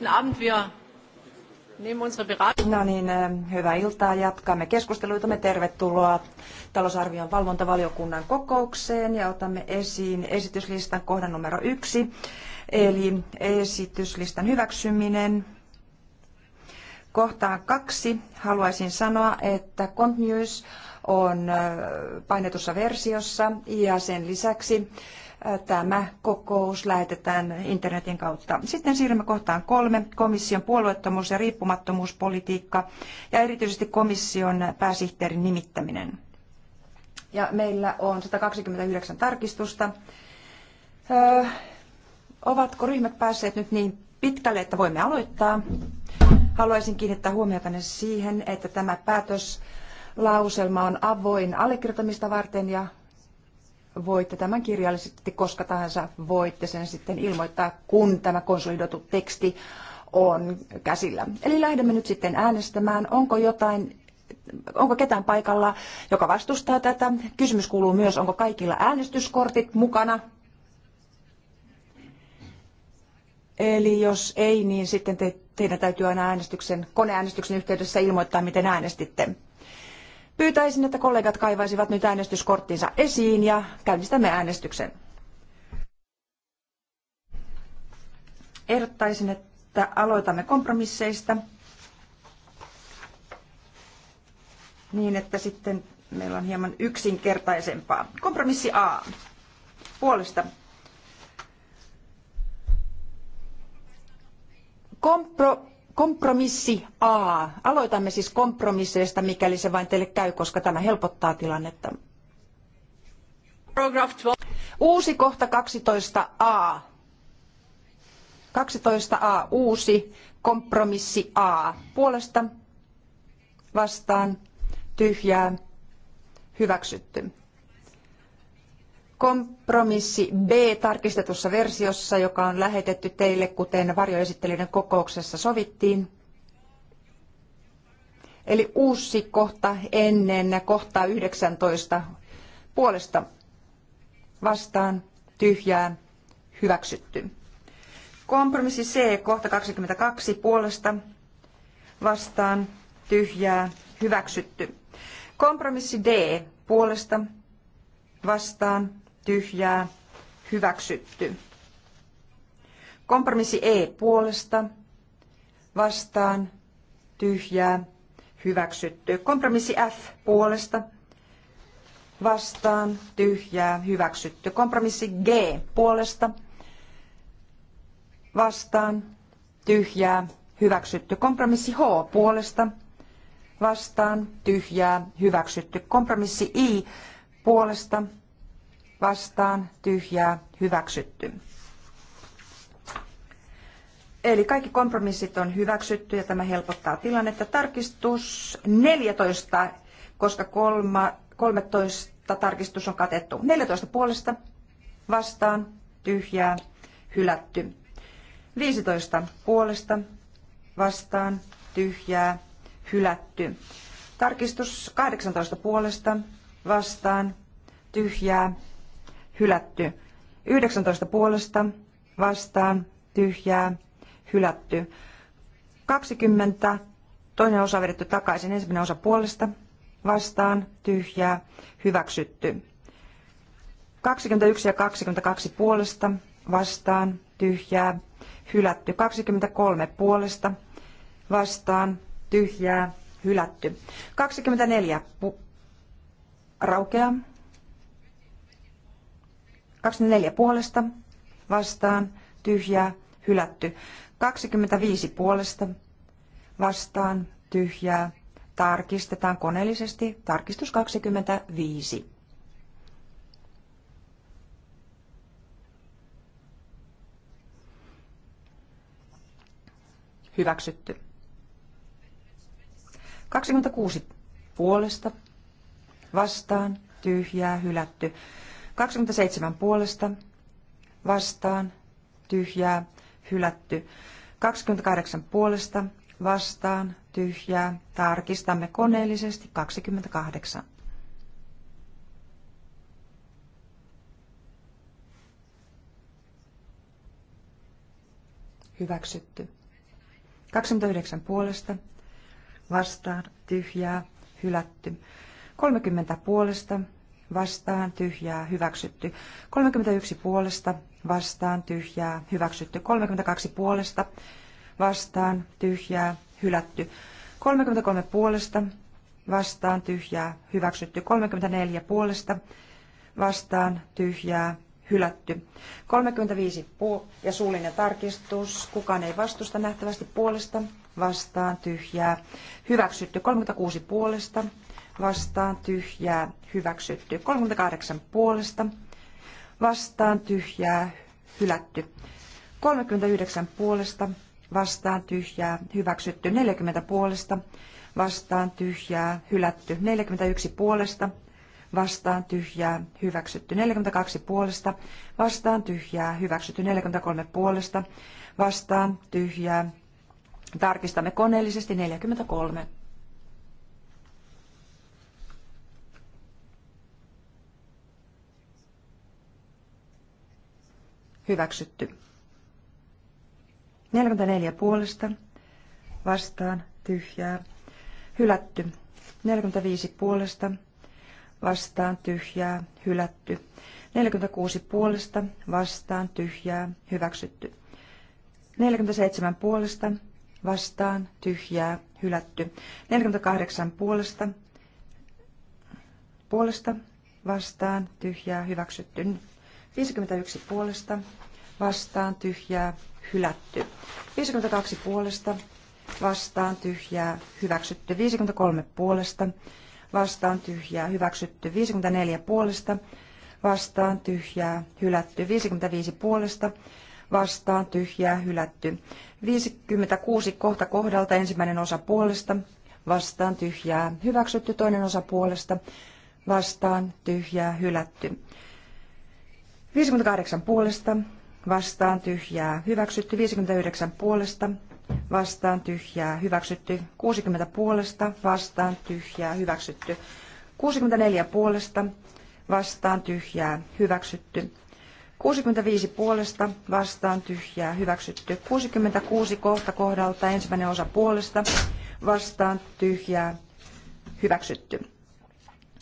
No niin, eh, hyvää iltaa. Jatkamme keskusteluitamme. Tervetuloa talousarvion valvontavaliokunnan kokoukseen ja otamme esiin esityslistan kohdan numero yksi, eli esityslistan hyväksyminen. Kohtaan kaksi haluaisin sanoa, että Cont on eh, painetussa versiossa ja sen lisäksi tämä kokous lähetetään internetin kautta. Sitten siirrymme kohtaan kolme, komission puolueettomuus- ja riippumattomuuspolitiikka ja erityisesti komission pääsihteerin nimittäminen. Ja meillä on 129 tarkistusta. Öö, ovatko ryhmät päässeet nyt niin pitkälle, että voimme aloittaa? Haluaisin kiinnittää huomiota siihen, että tämä päätöslauselma on avoin allekirjoittamista varten ja voitte tämän kirjallisesti koska tahansa voitte sen sitten ilmoittaa, kun tämä konsolidoitu teksti on käsillä. Eli lähdemme nyt sitten äänestämään, onko jotain onko ketään paikalla, joka vastustaa tätä. Kysymys kuuluu myös, onko kaikilla äänestyskortit mukana. Eli jos ei, niin sitten te, teidän täytyy aina äänestyksen, koneäänestyksen yhteydessä ilmoittaa, miten äänestitte. Pyytäisin, että kollegat kaivaisivat nyt äänestyskorttinsa esiin ja käynnistämme äänestyksen. Ehdottaisin, että aloitamme kompromisseista niin, että sitten meillä on hieman yksinkertaisempaa. Kompromissi A. Puolesta. Kompro Kompromissi A. Aloitamme siis kompromisseista, mikäli se vain teille käy, koska tämä helpottaa tilannetta. Uusi kohta 12a. 12a uusi kompromissi A. Puolesta vastaan tyhjää hyväksytty. Kompromissi B tarkistetussa versiossa, joka on lähetetty teille, kuten varjoesittelijöiden kokouksessa sovittiin. Eli uusi kohta ennen kohtaa 19 puolesta vastaan tyhjää hyväksytty. Kompromissi C kohta 22 puolesta vastaan tyhjää hyväksytty. Kompromissi D puolesta vastaan tyhjää hyväksytty. Kompromissi E puolesta vastaan tyhjää hyväksytty. Kompromissi F puolesta vastaan tyhjää hyväksytty. Kompromissi G puolesta vastaan tyhjää hyväksytty. Kompromissi H puolesta vastaan tyhjää hyväksytty. Kompromissi I puolesta vastaan, tyhjää, hyväksytty. Eli kaikki kompromissit on hyväksytty ja tämä helpottaa tilannetta. Tarkistus 14, koska kolma, 13 tarkistus on katettu. 14 puolesta vastaan, tyhjää, hylätty. 15 puolesta vastaan, tyhjää, hylätty. Tarkistus 18 puolesta vastaan, tyhjää, hylätty. 19 puolesta vastaan tyhjää hylätty. 20 toinen osa vedetty takaisin, ensimmäinen osa puolesta vastaan tyhjää hyväksytty. 21 ja 22 puolesta vastaan tyhjää hylätty. 23 puolesta vastaan tyhjää hylätty. 24 pu- raukeaa. 24 puolesta vastaan tyhjää hylätty. 25 puolesta vastaan tyhjää tarkistetaan koneellisesti. Tarkistus 25. Hyväksytty. 26 puolesta vastaan tyhjää hylätty. 27 puolesta vastaan tyhjää hylätty. 28 puolesta vastaan tyhjää. Tarkistamme koneellisesti 28. Hyväksytty. 29 puolesta vastaan tyhjää hylätty. 30 puolesta vastaan tyhjää hyväksytty. 31 puolesta vastaan tyhjää hyväksytty. 32 puolesta vastaan tyhjää hylätty. 33 puolesta vastaan tyhjää hyväksytty. 34 puolesta vastaan tyhjää hylätty. 35 puu- ja suullinen tarkistus. Kukaan ei vastusta nähtävästi puolesta vastaan tyhjää hyväksytty. 36 puolesta vastaan tyhjää hyväksytty. 38 puolesta vastaan tyhjää hylätty. 39 puolesta vastaan tyhjää hyväksytty. 40 puolesta vastaan tyhjää hylätty. 41 puolesta vastaan tyhjää, hyväksytty 42 puolesta, vastaan tyhjää, hyväksytty 43 puolesta, vastaan tyhjää. Tarkistamme koneellisesti 43. Hyväksytty. 44 puolesta. Vastaan. Tyhjää. Hylätty. 45 puolesta. Vastaan. Tyhjää. Hylätty. 46 puolesta. Vastaan. Tyhjää. Hyväksytty. 47 puolesta. Vastaan. Tyhjää. Hylätty. 48 puolesta. Puolesta. Vastaan. Tyhjää. Hyväksytty. 51 puolesta vastaan tyhjää hylätty. 52 puolesta vastaan tyhjää hyväksytty. 53 puolesta vastaan tyhjää hyväksytty. 54 puolesta vastaan tyhjää hylätty. 55 puolesta vastaan tyhjää hylätty. 56 kohta kohdalta ensimmäinen osa puolesta vastaan tyhjää hyväksytty. Toinen osa puolesta vastaan tyhjää hylätty. 58 puolesta vastaan tyhjää hyväksytty, 59 puolesta vastaan tyhjää hyväksytty, 60 puolesta vastaan tyhjää hyväksytty, 64 puolesta vastaan tyhjää hyväksytty, 65 puolesta vastaan tyhjää hyväksytty, 66 kohta kohdalta ensimmäinen osa puolesta vastaan tyhjää hyväksytty.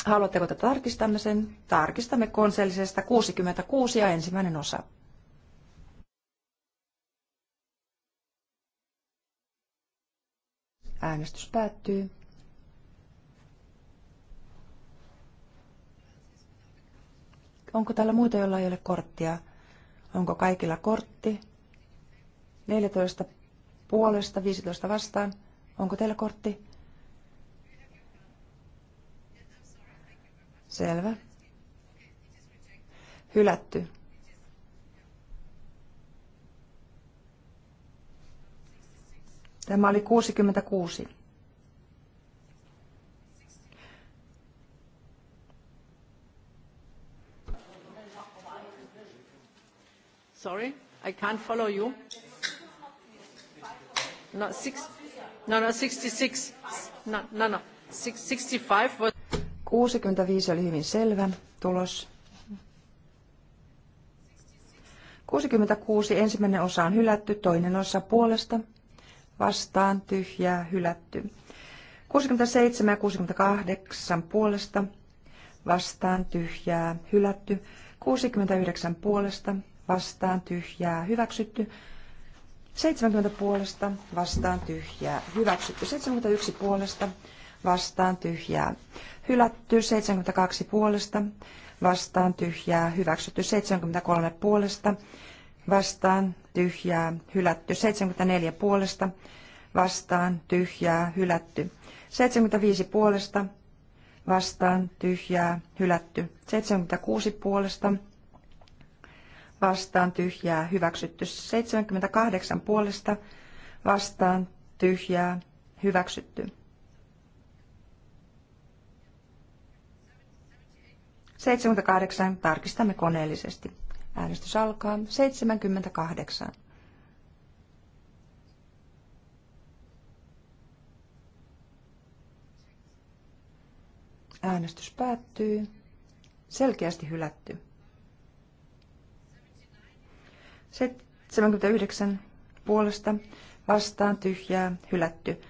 Haluatteko, että tarkistamme sen? Tarkistamme konsellisesta 66 ja ensimmäinen osa. Äänestys päättyy. Onko täällä muita, joilla ei ole korttia? Onko kaikilla kortti? 14 puolesta, 15 vastaan. Onko teillä kortti? Selvä. Hylätty. Tämä oli 66. Sorry, I can't follow you. No, six, no, no, 66. No, no, no. Six, 65 was... 65 oli hyvin selvä tulos. 66 ensimmäinen osa on hylätty, toinen osa puolesta vastaan tyhjää hylätty. 67 ja 68 puolesta vastaan tyhjää hylätty. 69 puolesta vastaan tyhjää hyväksytty. 70 puolesta vastaan tyhjää hyväksytty. 71 puolesta vastaan tyhjää. Hylätty 72 puolesta, vastaan tyhjää. Hyväksytty 73 puolesta, vastaan tyhjää. Hylätty 74 puolesta, vastaan tyhjää. Hylätty 75 puolesta, vastaan tyhjää. Hylätty 76 puolesta, vastaan tyhjää. Hyväksytty 78 puolesta, vastaan tyhjää. Hyväksytty 78. Tarkistamme koneellisesti. Äänestys alkaa. 78. Äänestys päättyy. Selkeästi hylätty. 79 puolesta vastaan tyhjää hylätty.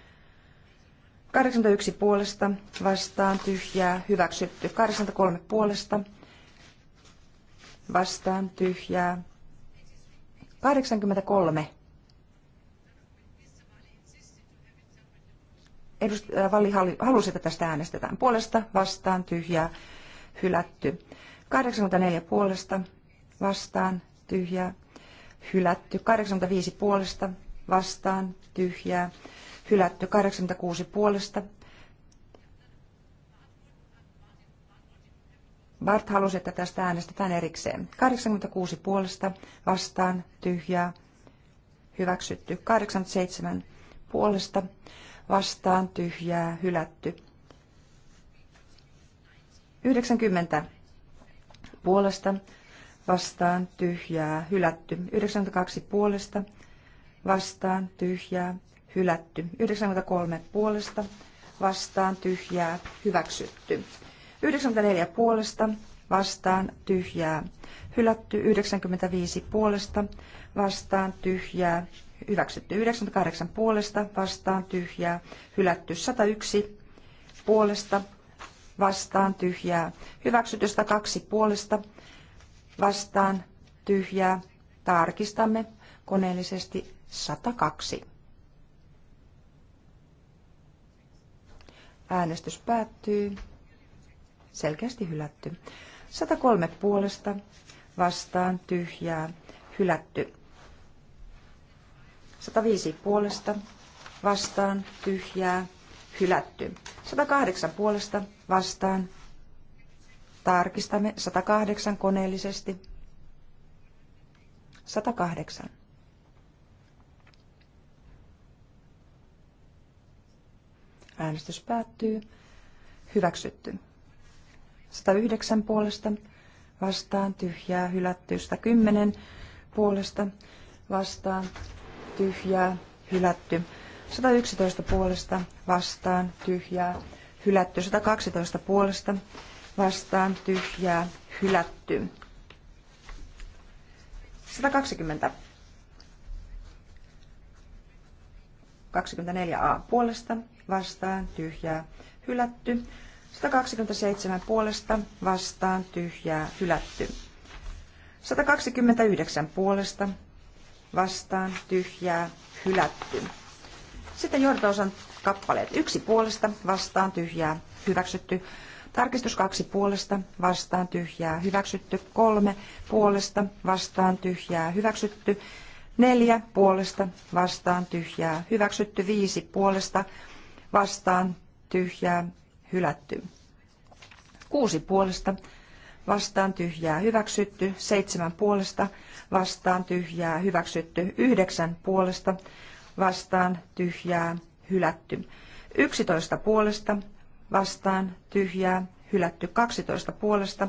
81 puolesta vastaan tyhjää hyväksytty. 83 puolesta vastaan tyhjää. 83. Edustaja äh, Valli halusi, että tästä äänestetään puolesta, vastaan, tyhjää, hylätty. 84 puolesta, vastaan, tyhjää, hylätty. 85 puolesta, vastaan, tyhjää, hylätty 86 puolesta. Bart halusi, että tästä äänestetään erikseen. 86 puolesta vastaan tyhjää hyväksytty. 87 puolesta vastaan tyhjää hylätty. 90 puolesta vastaan tyhjää hylätty. 92 puolesta vastaan tyhjää hylätty. 93 puolesta vastaan tyhjää hyväksytty. 94 puolesta vastaan tyhjää hylätty. 95 puolesta vastaan tyhjää hyväksytty. 98 puolesta vastaan tyhjää hylätty. 101 puolesta vastaan tyhjää hyväksytty. 102 puolesta vastaan tyhjää tarkistamme koneellisesti 102. Äänestys päättyy. Selkeästi hylätty. 103 puolesta vastaan tyhjää hylätty. 105 puolesta vastaan tyhjää hylätty. 108 puolesta vastaan. Tarkistamme 108 koneellisesti. 108. Äänestys päättyy. Hyväksytty. 109 puolesta vastaan tyhjää hylätty. 110 puolesta vastaan tyhjää hylätty. 111 puolesta vastaan tyhjää hylätty. 112 puolesta vastaan tyhjää hylätty. 120 24a puolesta vastaan tyhjää hylätty. 127 puolesta vastaan tyhjää hylätty. 129 puolesta vastaan tyhjää hylätty. Sitten johtoosan kappaleet. Yksi puolesta vastaan tyhjää hyväksytty. Tarkistus kaksi puolesta vastaan tyhjää hyväksytty. Kolme puolesta vastaan tyhjää hyväksytty. Neljä puolesta vastaan tyhjää. Hyväksytty viisi puolesta vastaan tyhjää. Hylätty. Kuusi puolesta vastaan tyhjää. Hyväksytty. Seitsemän puolesta vastaan tyhjää. Hyväksytty. Yhdeksän puolesta vastaan tyhjää. Hylätty. Yksitoista puolesta vastaan tyhjää. Hylätty. Kaksitoista puolesta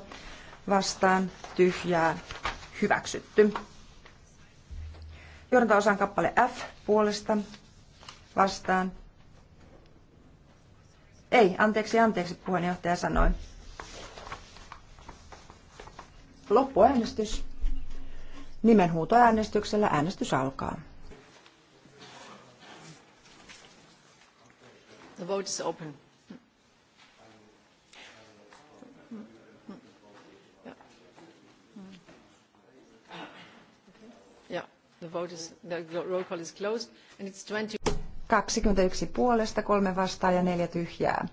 vastaan tyhjää. Hyväksytty johdantaosan kappale F puolesta vastaan. Ei, anteeksi, anteeksi, puheenjohtaja sanoi. Loppuäänestys. Nimenhuutoäänestyksellä äänestys alkaa. The vote is open. The 21 puolesta, kolme vastaa ja neljä tyhjää.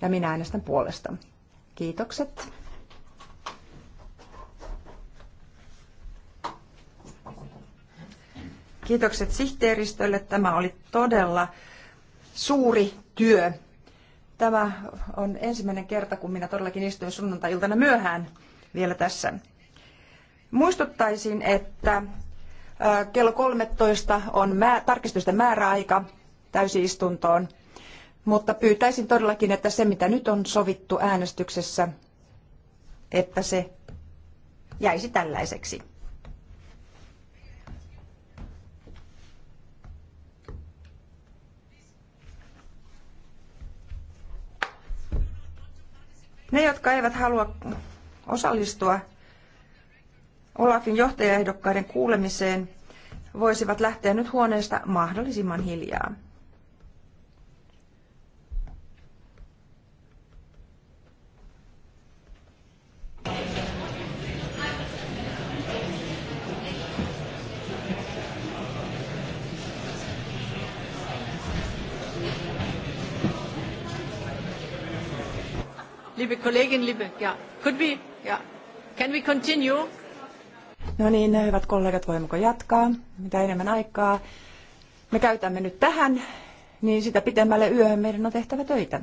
Ja minä äänestän puolesta. Kiitokset. Kiitokset sihteeristölle. Tämä oli todella suuri työ. Tämä on ensimmäinen kerta, kun minä todellakin istuin sunnuntai-iltana myöhään vielä tässä. Muistuttaisin, että Kello 13 on mä, tarkistusten määräaika täysistuntoon, mutta pyytäisin todellakin, että se mitä nyt on sovittu äänestyksessä, että se jäisi tällaiseksi. Ne, jotka eivät halua osallistua Olafin johtajaehdokkaiden kuulemiseen voisivat lähteä nyt huoneesta mahdollisimman hiljaa. Liebe Kollegin, liebe, ja, could we, ja, can we continue? No niin, hyvät kollegat, voimmeko jatkaa? Mitä enemmän aikaa me käytämme nyt tähän, niin sitä pitemmälle yöhön meidän on tehtävä töitä.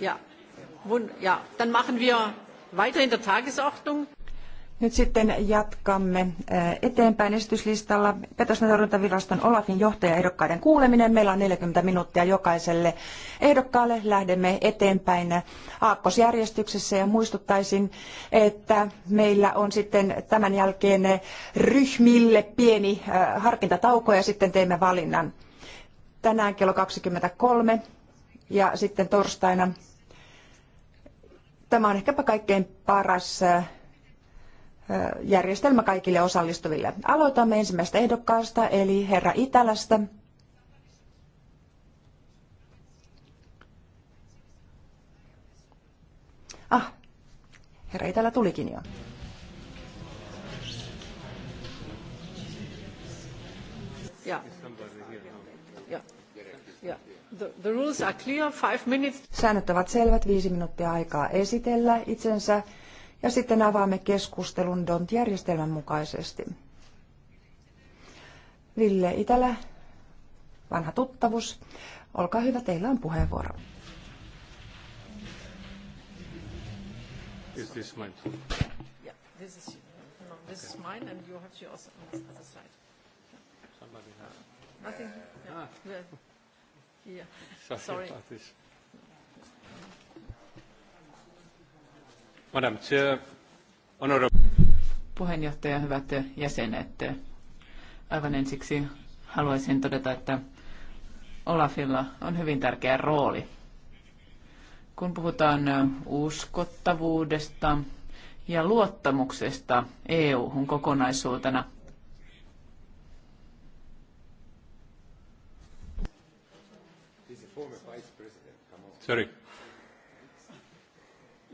Ja, ja dann machen wir weiter in der Tagesordnung. Nyt sitten jatkamme eh, eteenpäin esityslistalla. Petosnetorjuntaviraston Olafin johtajaehdokkaiden kuuleminen. Meillä on 40 minuuttia jokaiselle ehdokkaalle. Lähdemme eteenpäin aakkosjärjestyksessä ja muistuttaisin, että meillä on sitten tämän jälkeen ryhmille pieni eh, harkintatauko ja sitten teemme valinnan. Tänään kello 23 ja sitten torstaina. Tämä on ehkäpä kaikkein paras eh, järjestelmä kaikille osallistuville. Aloitamme ensimmäistä ehdokkaasta, eli herra Itälästä. Ah, herra Itälä tulikin jo. Säännöt ovat selvät, viisi minuuttia aikaa esitellä itsensä ja sitten avaamme keskustelun DONT-järjestelmän mukaisesti. Ville Itälä, vanha tuttavuus, olkaa hyvä, teillä on puheenvuoro. Is this mine? Yeah, this is, no, this is mine and you have yours on the other side. Somebody has. Nothing. Yeah. Ah. Yeah. Sorry. Sorry. About this. Madam Chair, Puheenjohtaja, hyvät jäsenet. Aivan ensiksi haluaisin todeta, että Olafilla on hyvin tärkeä rooli. Kun puhutaan uskottavuudesta ja luottamuksesta EU-hun kokonaisuutena, Sorry.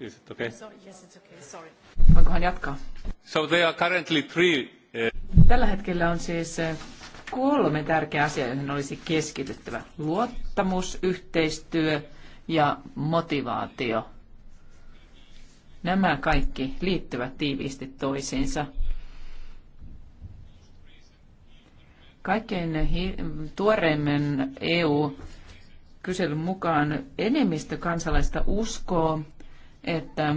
Is it okay? yes, it's okay. Sorry. Voinkohan jatkaa? So there are currently three, uh... Tällä hetkellä on siis eh, kolme tärkeää asiaa, joihin olisi keskityttävä. Luottamus, yhteistyö ja motivaatio. Nämä kaikki liittyvät tiiviisti toisiinsa. Kaikkein hi- tuoreimman EU-kyselyn mukaan enemmistö kansalaista uskoo, että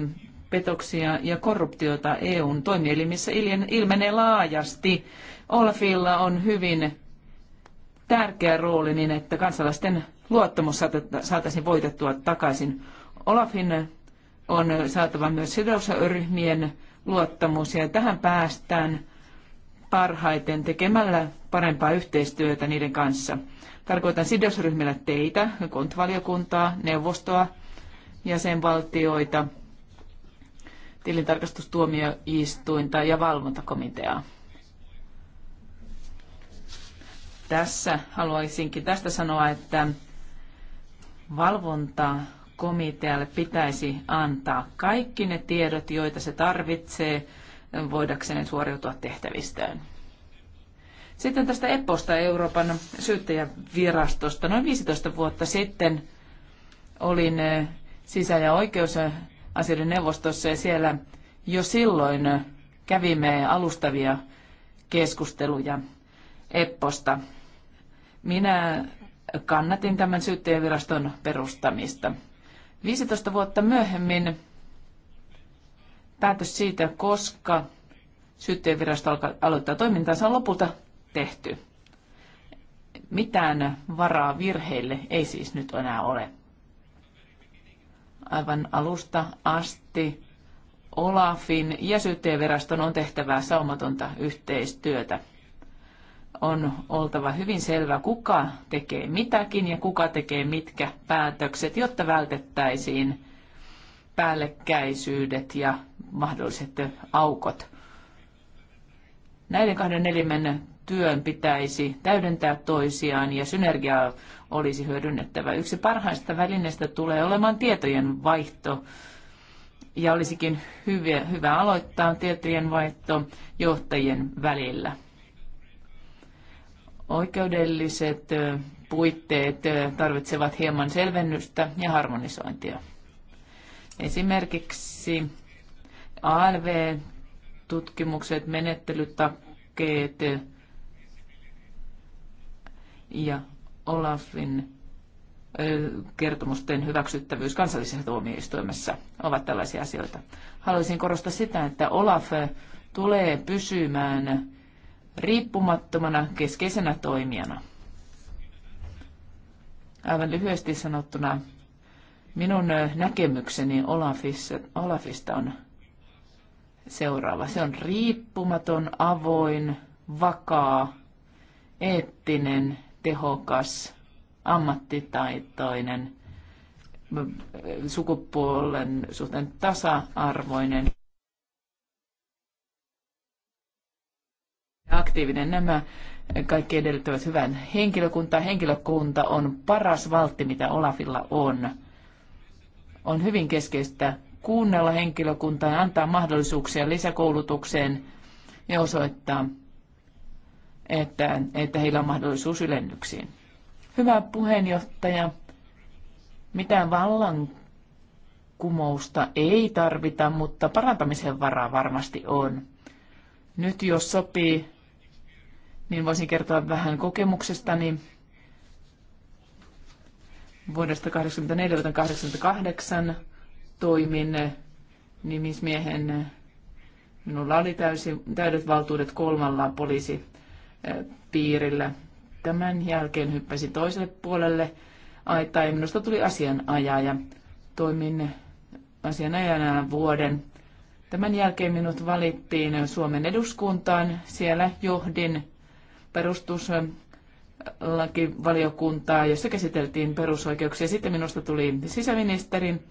petoksia ja korruptiota EUn toimielimissä ilmenee laajasti. Olafilla on hyvin tärkeä rooli niin, että kansalaisten luottamus saataisiin voitettua takaisin. Olafin on saatava myös sidosryhmien luottamus ja tähän päästään parhaiten tekemällä parempaa yhteistyötä niiden kanssa. Tarkoitan sidosryhmillä teitä, kontvaliokuntaa, neuvostoa, jäsenvaltioita, tilintarkastustuomioistuinta ja valvontakomiteaa. Tässä haluaisinkin tästä sanoa, että valvontakomitealle pitäisi antaa kaikki ne tiedot, joita se tarvitsee voidakseen suoriutua tehtävistään. Sitten tästä EPOsta, Euroopan syyttäjävirastosta. Noin 15 vuotta sitten olin eh, sisä- ja oikeusasioiden neuvostossa ja siellä jo silloin kävimme alustavia keskusteluja Epposta. Minä kannatin tämän syyttäjäviraston perustamista. 15 vuotta myöhemmin päätös siitä, koska syyttäjävirasto aloittaa toimintansa, on lopulta tehty. Mitään varaa virheille ei siis nyt enää ole aivan alusta asti Olafin ja syyttäjäviraston on tehtävää saumatonta yhteistyötä. On oltava hyvin selvä, kuka tekee mitäkin ja kuka tekee mitkä päätökset, jotta vältettäisiin päällekkäisyydet ja mahdolliset aukot. Näiden kahden elimen työn pitäisi täydentää toisiaan ja synergiaa olisi hyödynnettävä. Yksi parhaista välineistä tulee olemaan tietojen vaihto. Ja olisikin hyviä, hyvä aloittaa tietojen vaihto johtajien välillä. Oikeudelliset puitteet tarvitsevat hieman selvennystä ja harmonisointia. Esimerkiksi ALV-tutkimukset, menettelytakkeet ja Olafin kertomusten hyväksyttävyys kansallisessa tuomioistuimessa ovat tällaisia asioita. Haluaisin korostaa sitä, että Olaf tulee pysymään riippumattomana keskeisenä toimijana. Aivan lyhyesti sanottuna minun näkemykseni Olafissa, Olafista on seuraava. Se on riippumaton, avoin, vakaa, eettinen tehokas, ammattitaitoinen, sukupuolen suhteen tasa-arvoinen aktiivinen. Nämä kaikki edellyttävät hyvän henkilökuntaa. Henkilökunta on paras valtti, mitä Olafilla on. On hyvin keskeistä kuunnella henkilökuntaa ja antaa mahdollisuuksia lisäkoulutukseen ja osoittaa että, että heillä on mahdollisuus ylennyksiin. Hyvä puheenjohtaja, mitään vallankumousta ei tarvita, mutta parantamisen varaa varmasti on. Nyt jos sopii, niin voisin kertoa vähän kokemuksestani vuodesta 1984-1988 toimin nimismiehen. Minulla oli täysi, täydet valtuudet kolmalla poliisi piirillä. Tämän jälkeen hyppäsin toiselle puolelle aitaa ja minusta tuli asianajaja. Toimin asianajana vuoden. Tämän jälkeen minut valittiin Suomen eduskuntaan. Siellä johdin perustuslakivaliokuntaa, jossa käsiteltiin perusoikeuksia. Sitten minusta tuli sisäministerin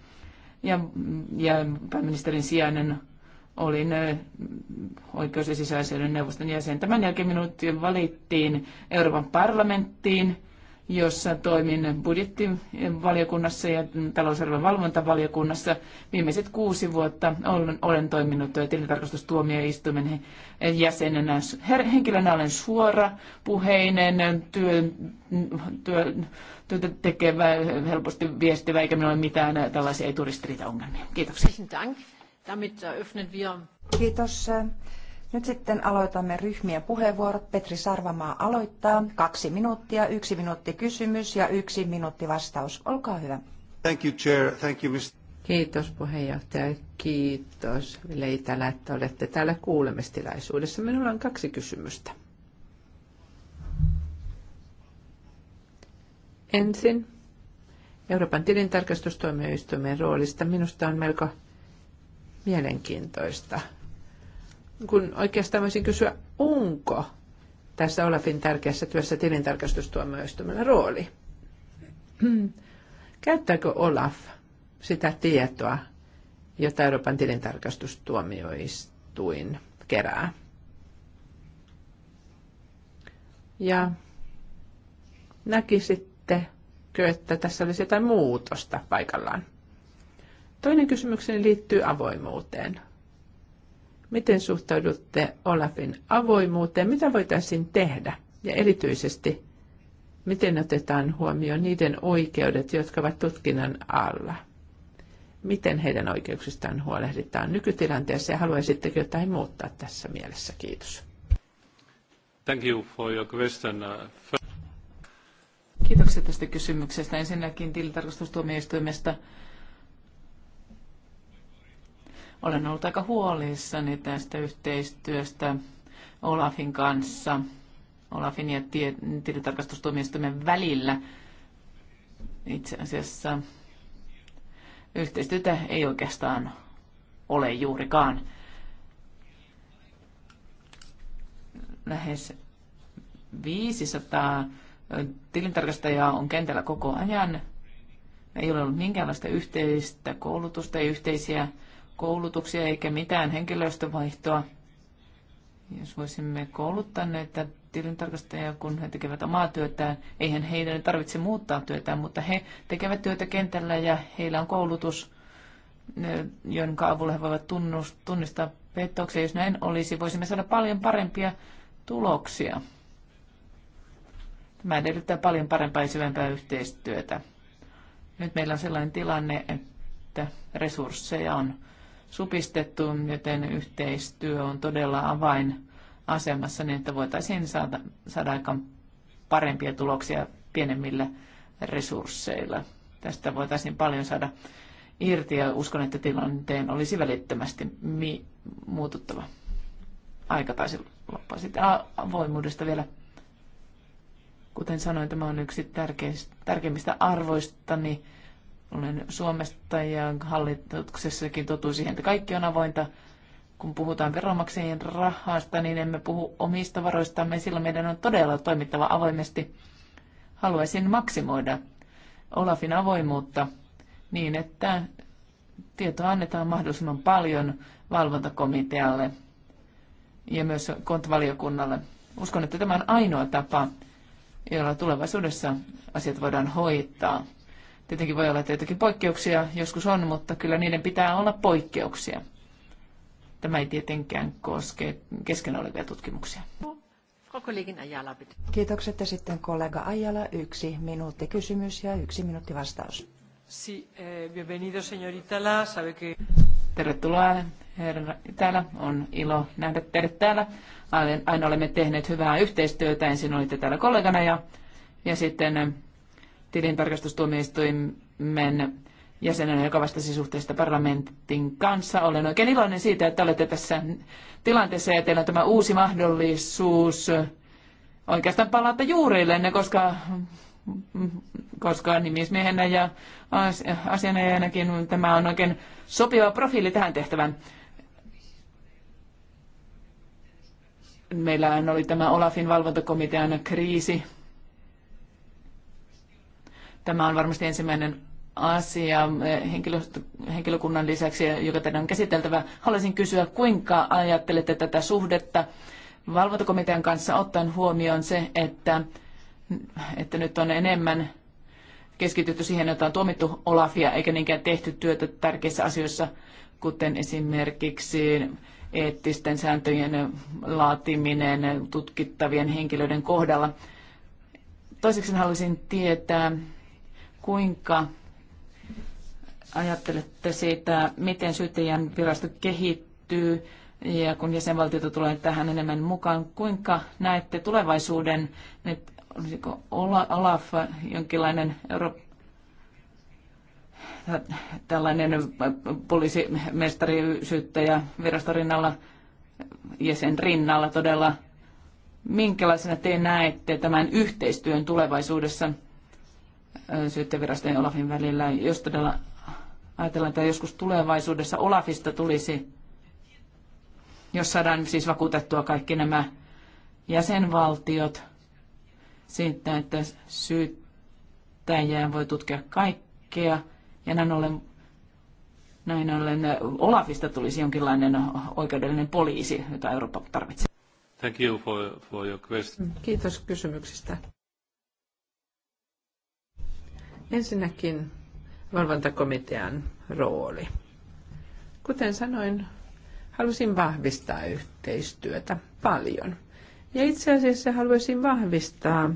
ja, ja pääministerin sijainen olin oikeus- ja sisäasioiden neuvoston jäsen. Tämän jälkeen minut valittiin Euroopan parlamenttiin, jossa toimin budjettivaliokunnassa ja talousarvon valvontavaliokunnassa. Viimeiset kuusi vuotta olen, olen toiminut tilintarkastustuomioistuimen jäsenenä. Her, henkilönä olen suora, puheinen, työ, työ, työtä tekevä, helposti viestivä, eikä minulla ole mitään tällaisia eturistiriitaongelmia. Kiitoksia. Damit öffnen wir. Kiitos. Nyt sitten aloitamme ryhmien puheenvuorot. Petri Sarvamaa aloittaa. Kaksi minuuttia, yksi minuutti kysymys ja yksi minuutti vastaus. Olkaa hyvä. Thank you, Chair. Thank you, Mr. Kiitos puheenjohtaja. Kiitos Leitälä, että olette täällä kuulemistilaisuudessa. Minulla on kaksi kysymystä. Ensin Euroopan tilintarkastustoimioistuimen roolista. Minusta on melko mielenkiintoista. Kun oikeastaan voisin kysyä, onko tässä Olafin tärkeässä työssä tilintarkastustuomioistuimella rooli? Käyttääkö Olaf sitä tietoa, jota Euroopan tilintarkastustuomioistuin kerää? Ja näkisittekö, että tässä olisi jotain muutosta paikallaan? Toinen kysymykseni liittyy avoimuuteen. Miten suhtaudutte Olafin avoimuuteen? Mitä voitaisiin tehdä? Ja erityisesti, miten otetaan huomioon niiden oikeudet, jotka ovat tutkinnan alla? Miten heidän oikeuksistaan huolehditaan nykytilanteessa ja haluaisitteko jotain muuttaa tässä mielessä? Kiitos. Thank you for your question. Kiitoksia tästä kysymyksestä. Ensinnäkin tilintarkastustuomioistuimesta olen ollut aika huolissani tästä yhteistyöstä Olafin kanssa, Olafin ja tilintarkastustuomioistuimen välillä. Itse asiassa yhteistyötä ei oikeastaan ole juurikaan. Lähes 500 tilintarkastajaa on kentällä koko ajan. Ei ole ollut minkäänlaista yhteistä koulutusta ja yhteisiä koulutuksia eikä mitään henkilöstövaihtoa. Jos voisimme kouluttaa näitä tilintarkastajia, kun he tekevät omaa työtään, eihän heidän tarvitse muuttaa työtään, mutta he tekevät työtä kentällä ja heillä on koulutus, jonka avulla he voivat tunnistaa petoksia. Jos näin olisi, voisimme saada paljon parempia tuloksia. Tämä edellyttää paljon parempaa ja syvempää yhteistyötä. Nyt meillä on sellainen tilanne, että resursseja on supistettu, joten yhteistyö on todella avainasemassa niin, että voitaisiin saada, saada aika parempia tuloksia pienemmillä resursseilla. Tästä voitaisiin paljon saada irti ja uskon, että tilanteen olisi välittömästi mi- muututtava. Aika taisi loppua sitten avoimuudesta vielä. Kuten sanoin, tämä on yksi tärkeimmistä arvoistani. Niin olen Suomesta ja hallituksessakin totu siihen, että kaikki on avointa. Kun puhutaan veronmaksajien rahasta, niin emme puhu omista varoistamme. Silloin meidän on todella toimittava avoimesti. Haluaisin maksimoida Olafin avoimuutta niin, että tietoa annetaan mahdollisimman paljon valvontakomitealle ja myös kontvaliokunnalle. Uskon, että tämä on ainoa tapa, jolla tulevaisuudessa asiat voidaan hoitaa. Tietenkin voi olla, että joitakin poikkeuksia joskus on, mutta kyllä niiden pitää olla poikkeuksia. Tämä ei tietenkään koske kesken olevia tutkimuksia. Kiitokset ja sitten kollega Ajala, yksi minuutti kysymys ja yksi minuutti vastaus. Si, eh, bienvenido, señorita Sabe que... Tervetuloa, herra täällä. On ilo nähdä teidät täällä. Aina olemme tehneet hyvää yhteistyötä. Ensin olitte täällä kollegana ja, ja sitten tilintarkastustuomioistuimen jäsenenä, joka vastasi suhteesta parlamentin kanssa. Olen oikein iloinen siitä, että olette tässä tilanteessa ja teillä on tämä uusi mahdollisuus oikeastaan palata juurillenne, koska koska nimismiehenä ja asianajajanakin tämä on oikein sopiva profiili tähän tehtävään. Meillähän oli tämä Olafin valvontakomitean kriisi, Tämä on varmasti ensimmäinen asia eh, henkilökunnan lisäksi, joka teidän on käsiteltävä. Haluaisin kysyä, kuinka ajattelette tätä suhdetta valvontakomitean kanssa ottaen huomioon se, että, että nyt on enemmän keskitytty siihen, että on tuomittu Olafia eikä niinkään tehty työtä tärkeissä asioissa, kuten esimerkiksi eettisten sääntöjen laatiminen tutkittavien henkilöiden kohdalla. Toiseksi haluaisin tietää, kuinka ajattelette siitä, miten syyttäjän virasto kehittyy ja kun jäsenvaltiota tulee tähän enemmän mukaan, kuinka näette tulevaisuuden, että olisiko Olaf jonkinlainen Euro- tällainen poliisimestari, syyttäjä viraston rinnalla ja sen rinnalla todella, minkälaisena te näette tämän yhteistyön tulevaisuudessa? ja Olafin välillä. Jos todella ajatellaan, että joskus tulevaisuudessa Olafista tulisi, jos saadaan siis vakuutettua kaikki nämä jäsenvaltiot siitä, että syyttäjään voi tutkia kaikkea. Ja näin ollen, näin ollen Olafista tulisi jonkinlainen oikeudellinen poliisi, jota Eurooppa tarvitsee. Thank you for, for your question. Kiitos kysymyksistä. Ensinnäkin valvontakomitean rooli. Kuten sanoin, halusin vahvistaa yhteistyötä paljon. Ja itse asiassa haluaisin vahvistaa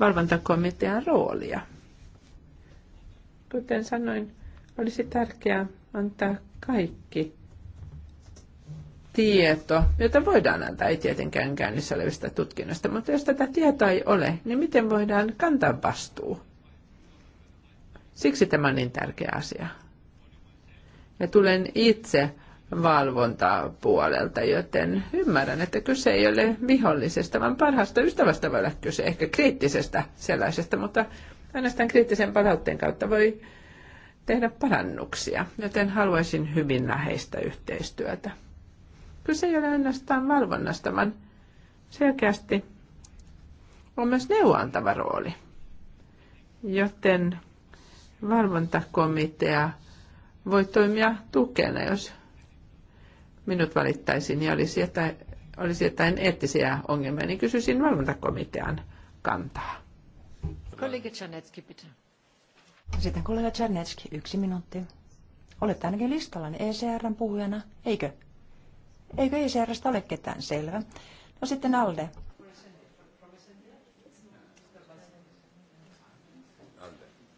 valvontakomitean roolia. Kuten sanoin, olisi tärkeää antaa kaikki tieto, jota voidaan antaa, ei tietenkään käynnissä olevista tutkinnoista, mutta jos tätä tietoa ei ole, niin miten voidaan kantaa vastuu? Siksi tämä on niin tärkeä asia. Ja tulen itse valvontaa puolelta, joten ymmärrän, että kyse ei ole vihollisesta, vaan parhaasta ystävästä voi olla kyse, ehkä kriittisestä sellaisesta, mutta ainoastaan kriittisen palautteen kautta voi tehdä parannuksia, joten haluaisin hyvin läheistä yhteistyötä. Kyse ei ole ainoastaan valvonnasta, vaan selkeästi on myös neuvoantava rooli. Joten valvontakomitea voi toimia tukena, jos minut valittaisiin ja olisi jotain, olisi jotain eettisiä ongelmia, niin kysyisin valvontakomitean kantaa. Kollega Czarnecki, pitää. Sitten kollega Czarnecki, yksi minuutti. Olet ainakin listallani niin ECRn puhujana, eikö? Eikö ECRstä ole ketään? Selvä. No sitten Alde.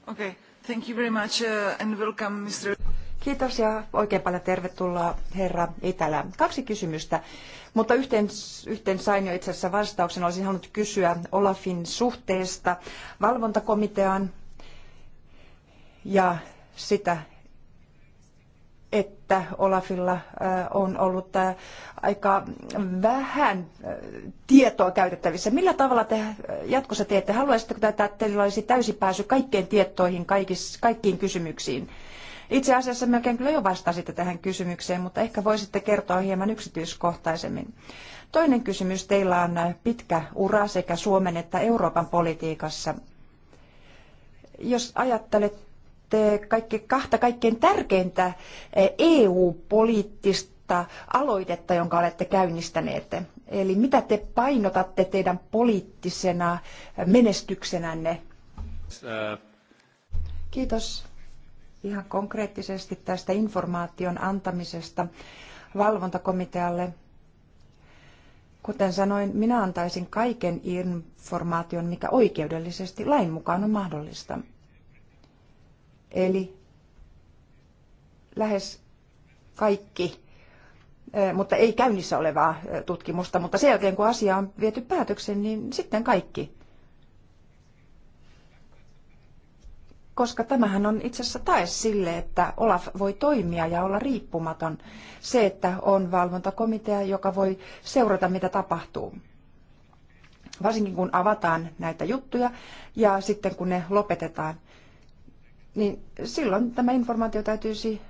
Okei. Okay. Thank you very much uh, and welcome, Mr. Kiitos ja oikein paljon tervetuloa herra Itälä. Kaksi kysymystä, mutta yhteen, yhteen sain jo itse asiassa vastauksen. Olisin halunnut kysyä Olafin suhteesta valvontakomiteaan ja sitä, että Olafilla on ollut aika vähän tietoa käytettävissä. Millä tavalla te jatkossa teette? Haluaisitteko, että teillä olisi täysi pääsy kaikkeen tietoihin, kaikkiin kysymyksiin? Itse asiassa melkein kyllä jo vastasitte tähän kysymykseen, mutta ehkä voisitte kertoa hieman yksityiskohtaisemmin. Toinen kysymys. Teillä on pitkä ura sekä Suomen että Euroopan politiikassa. Jos ajattelet kaikki, kahta kaikkein tärkeintä EU-poliittista eh, e aloitetta, jonka olette käynnistäneet. Eli mitä te painotatte teidän poliittisena eh, menestyksenänne? Kiitos ihan konkreettisesti tästä informaation antamisesta valvontakomitealle. Kuten sanoin, minä antaisin kaiken informaation, mikä oikeudellisesti lain mukaan on mahdollista. Eli lähes kaikki, mutta ei käynnissä olevaa tutkimusta, mutta sen jälkeen kun asia on viety päätöksen, niin sitten kaikki. Koska tämähän on itse asiassa tae sille, että Olaf voi toimia ja olla riippumaton. Se, että on valvontakomitea, joka voi seurata, mitä tapahtuu varsinkin kun avataan näitä juttuja ja sitten kun ne lopetetaan niin silloin tämä informaatio täytyisi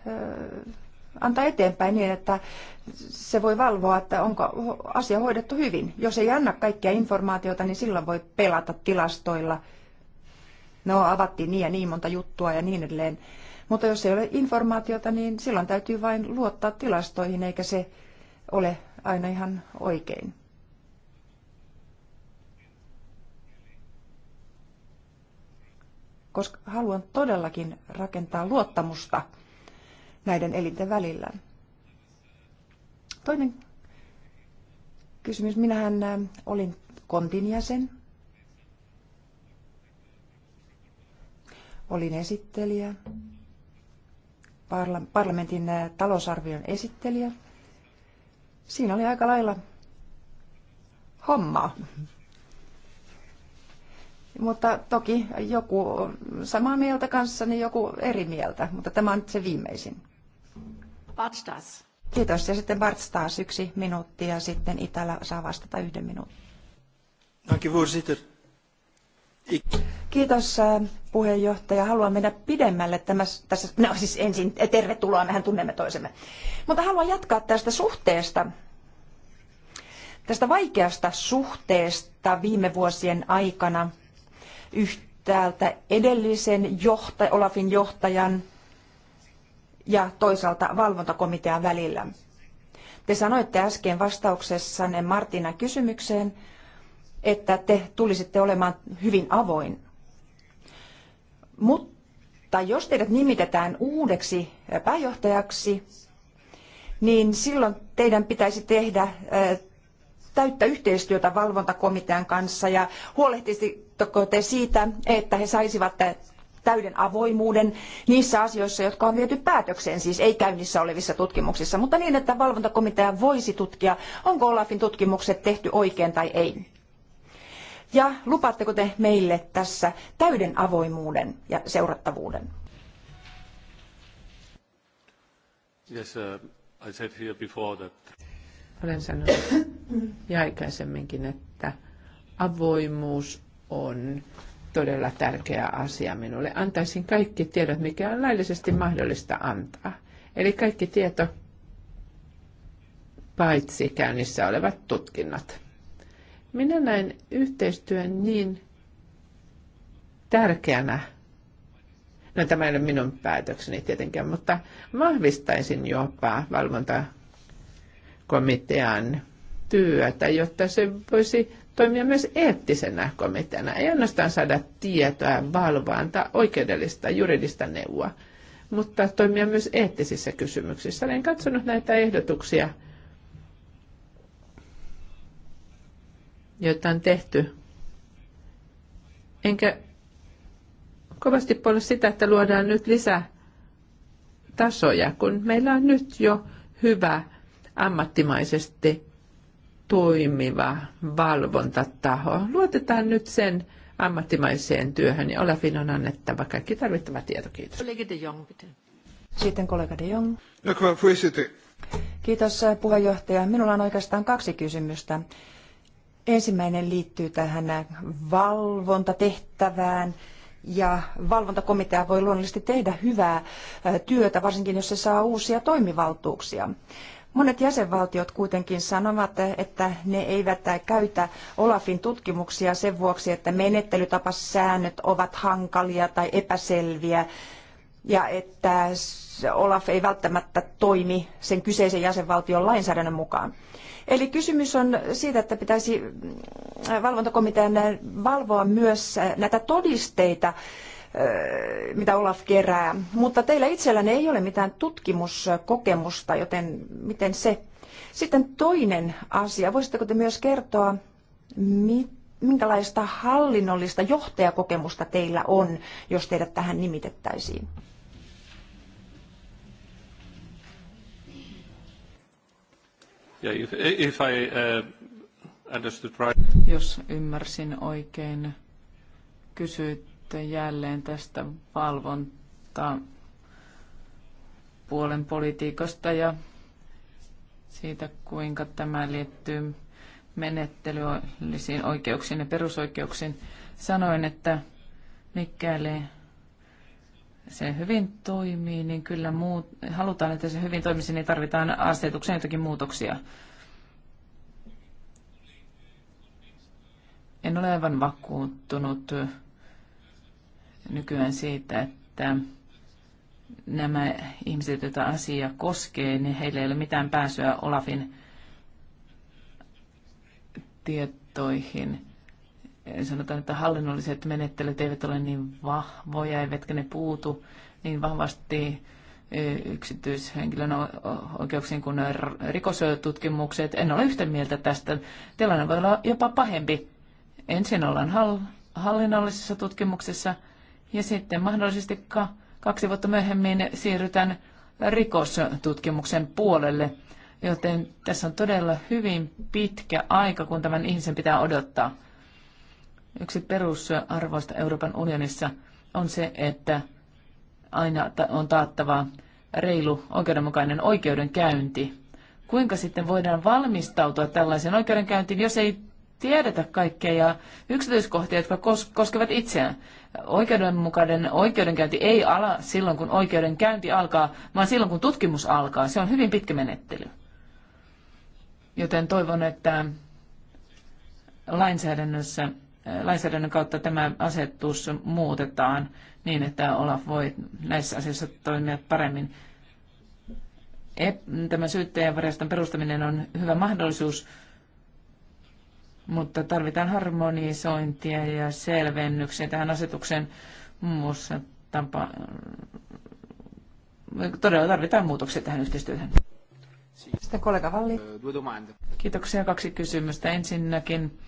antaa eteenpäin niin, että se voi valvoa, että onko asia hoidettu hyvin. Jos ei anna kaikkia informaatiota, niin silloin voi pelata tilastoilla. No, avattiin niin ja niin monta juttua ja niin edelleen. Mutta jos ei ole informaatiota, niin silloin täytyy vain luottaa tilastoihin, eikä se ole aina ihan oikein. koska haluan todellakin rakentaa luottamusta näiden elinten välillä. Toinen kysymys. Minähän olin kontin jäsen. Olin esittelijä, parlamentin talousarvion esittelijä. Siinä oli aika lailla hommaa. Mutta toki joku on samaa mieltä kanssani, joku eri mieltä, mutta tämä on nyt se viimeisin. Bartstas. Kiitos. Ja sitten Bartstas yksi minuutti ja sitten Itälä saa vastata yhden minuutin. Kiitos äh, puheenjohtaja. Haluan mennä pidemmälle tämä, tässä, no siis ensin eh, tervetuloa, mehän tunnemme toisemme. Mutta haluan jatkaa tästä suhteesta, tästä vaikeasta suhteesta viime vuosien aikana yhtäältä edellisen johta, Olafin johtajan ja toisaalta valvontakomitean välillä. Te sanoitte äsken vastauksessanne Martina kysymykseen, että te tulisitte olemaan hyvin avoin. Mutta jos teidät nimitetään uudeksi pääjohtajaksi, niin silloin teidän pitäisi tehdä täyttä yhteistyötä valvontakomitean kanssa ja huolehtisitteko te siitä, että he saisivat täyden avoimuuden niissä asioissa, jotka on viety päätökseen, siis ei käynnissä olevissa tutkimuksissa, mutta niin, että valvontakomitea voisi tutkia, onko Olafin tutkimukset tehty oikein tai ei. Ja lupaatteko te meille tässä täyden avoimuuden ja seurattavuuden? Yes, uh, I said here before that olen sanonut ja aikaisemminkin, että avoimuus on todella tärkeä asia minulle. Antaisin kaikki tiedot, mikä on laillisesti mahdollista antaa. Eli kaikki tieto, paitsi käynnissä olevat tutkinnat. Minä näen yhteistyön niin tärkeänä, no tämä ei ole minun päätökseni tietenkään, mutta vahvistaisin jopa valvontaa komitean työtä, jotta se voisi toimia myös eettisenä komiteana. Ei ainoastaan saada tietoa, valvoa, antaa oikeudellista, juridista neuvoa, mutta toimia myös eettisissä kysymyksissä. Olen katsonut näitä ehdotuksia, joita on tehty. Enkä kovasti puolella sitä, että luodaan nyt lisää tasoja, kun meillä on nyt jo hyvä ammattimaisesti toimiva valvontataho. Luotetaan nyt sen ammattimaiseen työhön ja Olafin on annettava kaikki tarvittava tieto. Kiitos. Sitten kollega de Jong. Kiitos eh, puheenjohtaja. Minulla on oikeastaan kaksi kysymystä. Ensimmäinen liittyy tähän valvontatehtävään. Ja valvontakomitea voi luonnollisesti tehdä hyvää eh, työtä, varsinkin jos se saa uusia toimivaltuuksia. Monet jäsenvaltiot kuitenkin sanovat, että ne eivät käytä Olafin tutkimuksia sen vuoksi, että menettelytapasäännöt ovat hankalia tai epäselviä ja että Olaf ei välttämättä toimi sen kyseisen jäsenvaltion lainsäädännön mukaan. Eli kysymys on siitä, että pitäisi mm, valvontakomitean valvoa myös näitä todisteita, mitä Olaf kerää. Mutta teillä itsellänne ei ole mitään tutkimuskokemusta, joten miten se? Sitten toinen asia. Voisitteko te myös kertoa, minkälaista hallinnollista johtajakokemusta teillä on, jos teidät tähän nimitettäisiin? Yeah, if, I, uh, understood right. Jos ymmärsin oikein, kysyit sitten jälleen tästä valvontaa puolen politiikasta ja siitä, kuinka tämä liittyy menettelyllisiin oikeuksiin ja perusoikeuksiin. Sanoin, että mikäli se hyvin toimii, niin kyllä muut, halutaan, että se hyvin toimisi, niin tarvitaan asetukseen jotakin muutoksia. En ole aivan vakuuttunut nykyään siitä, että nämä ihmiset, joita asia koskee, niin heillä ei ole mitään pääsyä Olafin tietoihin. Sanotaan, että hallinnolliset menettelyt eivät ole niin vahvoja, eivätkä ne puutu niin vahvasti e, yksityishenkilön oikeuksiin kuin rikosotutkimukset. En ole yhtä mieltä tästä. Tilanne voi olla jopa pahempi. Ensin ollaan hallinnollisessa tutkimuksessa – ja sitten mahdollisesti kaksi vuotta myöhemmin siirrytään rikostutkimuksen puolelle. Joten tässä on todella hyvin pitkä aika, kun tämän ihmisen pitää odottaa. Yksi perusarvoista Euroopan unionissa on se, että aina on taattava reilu oikeudenmukainen oikeudenkäynti. Kuinka sitten voidaan valmistautua tällaiseen oikeudenkäyntiin, jos ei tiedetä kaikkea ja yksityiskohtia, jotka koskevat itseään? Oikeudenmukainen oikeudenkäynti ei ala silloin, kun oikeudenkäynti alkaa, vaan silloin, kun tutkimus alkaa. Se on hyvin pitkä menettely. Joten toivon, että lainsäädännössä, äh, lainsäädännön kautta tämä asetus muutetaan niin, että Olaf voi näissä asioissa toimia paremmin. E, tämä syyttäjän perustaminen on hyvä mahdollisuus mutta tarvitaan harmonisointia ja selvennyksiä tähän asetukseen muussa tapa, todella tarvitaan muutoksia tähän yhteistyöhön. Sitten kollega Valli. Kiitoksia. Kaksi kysymystä. Ensinnäkin,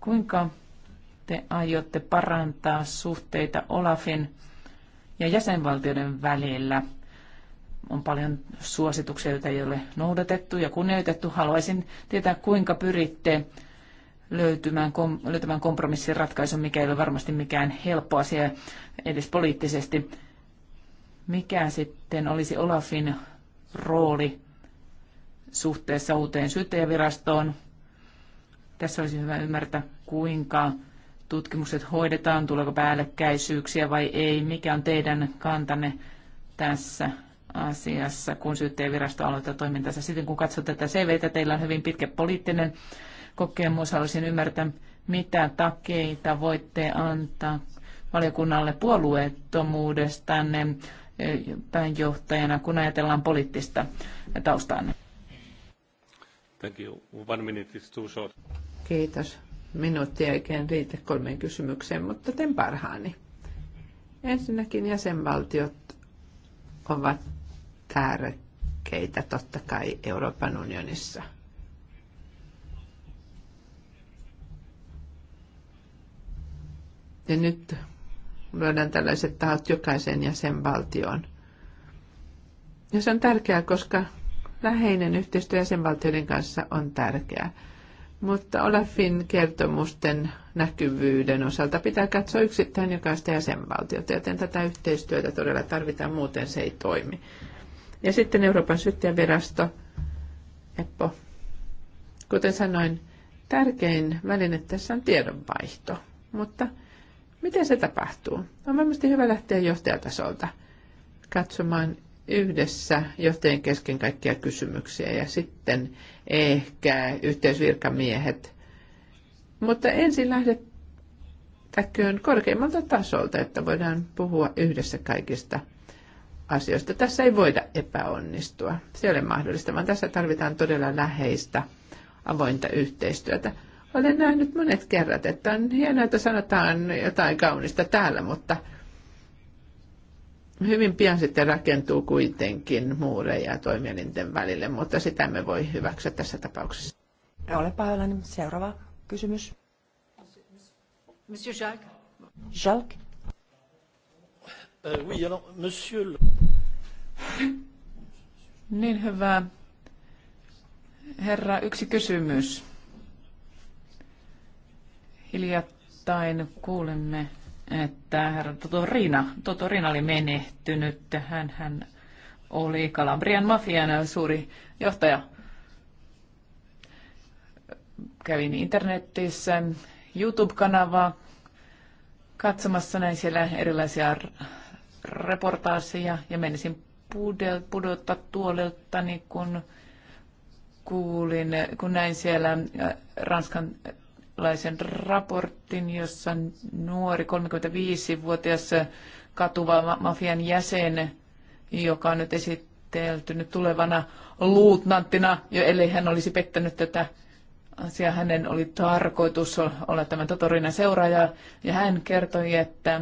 kuinka te aiotte parantaa suhteita Olafin ja jäsenvaltioiden välillä on paljon suosituksia, joita ei ole noudatettu ja kunnioitettu. Haluaisin tietää, kuinka pyritte löytymään, kom, löytämään kompromissin ratkaisun, mikä ei ole varmasti mikään helppo asia edes poliittisesti. Mikä sitten olisi Olafin rooli suhteessa uuteen syyttäjävirastoon? Tässä olisi hyvä ymmärtää, kuinka tutkimukset hoidetaan, tuleeko päällekkäisyyksiä vai ei, mikä on teidän kantanne tässä asiassa, kun syyttäjävirasto aloittaa toimintansa. Sitten kun katsot tätä CVtä, teillä on hyvin pitkä poliittinen kokemus. Haluaisin ymmärtää, mitä takeita voitte antaa valiokunnalle puolueettomuudestanne eh, pääjohtajana, kun ajatellaan poliittista taustaanne. Thank you. One minute is too short. Kiitos. Minuutti ei oikein riitä kolmeen kysymykseen, mutta teen parhaani. Ensinnäkin jäsenvaltiot ovat tärkeitä totta kai Euroopan unionissa. Ja nyt luodaan tällaiset tahot jokaisen jäsenvaltioon. Ja se on tärkeää, koska läheinen yhteistyö jäsenvaltioiden kanssa on tärkeää. Mutta Olafin kertomusten näkyvyyden osalta pitää katsoa yksittäin jokaista jäsenvaltiota, joten tätä yhteistyötä todella tarvitaan, muuten se ei toimi. Ja sitten Euroopan syyttäjävirasto, EPPO. Kuten sanoin, tärkein väline tässä on tiedonvaihto. Mutta miten se tapahtuu? On varmasti hyvä lähteä johtajatasolta katsomaan yhdessä johtajien kesken kaikkia kysymyksiä ja sitten ehkä yhteisvirkamiehet. Mutta ensin lähdettäköön korkeimmalta tasolta, että voidaan puhua yhdessä kaikista – asioista. Tässä ei voida epäonnistua. Se ei ole mahdollista, vaan tässä tarvitaan todella läheistä avointa yhteistyötä. Olen nähnyt monet kerrat, että on hienoa, että sanotaan jotain kaunista täällä, mutta hyvin pian sitten rakentuu kuitenkin muureja toimielinten välille, mutta sitä me voi hyväksyä tässä tapauksessa. Ole pahoillani. Seuraava kysymys. Monsieur Jacques. Jacques. Euh, niin hyvä. Herra, yksi kysymys. Hiljattain kuulemme, että herra Totorina, Totorina oli menehtynyt. Hän, hän oli Kalabrian mafian suuri johtaja. Kävin internetissä YouTube-kanavaa katsomassa näin siellä erilaisia reportaaseja ja menisin pudotta tuolelta, niin kun kuulin, kun näin siellä äh, ranskanlaisen raportin, jossa nuori 35-vuotias katuva mafian jäsen, joka on nyt esiteltynyt tulevana luutnanttina, jo ellei hän olisi pettänyt tätä asiaa, hänen oli tarkoitus olla tämän Totorinan seuraaja, ja hän kertoi, että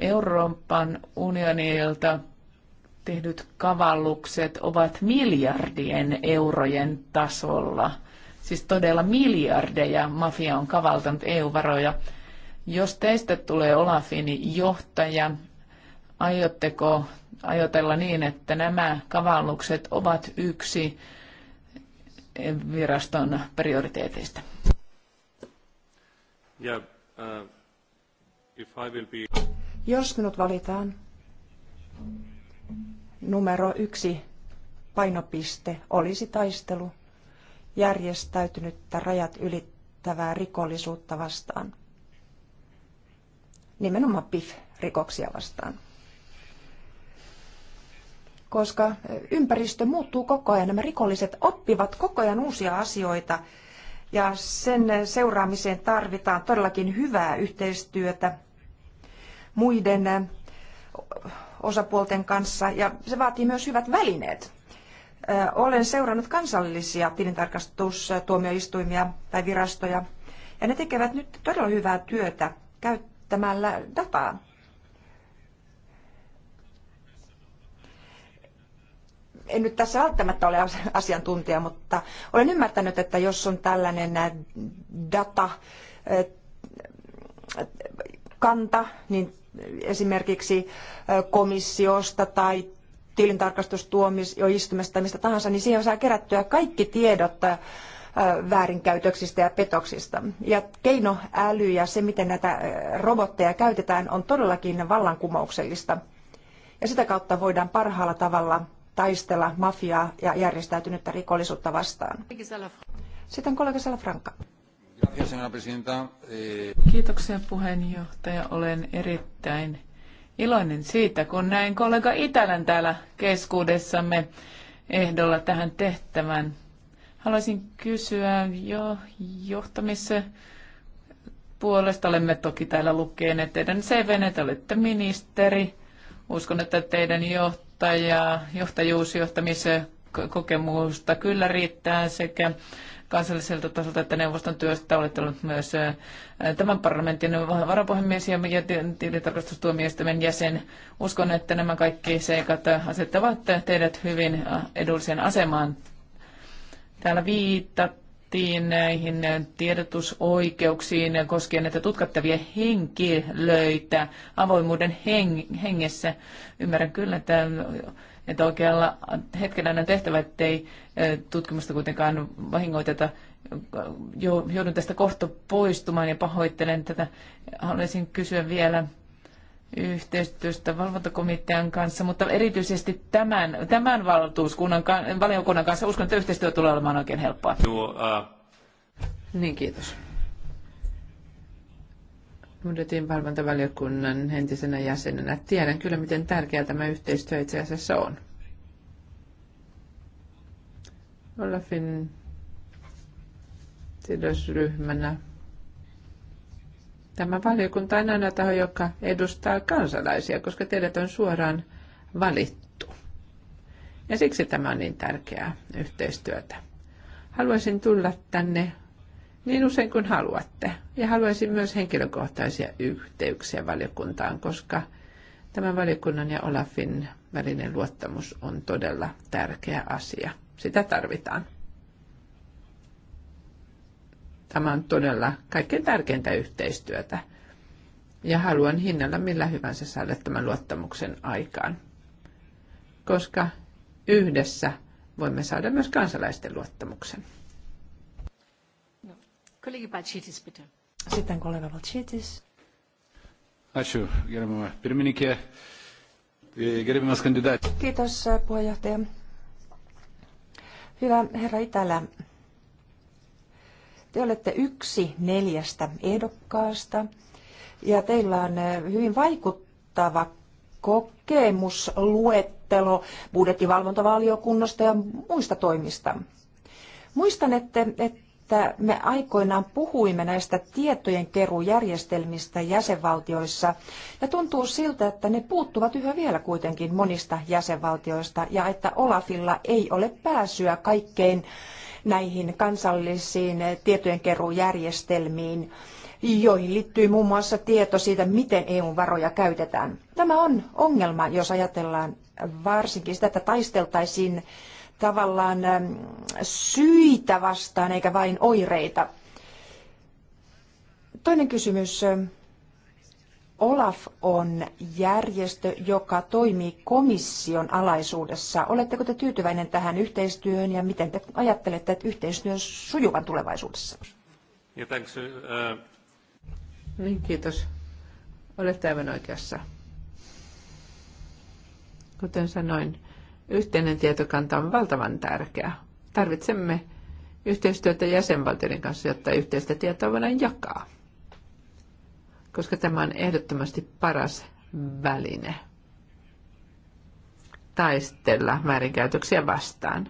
Euroopan unionilta tehdyt kavallukset ovat miljardien eurojen tasolla. Siis todella miljardeja mafia on kavaltanut EU-varoja. Jos teistä tulee Olafin johtaja, aiotteko ajatella niin, että nämä kavallukset ovat yksi viraston prioriteeteista? Yeah, uh, if I will be... Jos minut valitaan, numero yksi painopiste olisi taistelu järjestäytynyttä rajat ylittävää rikollisuutta vastaan. Nimenomaan PIF-rikoksia vastaan. Koska ympäristö muuttuu koko ajan, nämä rikolliset oppivat koko ajan uusia asioita ja sen seuraamiseen tarvitaan todellakin hyvää yhteistyötä muiden osapuolten kanssa ja se vaatii myös hyvät välineet. Olen seurannut kansallisia tilintarkastustuomioistuimia tai virastoja ja ne tekevät nyt todella hyvää työtä käyttämällä dataa. En nyt tässä välttämättä ole asiantuntija, mutta olen ymmärtänyt, että jos on tällainen data kanta, niin esimerkiksi komissiosta tai tilintarkastustuomioistuimesta mistä tahansa, niin siihen saa kerättyä kaikki tiedot väärinkäytöksistä ja petoksista. Ja keinoäly ja se, miten näitä robotteja käytetään, on todellakin vallankumouksellista. Ja sitä kautta voidaan parhaalla tavalla taistella mafiaa ja järjestäytynyttä rikollisuutta vastaan. Sitten kollega Salafranca. Eh, Kiitoksia puheenjohtaja. Olen erittäin iloinen siitä, kun näin kollega Itälän täällä keskuudessamme ehdolla tähän tehtävään. Haluaisin kysyä jo johtamisen puolesta. Olemme toki täällä lukeneet teidän CVn, että olette ministeri. Uskon, että teidän johtaja, johtajuus, johtamisen kokemusta kyllä riittää sekä kansalliselta tasolta että neuvoston työstä. Olette ollut myös tämän parlamentin varapuhemies ja tilintarkastustuomioistuimen jäsen. Uskon, että nämä kaikki seikat asettavat teidät hyvin edulliseen asemaan. Täällä viitattiin näihin tiedotusoikeuksiin koskien näitä tutkattavia henkilöitä avoimuuden hengessä. Ymmärrän kyllä, että että oikealla hetkellä on tehtävä, ettei tutkimusta kuitenkaan vahingoiteta. Joudun tästä kohta poistumaan ja pahoittelen tätä. Haluaisin kysyä vielä yhteistyöstä valvontakomitean kanssa, mutta erityisesti tämän, tämän valtuuskunnan, valiokunnan kanssa uskon, että yhteistyö tulee olemaan oikein helppoa. Äh. Niin, kiitos budjetin valvontavaliokunnan entisenä jäsenenä tiedän kyllä, miten tärkeää tämä yhteistyö itse asiassa on. Olafin sidosryhmänä tämä valiokunta on aina taho, joka edustaa kansalaisia, koska teidät on suoraan valittu. Ja siksi tämä on niin tärkeää yhteistyötä. Haluaisin tulla tänne niin usein kuin haluatte. Ja haluaisin myös henkilökohtaisia yhteyksiä valiokuntaan, koska tämän valiokunnan ja Olafin välinen luottamus on todella tärkeä asia. Sitä tarvitaan. Tämä on todella kaikkein tärkeintä yhteistyötä. Ja haluan hinnalla millä hyvänsä saada tämän luottamuksen aikaan. Koska yhdessä voimme saada myös kansalaisten luottamuksen. Kollege Balčytis, bitte. Sitten kollega Balčytis. Ačiū, gerbama pirmininkė. E, Gerbimas kandidaatti. Kiitos e, puheenjohtaja. Hyvä herra Itälä. Te olette yksi neljästä ehdokkaasta ja teillä on e, hyvin vaikuttava kokemusluettelo budjettivalvontavaliokunnasta ja muista toimista. Muistan, että, että että me aikoinaan puhuimme näistä tietojen keruujärjestelmistä jäsenvaltioissa ja tuntuu siltä, että ne puuttuvat yhä vielä kuitenkin monista jäsenvaltioista ja että Olafilla ei ole pääsyä kaikkein näihin kansallisiin tietojenkeruujärjestelmiin, joihin liittyy muun muassa tieto siitä, miten EU-varoja käytetään. Tämä on ongelma, jos ajatellaan varsinkin sitä, että taisteltaisiin tavallaan syitä vastaan eikä vain oireita. Toinen kysymys. Olaf on järjestö, joka toimii komission alaisuudessa. Oletteko te tyytyväinen tähän yhteistyöhön ja miten te ajattelette, että yhteistyön sujuvan tulevaisuudessa? Ja thanks, uh... niin, kiitos. Olette aivan oikeassa. Kuten sanoin, Yhteinen tietokanta on valtavan tärkeä. Tarvitsemme yhteistyötä jäsenvaltioiden kanssa, jotta yhteistä tietoa voidaan jakaa, koska tämä on ehdottomasti paras väline taistella väärinkäytöksiä vastaan.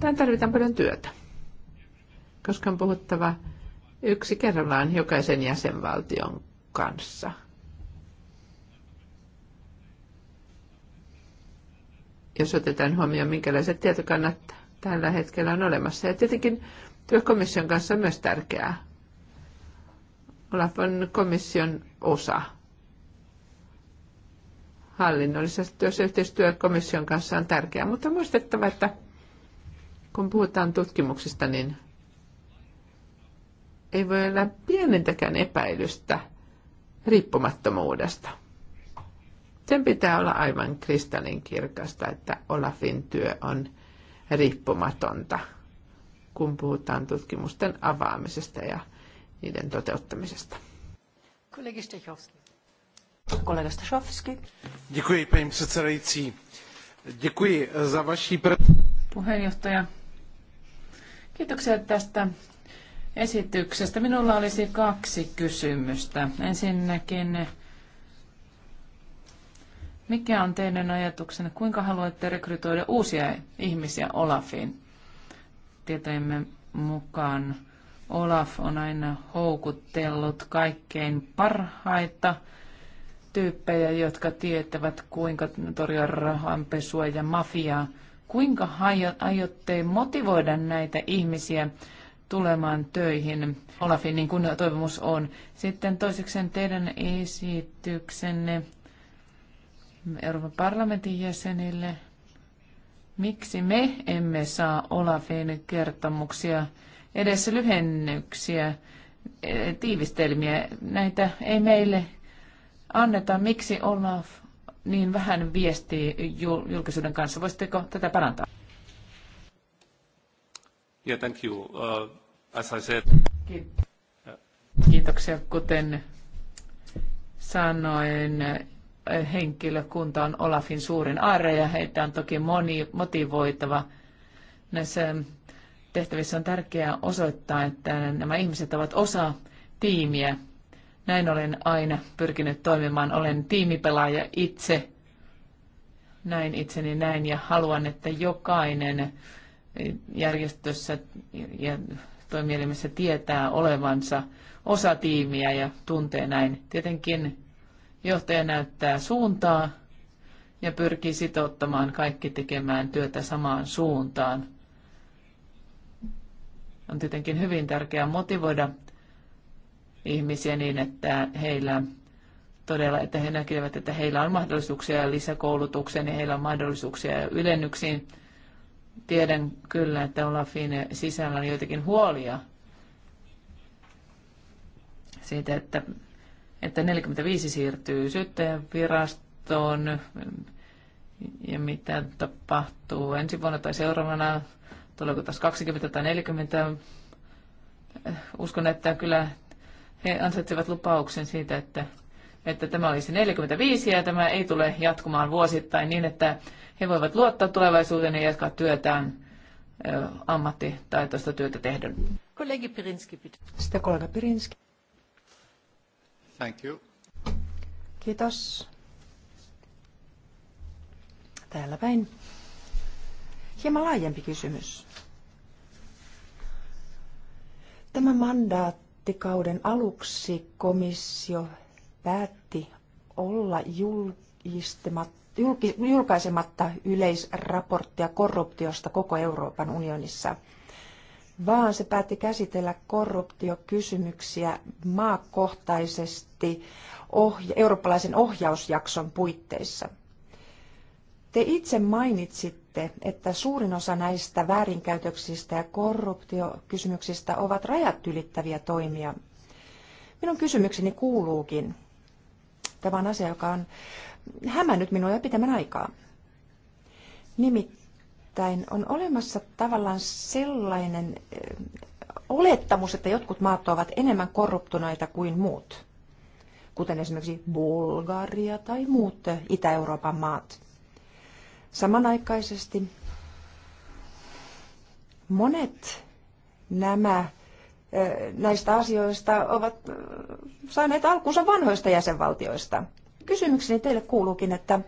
Tähän tarvitaan paljon työtä, koska on puhuttava yksi kerrallaan jokaisen jäsenvaltion kanssa – jos otetaan huomioon, minkälaiset tietokannat tällä hetkellä on olemassa. Ja tietenkin työkomission kanssa on myös tärkeää. Olaf on komission osa. Hallinnollisessa työssä yhteistyö komission kanssa on tärkeää, mutta muistettava, että kun puhutaan tutkimuksista, niin ei voi olla pienintäkään epäilystä riippumattomuudesta. Sen pitää olla aivan kristallinkirkasta, että Olafin työ on riippumatonta, kun puhutaan tutkimusten avaamisesta ja niiden toteuttamisesta. Kollega Stachowski. Kolega Stechowski. Děkuji, paní předsedající. Děkuji za vaši... Puheenjohtaja, kiitoksia tästä esityksestä. Minulla olisi kaksi kysymystä. Ensinnäkin mikä on teidän ajatuksenne, kuinka haluatte rekrytoida uusia ihmisiä Olafiin? Tietojemme mukaan Olaf on aina houkutellut kaikkein parhaita tyyppejä, jotka tietävät, kuinka torjua rahanpesua ja mafiaa. Kuinka aiotte motivoida näitä ihmisiä tulemaan töihin Olafin, niin kuin toivomus on. Sitten toisekseen teidän esityksenne Euroopan parlamentin jäsenille. Miksi me emme saa Olafin kertomuksia, edes lyhennyksiä, e, tiivistelmiä? Näitä ei meille anneta. Miksi Olaf niin vähän viestii julkisuuden kanssa? Voisitteko tätä parantaa? Yeah, thank you. Uh, as I said... Kiitoksia. Kuten sanoin, henkilökunta on Olafin suurin aare ja heitä on toki moni motivoitava. Näissä tehtävissä on tärkeää osoittaa, että nämä ihmiset ovat osa tiimiä. Näin olen aina pyrkinyt toimimaan. Olen tiimipelaaja itse. Näin itseni näin ja haluan, että jokainen järjestössä ja toimielimessä tietää olevansa osa tiimiä ja tuntee näin. Tietenkin Johtaja näyttää suuntaa ja pyrkii sitouttamaan kaikki tekemään työtä samaan suuntaan. On tietenkin hyvin tärkeää motivoida ihmisiä niin, että heillä todella, että he näkevät, että heillä on mahdollisuuksia lisäkoulutukseen ja heillä on mahdollisuuksia ylennyksiin. Tiedän kyllä, että Olafin sisällä on joitakin huolia siitä, että että 45 siirtyy syyttäjänvirastoon ja mitä tapahtuu ensi vuonna tai seuraavana, tuleeko taas 20 tai 40. Uskon, että kyllä he ansaitsevat lupauksen siitä, että, että tämä olisi 45 ja tämä ei tule jatkumaan vuosittain niin, että he voivat luottaa tulevaisuuteen ja jatkaa työtään ammattitaitoista työtä tehden. Kollegi Pirinski, pitää. Sitä kollega Pirinski. Thank you. Kiitos. Täällä päin. Hieman laajempi kysymys. Tämän mandaattikauden aluksi komissio päätti olla julkaisematta yleisraporttia korruptiosta koko Euroopan unionissa – vaan se päätti käsitellä korruptiokysymyksiä maakohtaisesti ohja- eurooppalaisen ohjausjakson puitteissa. Te itse mainitsitte, että suurin osa näistä väärinkäytöksistä ja korruptiokysymyksistä ovat rajat ylittäviä toimia. Minun kysymykseni kuuluukin, tämä on asia, joka on hämännyt minua jo pitemmän aikaa. Nimittäin Nimittäin on olemassa tavallaan sellainen eh, olettamus, että jotkut maat ovat enemmän korruptunoita kuin muut, kuten esimerkiksi Bulgaria tai muut eh, Itä-Euroopan maat. Samanaikaisesti monet nämä eh, näistä asioista ovat saaneet alkunsa vanhoista jäsenvaltioista. Kysymykseni teille kuuluukin, että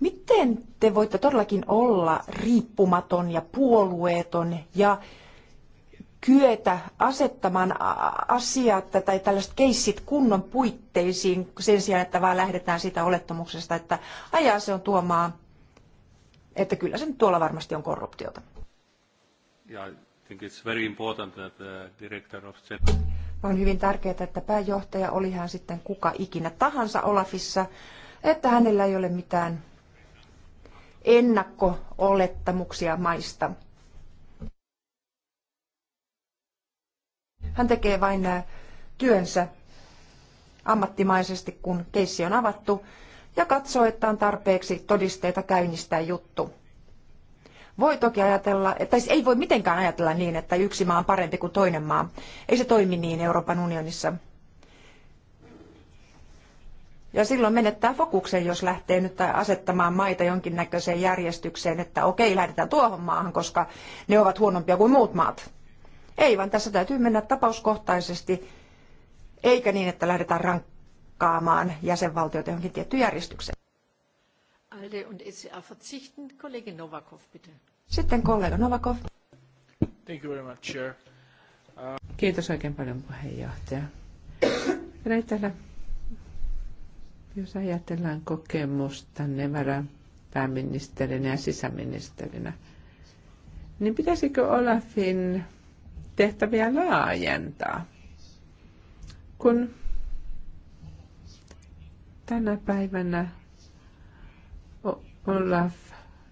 Miten te voitte todellakin olla riippumaton ja puolueeton ja kyetä asettamaan asiat tai tällaiset keissit kunnon puitteisiin sen sijaan, että vaan lähdetään siitä olettamuksesta, että ajaa se on tuomaa, että kyllä se nyt tuolla varmasti on korruptiota. Yeah, of... On hyvin tärkeää, että pääjohtaja, oli hän sitten kuka ikinä tahansa Olafissa, että hänellä ei ole mitään ennakko-olettamuksia maista. Hän tekee vain äh, työnsä ammattimaisesti, kun keissi on avattu, ja katsoo, että on tarpeeksi todisteita käynnistää juttu. Voi toki ajatella, tai siis ei voi mitenkään ajatella niin, että yksi maa on parempi kuin toinen maa. Ei se toimi niin Euroopan unionissa. Ja silloin menettää fokuksen, jos lähtee nyt asettamaan maita jonkinnäköiseen järjestykseen, että okei, lähdetään tuohon maahan, koska ne ovat huonompia kuin muut maat. Ei, vaan tässä täytyy mennä tapauskohtaisesti, eikä niin, että lähdetään rankkaamaan jäsenvaltioita johonkin tiettyyn järjestykseen. ALDE und e verzichten. Kollege Novakov, bitte. Sitten kollega Novakov. Thank you very much, Chair. Uh... Kiitos oikein paljon puheenjohtaja. Näin täällä jos ajatellaan kokemusta kokemustanne pääministerinä ja sisäministerinä, niin pitäisikö Olafin tehtäviä laajentaa? Kun tänä päivänä Olaf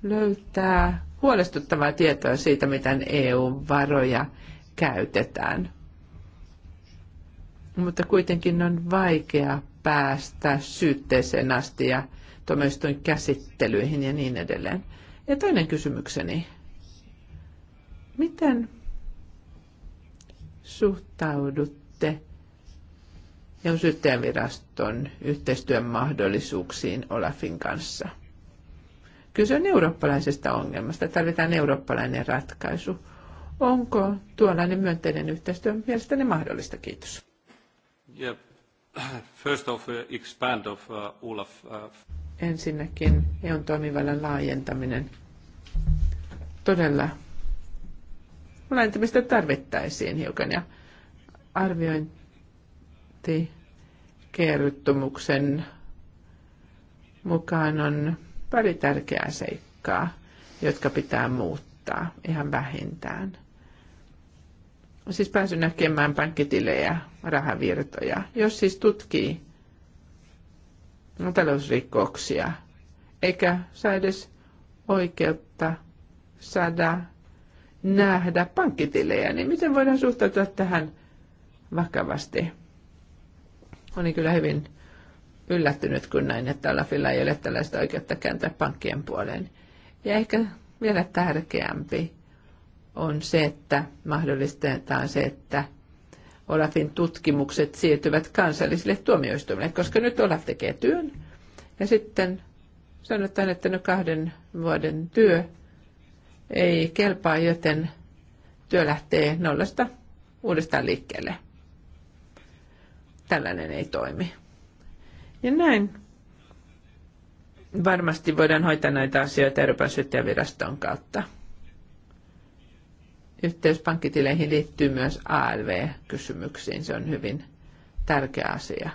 löytää huolestuttavaa tietoa siitä, miten EU-varoja käytetään. Mutta kuitenkin on vaikea päästä syytteeseen asti ja tuomioistuin käsittelyihin ja niin edelleen. Ja toinen kysymykseni. Miten suhtaudutte ja syyttäjäviraston yhteistyön mahdollisuuksiin Olafin kanssa? Kyse on eurooppalaisesta ongelmasta. Tarvitaan eurooppalainen ratkaisu. Onko tuollainen myönteinen yhteistyö mielestäni mahdollista? Kiitos. Yep. First of uh, expand of uh, Olaf. Uh, Ensinnäkin EUn toimivallan laajentaminen. Todella laajentamista tarvittaisiin hiukan ja arviointikertomuksen mukaan on pari tärkeää seikkaa, jotka pitää muuttaa ihan vähintään siis pääsy näkemään pankkitilejä, rahavirtoja. Jos siis tutkii talousrikoksia, eikä saa edes oikeutta saada nähdä pankkitilejä, niin miten voidaan suhtautua tähän vakavasti? Oli kyllä hyvin yllättynyt, kun näin, että Olafilla ei ole tällaista oikeutta kääntää pankkien puoleen. Ja ehkä vielä tärkeämpi, on se, että mahdollistetaan se, että Olafin tutkimukset siirtyvät kansallisille tuomioistuimille, koska nyt Olaf tekee työn ja sitten sanotaan, että no kahden vuoden työ ei kelpaa, joten työ lähtee nollasta uudestaan liikkeelle. Tällainen ei toimi. Ja näin varmasti voidaan hoitaa näitä asioita Euroopan syyttäjäviraston kautta yhteys pankkitileihin liittyy myös ALV-kysymyksiin. Se on hyvin tärkeä asia.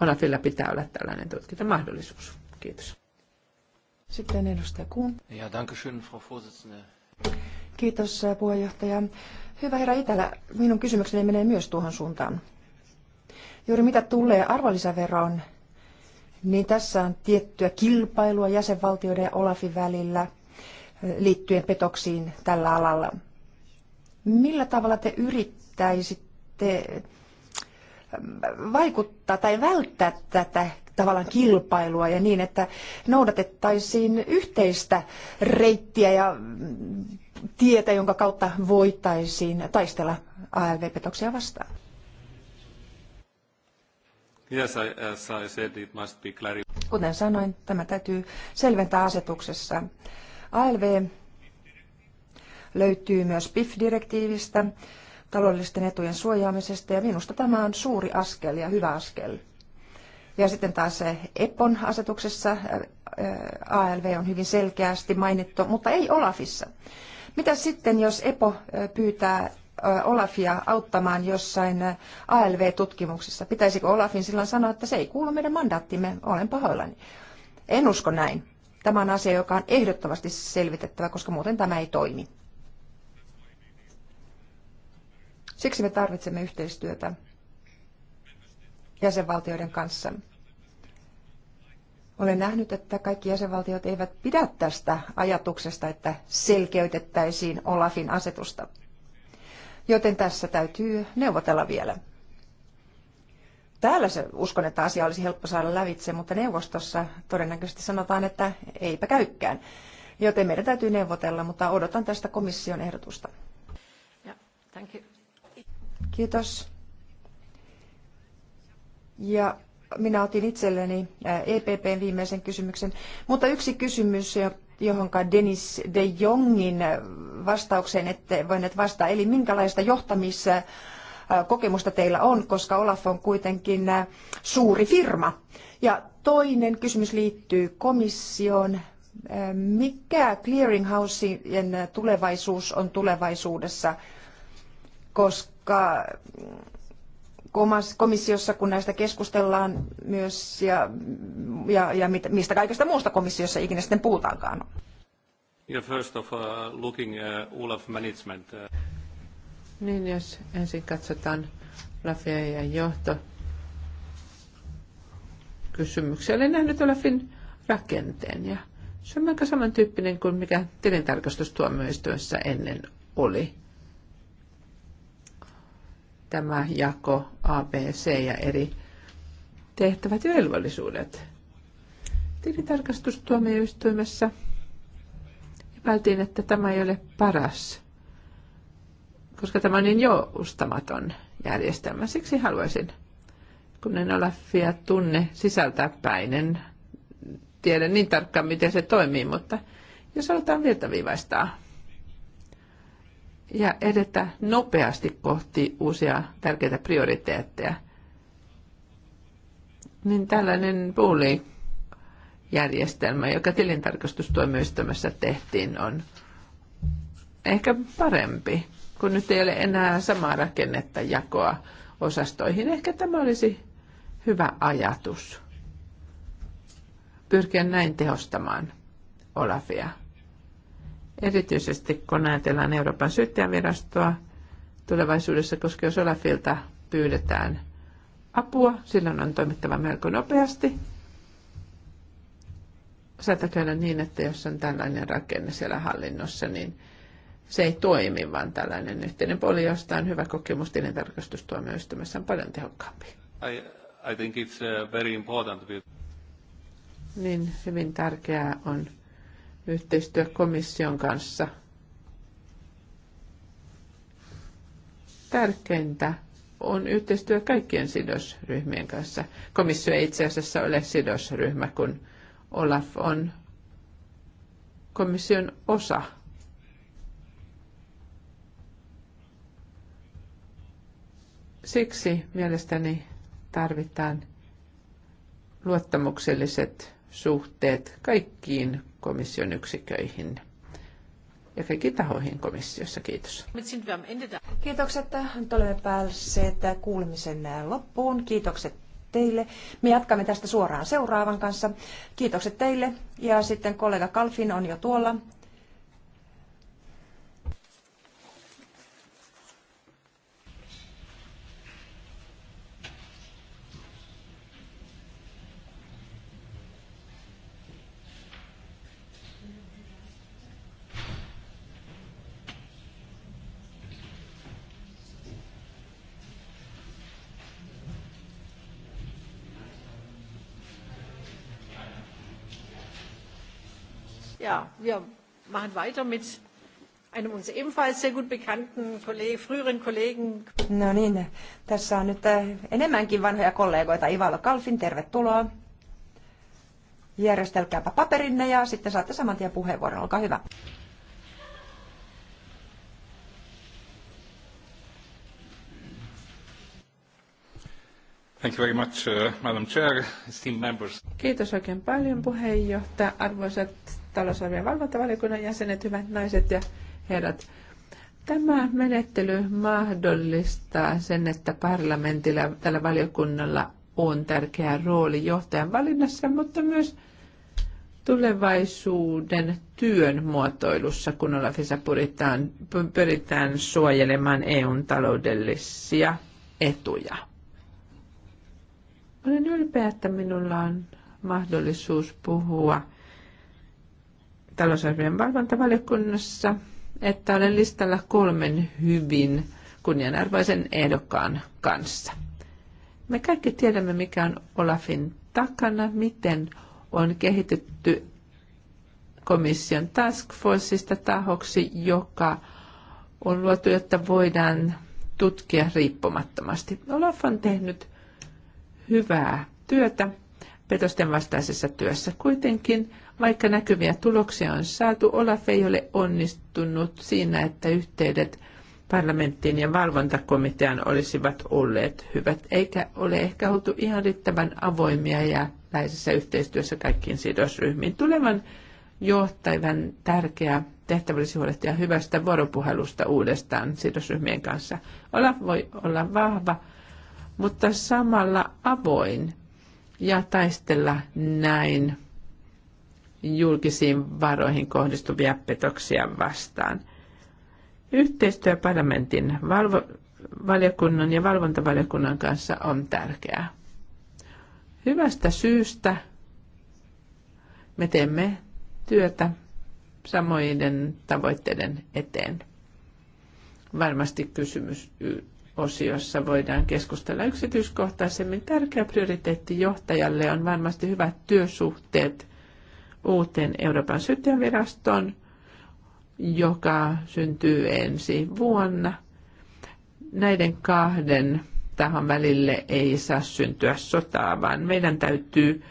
Olafilla pitää olla tällainen tutkintamahdollisuus. Kiitos. Sitten edustaja Kuhn. Ja, danke schön, Frau Vorsitzende. Kiitos äh, puheenjohtaja. Hyvä herra Itälä, minun kysymykseni menee myös tuohon suuntaan. Juuri mitä tulee arvonlisäveroon, niin tässä on tiettyä kilpailua jäsenvaltioiden ja Olafin välillä – liittyen petoksiin tällä alalla. Millä tavalla te yrittäisitte ähm, vaikuttaa tai välttää tätä tavallaan kilpailua ja niin, että noudatettaisiin yhteistä reittiä ja mm, tietä, jonka kautta voitaisiin taistella ALV-petoksia vastaan? Yes, I, as I said, it must be Kuten sanoin, tämä täytyy selventää asetuksessa. ALV löytyy myös PIF-direktiivistä, taloudellisten etujen suojaamisesta, ja minusta tämä on suuri askel ja hyvä askel. Ja sitten taas EPON e asetuksessa ALV on hyvin selkeästi mainittu, mutta ei Olafissa. Mitä sitten, jos EPO pyytää Olafia auttamaan jossain ALV-tutkimuksessa? Pitäisikö Olafin silloin sanoa, että se ei kuulu meidän mandaattimme, olen pahoillani? En usko näin. Tämä on asia, joka on ehdottomasti selvitettävä, koska muuten tämä ei toimi. Siksi me tarvitsemme yhteistyötä jäsenvaltioiden kanssa. Olen nähnyt, että kaikki jäsenvaltiot eivät pidä tästä ajatuksesta, että selkeytettäisiin Olafin asetusta. Joten tässä täytyy neuvotella vielä. Täällä se, uskon, että asia olisi helppo saada lävitse, mutta neuvostossa todennäköisesti sanotaan, että eipä käykään. Joten meidän täytyy neuvotella, mutta odotan tästä komission ehdotusta. Ja, thank you. Kiitos. Ja minä otin itselleni äh, EPPn viimeisen kysymyksen, mutta yksi kysymys, johon Denis de Jongin äh, vastaukseen ette voineet vastaa, eli minkälaista johtamista kokemusta teillä on, koska Olaf on kuitenkin suuri firma. Ja toinen kysymys liittyy komissioon. Mikä clearinghousien tulevaisuus on tulevaisuudessa? Koska mm, komissiossa, kun näistä keskustellaan myös ja, ja, ja mistä kaikesta muusta komissiossa ikinä sitten puhutaankaan. Yeah, first of uh, looking uh, Olaf management. Uh... Niin, jos ensin katsotaan Lafayette johto kysymyksiä. Olen nähnyt Lafin rakenteen ja se on aika samantyyppinen kuin mikä tilintarkastustuomioistuessa ennen oli. Tämä jako ABC ja eri tehtävät ja velvollisuudet. Tilintarkastustuomioistuimessa epäiltiin, että tämä ei ole paras koska tämä on niin joustamaton järjestelmä. Siksi haluaisin, kun en ole vielä tunne sisältää päin, en tiedä niin tarkkaan, miten se toimii, mutta jos halutaan virtaviivaistaa ja edetä nopeasti kohti uusia tärkeitä prioriteetteja, niin tällainen puuli järjestelmä, joka tilintarkastustuomioistuimessa tehtiin, on ehkä parempi kun nyt ei ole enää samaa rakennetta jakoa osastoihin. Ehkä tämä olisi hyvä ajatus pyrkiä näin tehostamaan Olafia. Erityisesti kun ajatellaan Euroopan syyttäjänvirastoa tulevaisuudessa, koska jos Olafilta pyydetään apua, silloin on toimittava melko nopeasti. Saattaa käydä niin, että jos on tällainen rakenne siellä hallinnossa, niin – se ei toimi, vaan tällainen yhteinen poli, josta on hyvä kokemus tilintarkastustuomioistuimessa on paljon tehokkaampi. I, I think it's uh, very important. Niin hyvin tärkeää on yhteistyö komission kanssa. Tärkeintä on yhteistyö kaikkien sidosryhmien kanssa. Komissio ei itse asiassa ole sidosryhmä, kun Olaf on komission osa Siksi mielestäni tarvitaan luottamukselliset suhteet kaikkiin komission yksiköihin ja kaikkiin tahoihin komissiossa. Kiitos. Kiitokset. Nyt olemme päässeet kuulemisen loppuun. Kiitokset teille. Me jatkamme tästä suoraan seuraavan kanssa. Kiitokset teille. Ja sitten kollega Kalfin on jo tuolla. Ja, wir machen weiter mit einem uns ebenfalls sehr gut bekannten Kollege, früheren Kollegen. No niin, tässä on nyt äh, enemmänkin vanhoja kollegoita. Ivalo Kalfin, tervetuloa. Järjestelkääpä paperinne ja sitten saatte saman tien puheenvuoron. Olkaa hyvä. Thank you very much, uh, Madam Chair, esteemed members. Kiitos oikein paljon puheenjohtaja, arvoisat talousarvion valvontavaliokunnan jäsenet, hyvät naiset ja herrat. Tämä menettely mahdollistaa sen, että parlamentilla tällä valiokunnalla on tärkeä rooli johtajan valinnassa, mutta myös tulevaisuuden työn muotoilussa, kun Olafissa pyritään, pyritään suojelemaan EUn taloudellisia etuja. Olen ylpeä, että minulla on mahdollisuus puhua – talousarvion valvontavaliokunnassa, että olen listalla kolmen hyvin kunnianarvoisen ehdokkaan kanssa. Me kaikki tiedämme, mikä on Olafin takana, miten on kehitetty komission task forceista tahoksi, joka on luotu, jotta voidaan tutkia riippumattomasti. Olaf on tehnyt hyvää työtä petosten vastaisessa työssä. Kuitenkin vaikka näkyviä tuloksia on saatu, Olaf ei ole onnistunut siinä, että yhteydet parlamenttiin ja valvontakomitean olisivat olleet hyvät, eikä ole ehkä oltu ihan riittävän avoimia ja läheisessä yhteistyössä kaikkiin sidosryhmiin. Tulevan johtajan tärkeä tehtävä olisi huolehtia hyvästä vuoropuhelusta uudestaan sidosryhmien kanssa. Olaf voi olla vahva, mutta samalla avoin ja taistella näin julkisiin varoihin kohdistuvia petoksia vastaan. Yhteistyö parlamentin valvo- valiokunnan ja valvontavaliokunnan kanssa on tärkeää. Hyvästä syystä me teemme työtä samoiden tavoitteiden eteen. Varmasti kysymysosiossa voidaan keskustella yksityiskohtaisemmin. Tärkeä prioriteetti johtajalle on varmasti hyvät työsuhteet uuteen Euroopan syyttäjänvirastoon, joka syntyy ensi vuonna. Näiden kahden tahon välille ei saa syntyä sotaa, vaan meidän täytyy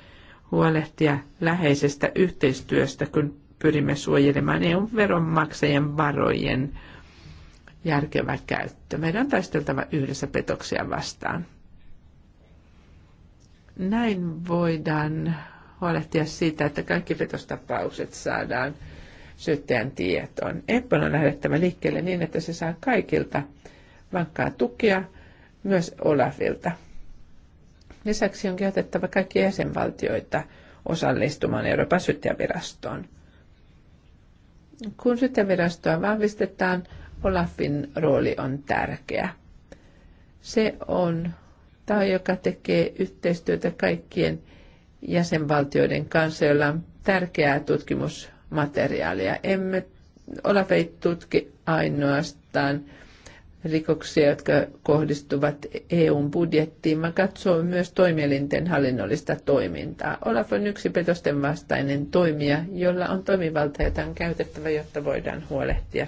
huolehtia läheisestä yhteistyöstä, kun pyrimme suojelemaan EUn veronmaksajien varojen järkevä käyttö. Meidän on taisteltava yhdessä petoksia vastaan. Näin voidaan huolehtia siitä, että kaikki petostapaukset saadaan syyttäjän tietoon. Eppon on lähdettävä liikkeelle niin, että se saa kaikilta vankkaa tukea, myös Olafilta. Lisäksi on kehotettava kaikki jäsenvaltioita osallistumaan Euroopan syyttäjävirastoon. Kun syyttäjävirastoa vahvistetaan, Olafin rooli on tärkeä. Se on taho, joka tekee yhteistyötä kaikkien jäsenvaltioiden kanssa, joilla on tärkeää tutkimusmateriaalia. Emme, Olaf ei tutki ainoastaan rikoksia, jotka kohdistuvat EUn budjettiin, vaan katsoo myös toimielinten hallinnollista toimintaa. Olaf on yksi petosten vastainen toimija, jolla on toimivalta, jota on käytettävä, jotta voidaan huolehtia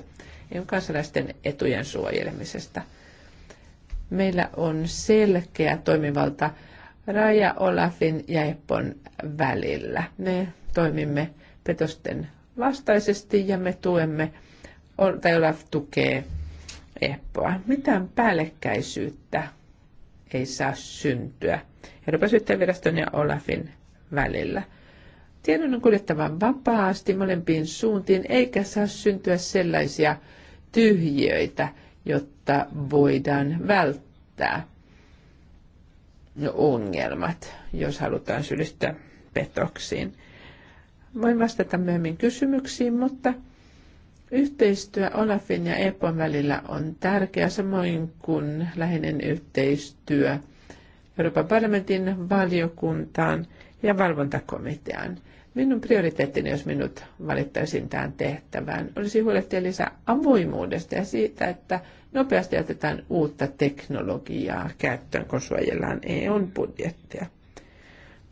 EUn kansalaisten etujen suojelemisesta. Meillä on selkeä toimivalta raja Olafin ja Eppon välillä. Me toimimme petosten vastaisesti ja me tuemme, tai Olaf tukee Eppoa. Mitään päällekkäisyyttä ei saa syntyä Euroopan syyttäjäviraston ja Olafin välillä. Tiedon on kuljettava vapaasti molempiin suuntiin, eikä saa syntyä sellaisia tyhjiöitä, jotta voidaan välttää ongelmat, jos halutaan syyllistää petoksiin. Voin vastata myöhemmin kysymyksiin, mutta yhteistyö Olafin ja EPOn välillä on tärkeä, samoin kuin läheinen yhteistyö Euroopan parlamentin valiokuntaan ja valvontakomiteaan. Minun prioriteettini, jos minut valittaisiin tähän tehtävään, olisi huolehtia lisää avoimuudesta ja siitä, että nopeasti otetaan uutta teknologiaa käyttöön, kun suojellaan EUn budjettia.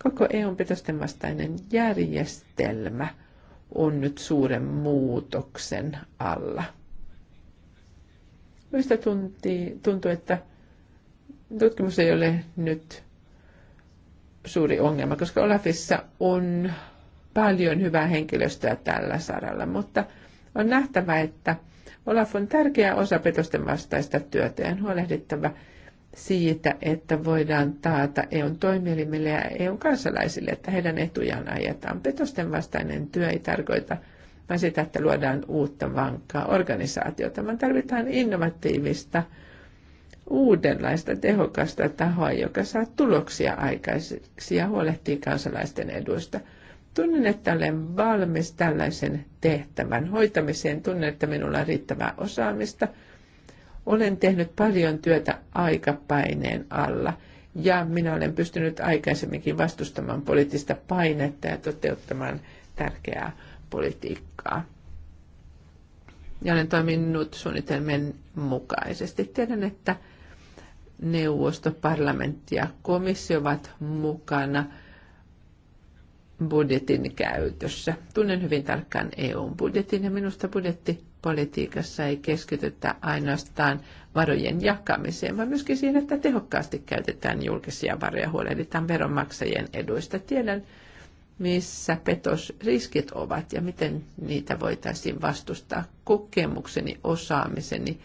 Koko EUn petosten vastainen järjestelmä on nyt suuren muutoksen alla. Minusta tuntuu, että tutkimus ei ole nyt suuri ongelma, koska Olafissa on paljon hyvää henkilöstöä tällä saralla, mutta on nähtävä, että – Olaf on tärkeä osa petosten vastaista työtä ja on huolehdittava siitä, että voidaan taata EUn toimielimille ja EUn kansalaisille, että heidän etujaan ajetaan. Petosten vastainen työ ei tarkoita vaan sitä, että luodaan uutta vankkaa organisaatiota, vaan tarvitaan innovatiivista, uudenlaista, tehokasta tahoa, joka saa tuloksia aikaiseksi ja huolehtii kansalaisten eduista – Tunnen, että olen valmis tällaisen tehtävän hoitamiseen. Tunnen, että minulla on riittävää osaamista. Olen tehnyt paljon työtä aikapaineen alla ja minä olen pystynyt aikaisemminkin vastustamaan poliittista painetta ja toteuttamaan tärkeää politiikkaa. Ja olen toiminut suunnitelmien mukaisesti. Tiedän, että neuvosto, parlamentti ja komissio ovat mukana – budjetin käytössä. Tunnen hyvin tarkkaan eu budjetin ja minusta budjettipolitiikassa ei keskitytä ainoastaan varojen jakamiseen, vaan myöskin siihen, että tehokkaasti käytetään julkisia varoja, huolehditaan veronmaksajien eduista. Tiedän, missä petosriskit ovat ja miten niitä voitaisiin vastustaa. Kokemukseni, osaamiseni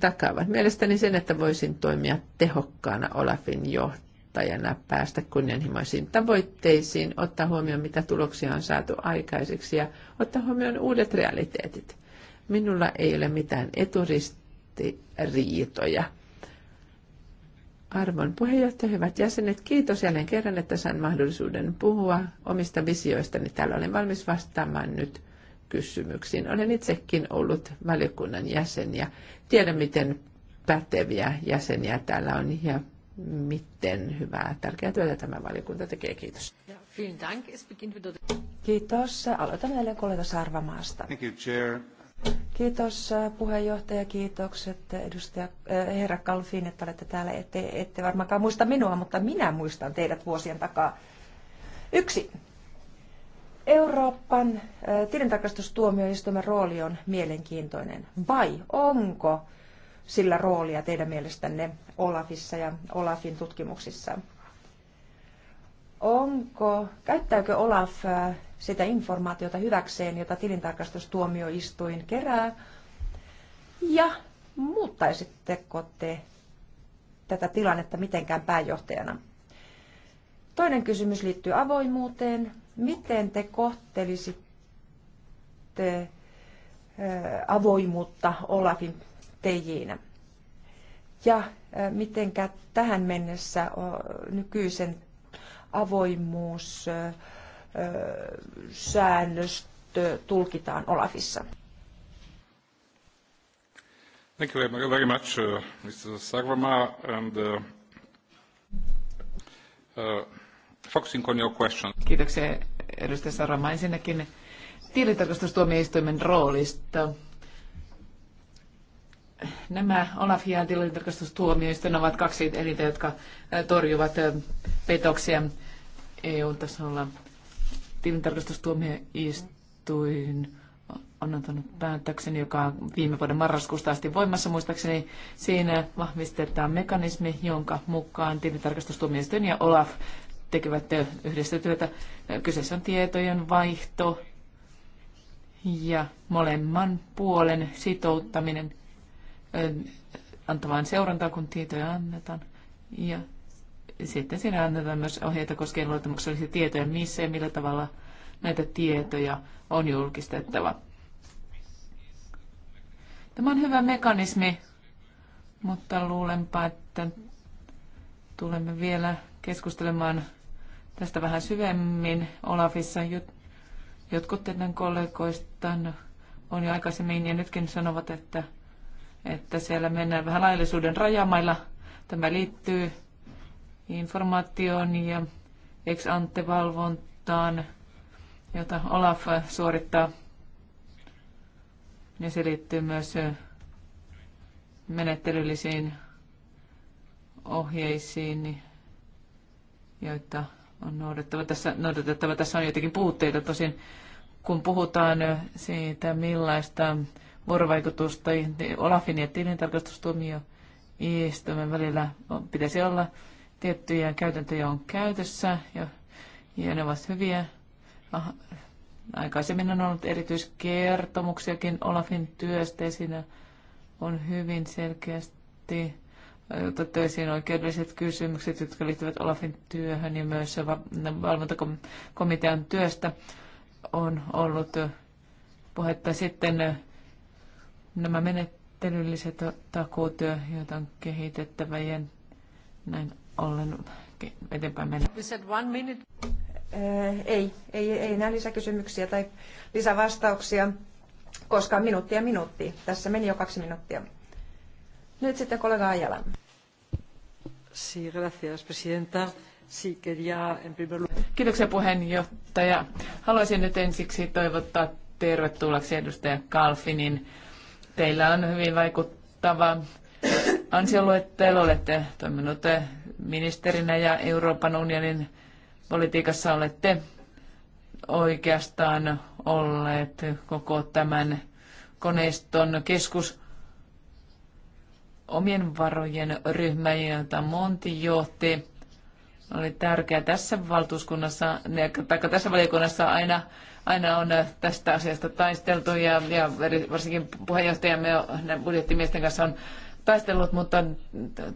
takaavat mielestäni sen, että voisin toimia tehokkaana Olafin johtajana kuluttajana päästä kunnianhimoisiin tavoitteisiin, ottaa huomioon, mitä tuloksia on saatu aikaiseksi ja ottaa huomioon uudet realiteetit. Minulla ei ole mitään eturistiriitoja. Arvon puheenjohtaja, hyvät jäsenet, kiitos jälleen kerran, että sain mahdollisuuden puhua omista visioistani. Täällä olen valmis vastaamaan nyt kysymyksiin. Olen itsekin ollut valiokunnan jäsen ja tiedän, miten päteviä jäseniä täällä on ja miten hyvää, tärkeää työtä tämä valiokunta tekee. Kiitos. Kiitos. Aloitan jälleen kollega Sarvamaasta. Thank you, chair. Kiitos puheenjohtaja, kiitokset edustaja, herra Kalfin, että olette täällä. Ette, ette varmaankaan muista minua, mutta minä muistan teidät vuosien takaa. Yksi. Euroopan tilintarkastustuomioistuimen rooli on mielenkiintoinen. Vai onko sillä roolia teidän mielestänne Olafissa ja Olafin tutkimuksissa? Onko, käyttääkö Olaf sitä informaatiota hyväkseen, jota tilintarkastustuomioistuin kerää? Ja muuttaisitteko te tätä tilannetta mitenkään pääjohtajana? Toinen kysymys liittyy avoimuuteen. Miten te kohtelisitte avoimuutta Olafin tejinä. Ja äh, miten tähän mennessä nykyisen avoimuus äh, äh, säännöstö tulkitaan Olafissa? Thank you very much, uh, Mr. Sarvama, and uh, uh, focusing on your question. Kiitoksia, edustaja Sarvama. Ensinnäkin tilintarkastustuomioistuimen roolista nämä Olaf ja tilintarkastustuomioistuin ovat kaksi elintä, jotka torjuvat petoksia EU-tasolla. Tilintarkastustuomioistuin on antanut päätöksen, joka on viime vuoden marraskuusta asti voimassa muistaakseni. Siinä vahvistetaan mekanismi, jonka mukaan tilintarkastustuomioistuin ja Olaf tekevät yhdessä työtä. Kyseessä on tietojen vaihto ja molemman puolen sitouttaminen antamaan seurantaa, kun tietoja annetaan. Ja sitten siinä annetaan myös ohjeita koskien luottamuksellisia tietoja, missä ja millä tavalla näitä tietoja on julkistettava. Tämä on hyvä mekanismi, mutta luulenpa, että tulemme vielä keskustelemaan tästä vähän syvemmin Olafissa. Jotkut teidän kollegoistaan on jo aikaisemmin ja nytkin sanovat, että että siellä mennään vähän laillisuuden rajamailla. Tämä liittyy informaatioon ja ex ante valvontaan, jota Olaf suorittaa. Ja se liittyy myös menettelyllisiin ohjeisiin, joita on noudatettava. Tässä, noudatettava. Tässä on jotenkin puutteita tosin, kun puhutaan siitä, millaista tai niin Olafin ja tilintarkastustuomioistuimen välillä on pitäisi olla. Tiettyjä käytäntöjä on käytössä ja, ja ne ovat hyviä. Aha. Aikaisemmin on ollut erityiskertomuksiakin Olafin työstä ja siinä on hyvin selkeästi otettu esiin oikeudelliset kysymykset, jotka liittyvät Olafin työhön ja myös valvontakomitean työstä on ollut puhetta sitten nämä menettelylliset takuutyö, joita on kehitettävä ja näin ollen eteenpäin mennä. Äh, ei, ei, ei enää lisäkysymyksiä tai lisävastauksia, koska minuuttia minuuttia. Tässä meni jo kaksi minuuttia. Nyt sitten kollega Ajala. Sí, gracias, presidenta. Sí, quería en primer Kiitoksia puheenjohtaja. Haluaisin nyt ensiksi toivottaa tervetulleeksi edustaja Kalfinin Teillä on hyvin vaikuttava ansioluettelo. Olette toiminut ministerinä ja Euroopan unionin politiikassa olette oikeastaan olleet koko tämän koneiston keskus omien varojen ryhmä, jota Monti johti oli tärkeää tässä valtuuskunnassa, tai tässä valiokunnassa aina, aina on äh, tästä asiasta taisteltu ja, ja varsinkin puheenjohtajamme budjettimiesten kanssa on taistellut, mutta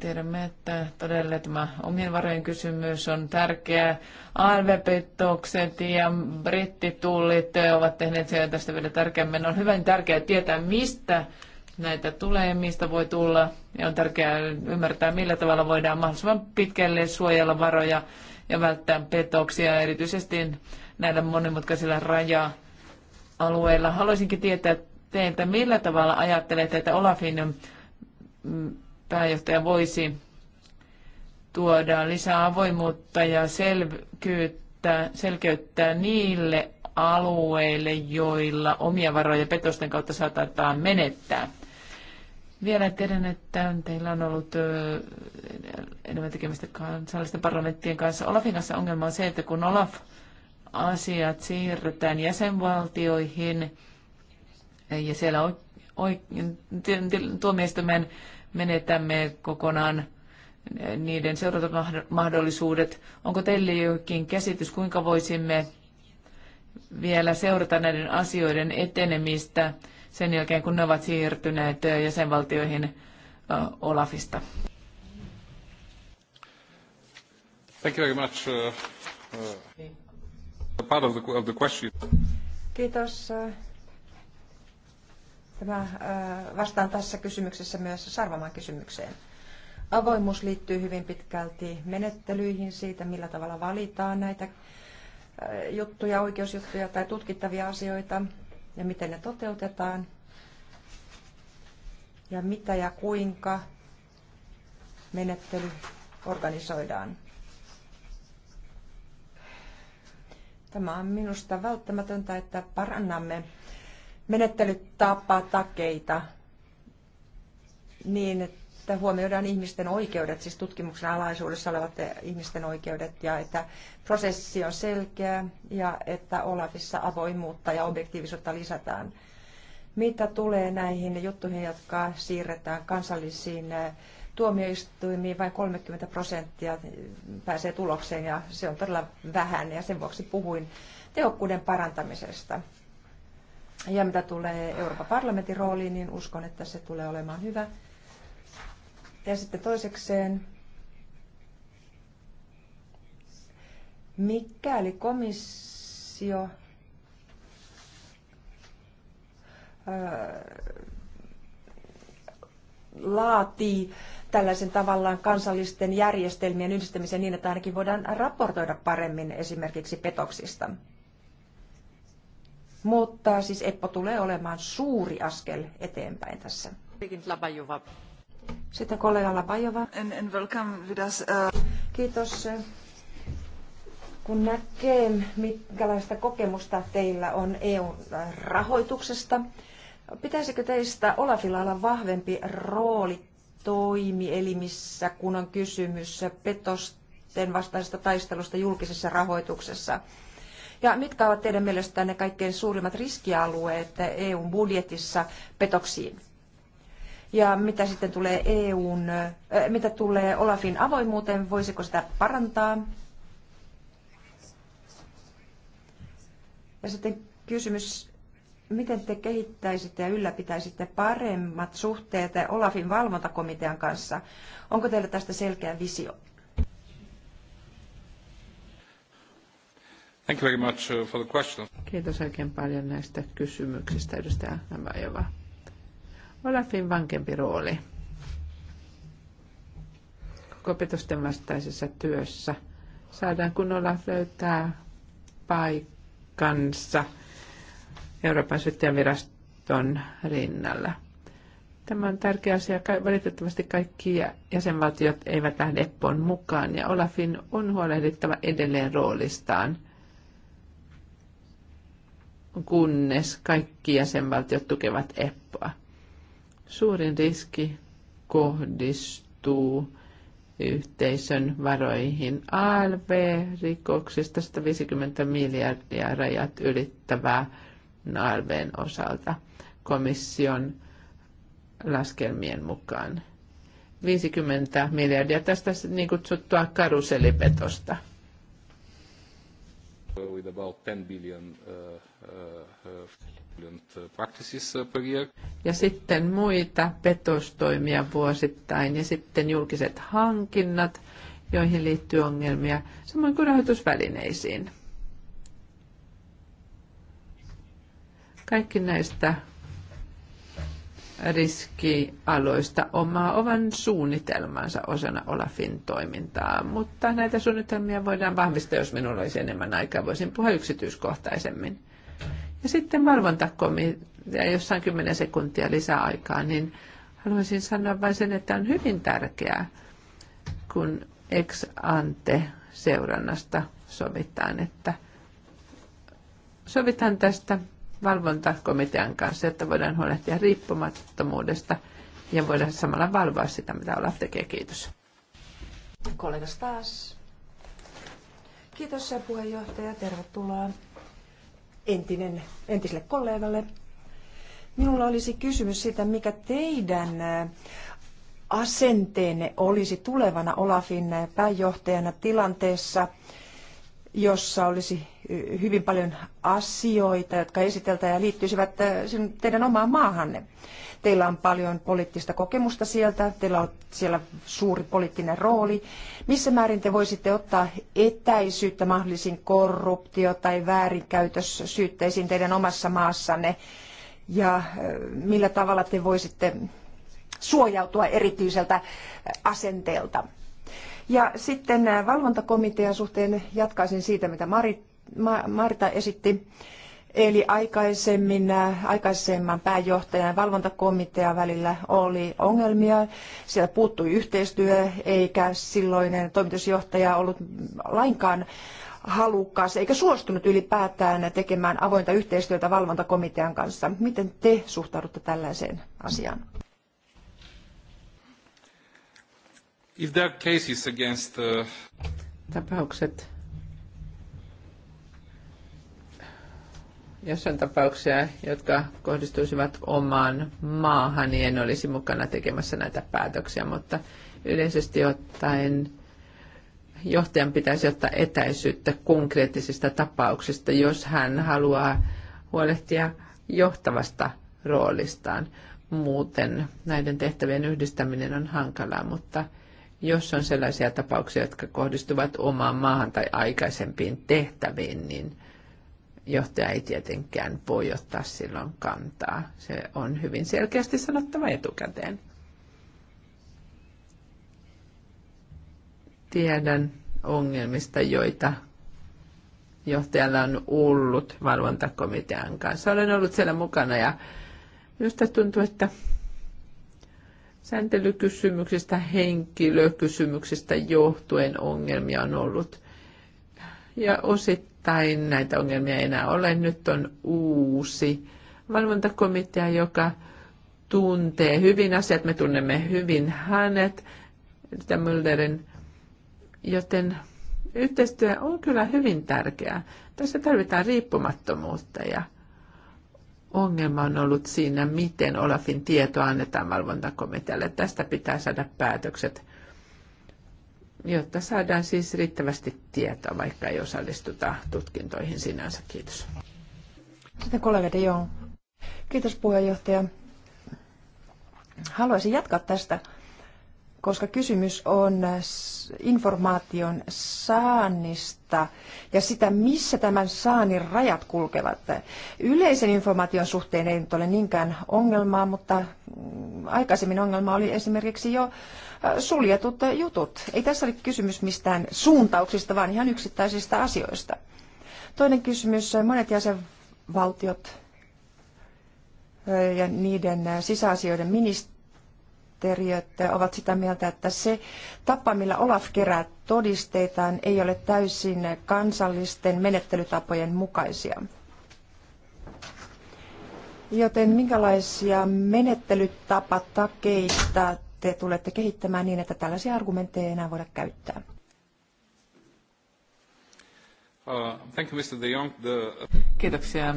tiedämme, että todella tämä omien varojen kysymys on tärkeä. ALV-petokset ja brittitullit äh, ovat tehneet sen tästä vielä tärkeämmin. On hyvin tärkeää tietää, mistä näitä tulee, mistä voi tulla. Ja on tärkeää ymmärtää, millä tavalla voidaan mahdollisimman pitkälle suojella varoja ja välttää petoksia, erityisesti näillä monimutkaisilla raja-alueilla. Haluaisinkin tietää teiltä, millä tavalla ajattelette, että Olafin mm, pääjohtaja voisi tuoda lisää avoimuutta ja selkyyttä, selkeyttää niille alueille, joilla omia varoja petosten kautta saatetaan menettää. Vielä tiedän, että teillä on ollut enemmän tekemistä kansallisten parlamenttien kanssa. Olafin kanssa ongelma on se, että kun Olaf-asiat siirretään jäsenvaltioihin ja siellä tuomioistuimen menetämme kokonaan niiden seurantamahdollisuudet. Onko teille jokin käsitys, kuinka voisimme vielä seurata näiden asioiden etenemistä? sen jälkeen, kun ne ovat siirtyneet jäsenvaltioihin Olafista. Thank you very much. Uh, uh, part of the, of the question. Kiitos. Tämä, vastaan tässä kysymyksessä myös Sarvamaan kysymykseen. Avoimuus liittyy hyvin pitkälti menettelyihin siitä, millä tavalla valitaan näitä juttuja, oikeusjuttuja tai tutkittavia asioita ja miten ne toteutetaan ja mitä ja kuinka menettely organisoidaan. Tämä on minusta välttämätöntä, että parannamme menettelytapatakeita niin, että että huomioidaan ihmisten oikeudet, siis tutkimuksen alaisuudessa olevat ihmisten oikeudet ja että prosessi on selkeä ja että Olafissa avoimuutta ja objektiivisuutta lisätään. Mitä tulee näihin juttuihin, jotka siirretään kansallisiin eh, tuomioistuimiin, vain 30 prosenttia pääsee tulokseen ja se on todella vähän ja sen vuoksi puhuin tehokkuuden parantamisesta. Ja mitä tulee Euroopan parlamentin rooliin, niin uskon, että se tulee olemaan hyvä. Ja sitten toisekseen, mikäli komissio laatii tällaisen tavallaan kansallisten järjestelmien yhdistämisen niin, että ainakin voidaan raportoida paremmin esimerkiksi petoksista. Mutta siis EPPO tulee olemaan suuri askel eteenpäin tässä. Sitten kollega Lapajova. And, and welcome with us, uh... Kiitos. Kun näkee, minkälaista kokemusta teillä on EU-rahoituksesta, pitäisikö teistä Olafilla olla vahvempi rooli toimielimissä, kun on kysymys petosten vastaisesta taistelusta julkisessa rahoituksessa? Ja mitkä ovat teidän mielestänne kaikkein suurimmat riskialueet EUn budjetissa petoksiin? Ja mitä sitten tulee EUn, äh, mitä tulee Olafin avoimuuteen, voisiko sitä parantaa? Ja sitten kysymys, miten te kehittäisitte ja ylläpitäisitte paremmat suhteet Olafin valvontakomitean kanssa? Onko teillä tästä selkeä visio? Thank you very much uh, for the question. Kiitos oikein paljon näistä kysymyksistä, edustaja Nämajova. Olafin vankempi rooli kopitusten vastaisessa työssä. Saadaan kun Olaf löytää paikkansa Euroopan syyttäjänviraston rinnalla. Tämä on tärkeä asia. Valitettavasti kaikki jäsenvaltiot eivät lähde EPPOn mukaan ja Olafin on huolehdittava edelleen roolistaan, kunnes kaikki jäsenvaltiot tukevat EPPOa. Suurin riski kohdistuu yhteisön varoihin. ALV-rikoksista 150 miljardia rajat ylittävää ALVn osalta komission laskelmien mukaan. 50 miljardia tästä niin kutsuttua karuselipetosta. With about 10 billion, uh, uh, uh. Eh, ja sitten muita petostoimia vuosittain ja sitten julkiset hankinnat, joihin liittyy ongelmia, samoin kuin rahoitusvälineisiin. Kaikki näistä riskialoista omaa ovan suunnitelmansa osana Olafin toimintaa, mutta näitä suunnitelmia voidaan vahvistaa, jos minulla olisi enemmän aikaa, voisin puhua yksityiskohtaisemmin. Ja sitten valvontakomitea, jossa on 10 sekuntia lisää aikaa, niin haluaisin sanoa vain sen, että on hyvin tärkeää, kun ex ante seurannasta sovitaan, että sovitaan tästä valvontakomitean kanssa, että voidaan huolehtia riippumattomuudesta ja voidaan samalla valvoa sitä, mitä olla tekee. Kiitos. Kollegas taas. Kiitos puheenjohtaja, tervetuloa entinen, entiselle kollegalle. Minulla olisi kysymys siitä, mikä teidän asenteenne olisi tulevana Olafin pääjohtajana tilanteessa, jossa olisi hyvin paljon asioita, jotka esiteltään ja liittyisivät äh, teidän omaan maahanne. Teillä on paljon poliittista kokemusta sieltä, teillä on siellä suuri poliittinen rooli. Missä määrin te voisitte ottaa etäisyyttä mahdollisiin korruptio- tai väärinkäytössyytteisiin teidän omassa maassanne? Ja äh, millä tavalla te voisitte suojautua erityiseltä äh, asenteelta? Ja sitten valvontakomitean suhteen jatkaisin siitä, mitä Marit Marta esitti, eli aikaisemmin, äh, aikaisemman pääjohtajan ja valvontakomitean välillä oli ongelmia. Siellä puuttui yhteistyö, eikä silloinen toimitusjohtaja ollut lainkaan halukas eikä suostunut ylipäätään tekemään avointa yhteistyötä valvontakomitean kanssa. Miten te suhtaudutte tällaiseen asiaan? If there are cases against, uh, Tapaukset Jos on tapauksia, jotka kohdistuisivat omaan maahan, niin en olisi mukana tekemässä näitä päätöksiä, mutta yleisesti ottaen johtajan pitäisi ottaa etäisyyttä konkreettisista tapauksista, jos hän haluaa huolehtia johtavasta roolistaan. Muuten näiden tehtävien yhdistäminen on hankalaa, mutta jos on sellaisia tapauksia, jotka kohdistuvat omaan maahan tai aikaisempiin tehtäviin, niin johtaja ei tietenkään voi ottaa silloin kantaa. Se on hyvin selkeästi sanottava etukäteen. Tiedän ongelmista, joita johtajalla on ollut valvontakomitean kanssa. Olen ollut siellä mukana ja minusta tuntuu, että sääntelykysymyksistä, henkilökysymyksistä johtuen ongelmia on ollut. Ja osittain tai näitä ongelmia ei enää ole. Nyt on uusi valvontakomitea, joka tuntee hyvin asiat. Me tunnemme hyvin hänet, sitä Mulderin, joten yhteistyö on kyllä hyvin tärkeää. Tässä tarvitaan riippumattomuutta ja ongelma on ollut siinä, miten Olafin tietoa annetaan valvontakomitealle. Tästä pitää saada päätökset jotta saadaan siis riittävästi tietoa, vaikka ei osallistuta tutkintoihin sinänsä. Kiitos. Sitten kollega De Kiitos puheenjohtaja. Haluaisin jatkaa tästä koska kysymys on informaation saannista ja sitä, missä tämän saannin rajat kulkevat. Yleisen informaation suhteen ei nyt ole niinkään ongelmaa, mutta mm, aikaisemmin ongelma oli esimerkiksi jo suljetut jutut. Ei tässä ole kysymys mistään suuntauksista, vaan ihan yksittäisistä asioista. Toinen kysymys, monet jäsenvaltiot ja niiden sisäasioiden ministerit ministeriöt ovat sitä mieltä, että se tapa, millä Olaf kerää todisteitaan, ei ole täysin kansallisten menettelytapojen mukaisia. Joten minkälaisia menettelytapatakeita te tulette kehittämään niin, että tällaisia argumentteja ei enää voida käyttää? Uh, Kiitoksia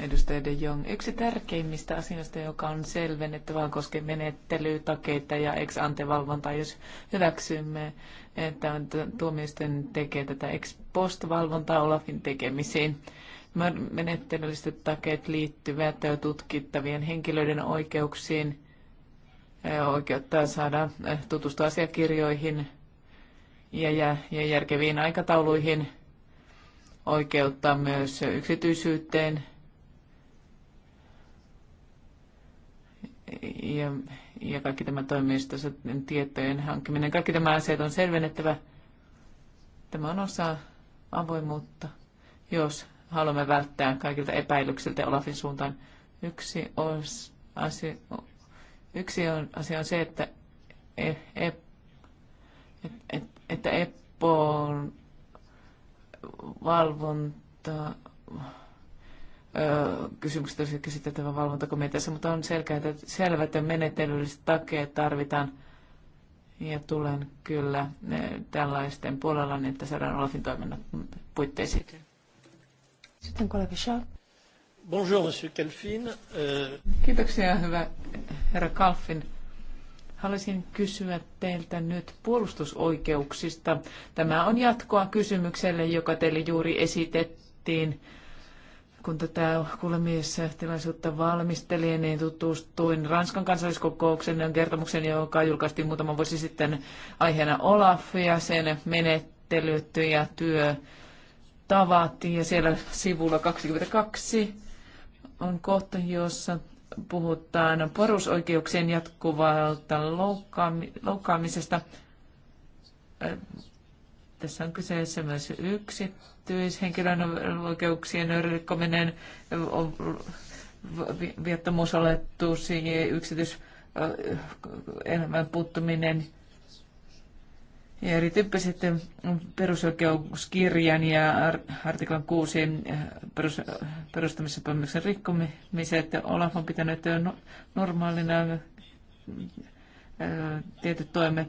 edustaja De Jong. Yksi tärkeimmistä asioista, joka on selvennettävä, koskee menettelytakeita ja ex ante-valvontaa, jos hyväksymme, että tuomioistuin tekee tätä ex post-valvontaa Olafin tekemisiin. Menettelylliset takeet liittyvät tutkittavien henkilöiden oikeuksiin, oikeutta saada tutustua asiakirjoihin ja, ja, ja järkeviin aikatauluihin – oikeutta myös yksityisyyteen ja, ja kaikki tämä toimistossa tietojen hankkiminen. Kaikki tämä asiat on selvennettävä. Tämä on osa avoimuutta, jos haluamme välttää kaikilta epäilyksiltä Olafin suuntaan. Yksi, os, asia, yksi on, asia on se, että, e, e, et, et, että EPPOn valvonta kysymykset olisi käsiteltävä valvontakomiteassa, mutta on selkeä, että selvät ja menettelylliset takeet tarvitaan. Ja tulen kyllä tällaisten puolella, niin että saadaan Olafin toiminnan puitteisiin. Sitten kollega Schaaf. Bonjour, monsieur Kalfin. Kiitoksia, hyvä herra Kalfin. Haluaisin kysyä teiltä nyt puolustusoikeuksista. Tämä on jatkoa kysymykselle, joka teille juuri esitettiin kun tätä kuulemistilaisuutta valmistelin, niin tutustuin Ranskan kansalliskokouksen kertomuksen, joka julkaistiin muutama vuosi sitten aiheena Olaf ja sen menettelyt ja työtavat. Ja siellä sivulla 22 on kohta, jossa puhutaan porusoikeuksien jatkuvalta loukkaamisesta tässä on kyseessä myös yksityishenkilön oikeuksien rikkominen, ja yksityiselämän puuttuminen ja erityyppiset perusoikeuskirjan ja artiklan 6 perus, perustamissopimuksen rikkomiset. Olaf on pitänyt normaalina tietyt toimet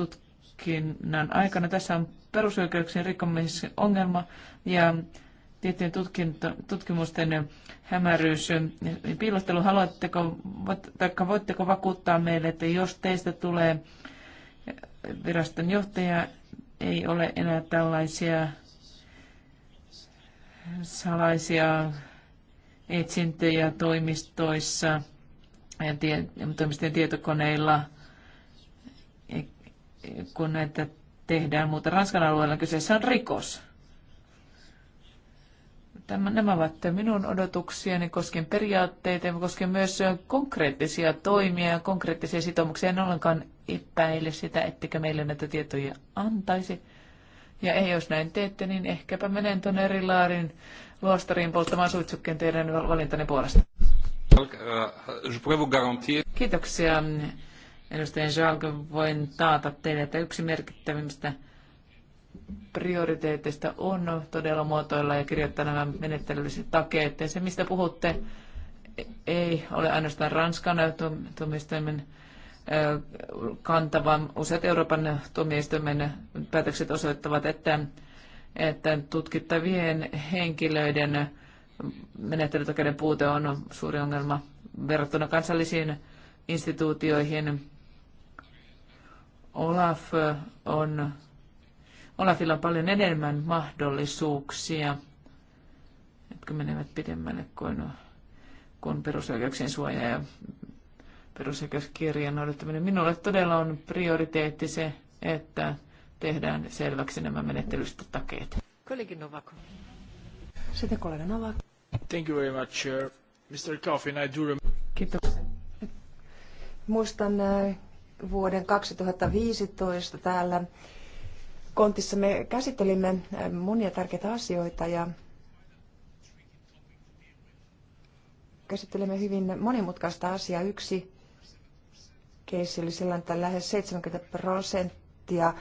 tutk- tutkinnan aikana. Tässä on perusoikeuksien rikkomisen ongelma ja tiettyjen tutkinto, tutkimusten hämäryys ja piilottelu. Haluatteko, taikka voitteko vakuuttaa meille, että jos teistä tulee viraston johtaja, ei ole enää tällaisia salaisia etsintöjä toimistoissa ja tie, toimistojen tietokoneilla – kun näitä tehdään, mutta Ranskan alueella kyseessä on rikos. Tämä, nämä ovat minun odotuksiani koskien periaatteita ja koskien myös konkreettisia toimia ja konkreettisia sitoumuksia. En ollenkaan epäile sitä, ettekö meille näitä tietoja antaisi. Ja ei, jos näin teette, niin ehkäpä menen tuonne eri laarin luostariin polttamaan suitsukkeen teidän valintanne puolesta. Euh, Kiitoksia Edustaja Jacques, voin taata teille, että yksi merkittävimmistä prioriteeteista on todella muotoilla ja kirjoittaa nämä menettelylliset takeet. Ja se, mistä puhutte, ei ole ainoastaan Ranskan tuomioistuimen kanta, vaan useat Euroopan tuomioistuimen päätökset osoittavat, että, että tutkittavien henkilöiden menettelytakeiden puute on suuri ongelma verrattuna kansallisiin instituutioihin Olaf on, Olafilla on paljon enemmän mahdollisuuksia, jotka menevät pidemmälle kuin, kuin perusoikeuksien suoja ja perusoikeuskirjan noudattaminen. Minulle todella on prioriteetti se, että tehdään selväksi nämä menettelystä takeet. Kollegi Novakov. Sitten kollega Novak. Thank you very much, uh, Mr. Coffin. I do Kiitos. Muistan äh, vuoden 2015 täällä Kontissa me käsittelimme monia tärkeitä asioita ja käsittelimme hyvin monimutkaista asiaa. Yksi keissi oli sellainen, että lähes 70 prosenttia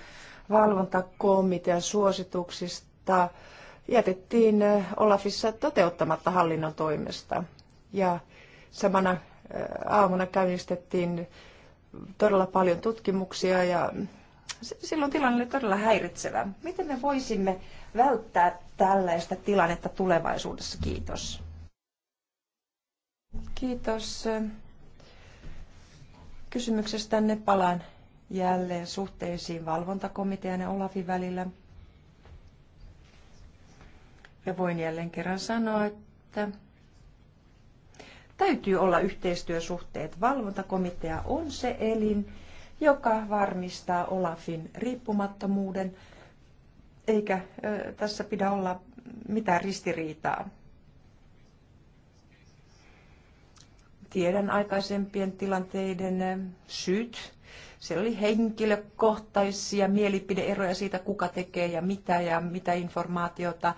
valvontakomitean suosituksista jätettiin Olafissa toteuttamatta hallinnon toimesta. Ja samana aamuna käynnistettiin todella paljon tutkimuksia ja silloin tilanne oli todella häiritsevä. Miten me voisimme välttää tällaista tilannetta tulevaisuudessa? Kiitos. Kiitos kysymyksestänne. Palaan jälleen suhteisiin valvontakomitean ja Olafin välillä. Ja voin jälleen kerran sanoa, että täytyy olla yhteistyösuhteet. Valvontakomitea on se elin, joka varmistaa Olafin riippumattomuuden, eikä tässä pidä olla mitään ristiriitaa. Tiedän aikaisempien tilanteiden syyt. Siellä oli henkilökohtaisia mielipideeroja siitä, kuka tekee ja mitä ja mitä informaatiota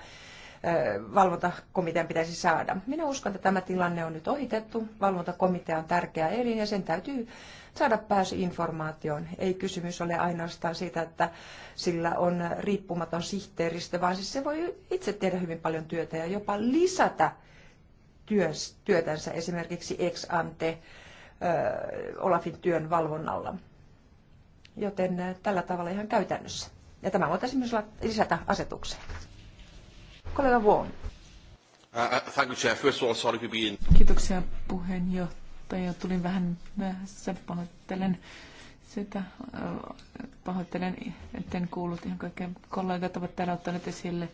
valvontakomitean pitäisi saada. Minä uskon, että tämä tilanne on nyt ohitettu. Valvontakomitea on tärkeä elin ja sen täytyy saada pääsy informaatioon. Ei kysymys ole ainoastaan siitä, että sillä on riippumaton sihteeristö, vaan siis se voi itse tehdä hyvin paljon työtä ja jopa lisätä työtänsä esimerkiksi ex ante Olafin työn valvonnalla. Joten tällä tavalla ihan käytännössä. Ja tämä voitaisiin myös lisätä asetukseen. Kollega Vuon. Uh, uh, Kiitoksia puheenjohtaja. Tulin vähän myöhässä. Pahoittelen sitä. Uh, pahoittelen, etten kuullut ihan kaikkea. Kollegat ovat täällä ottaneet esille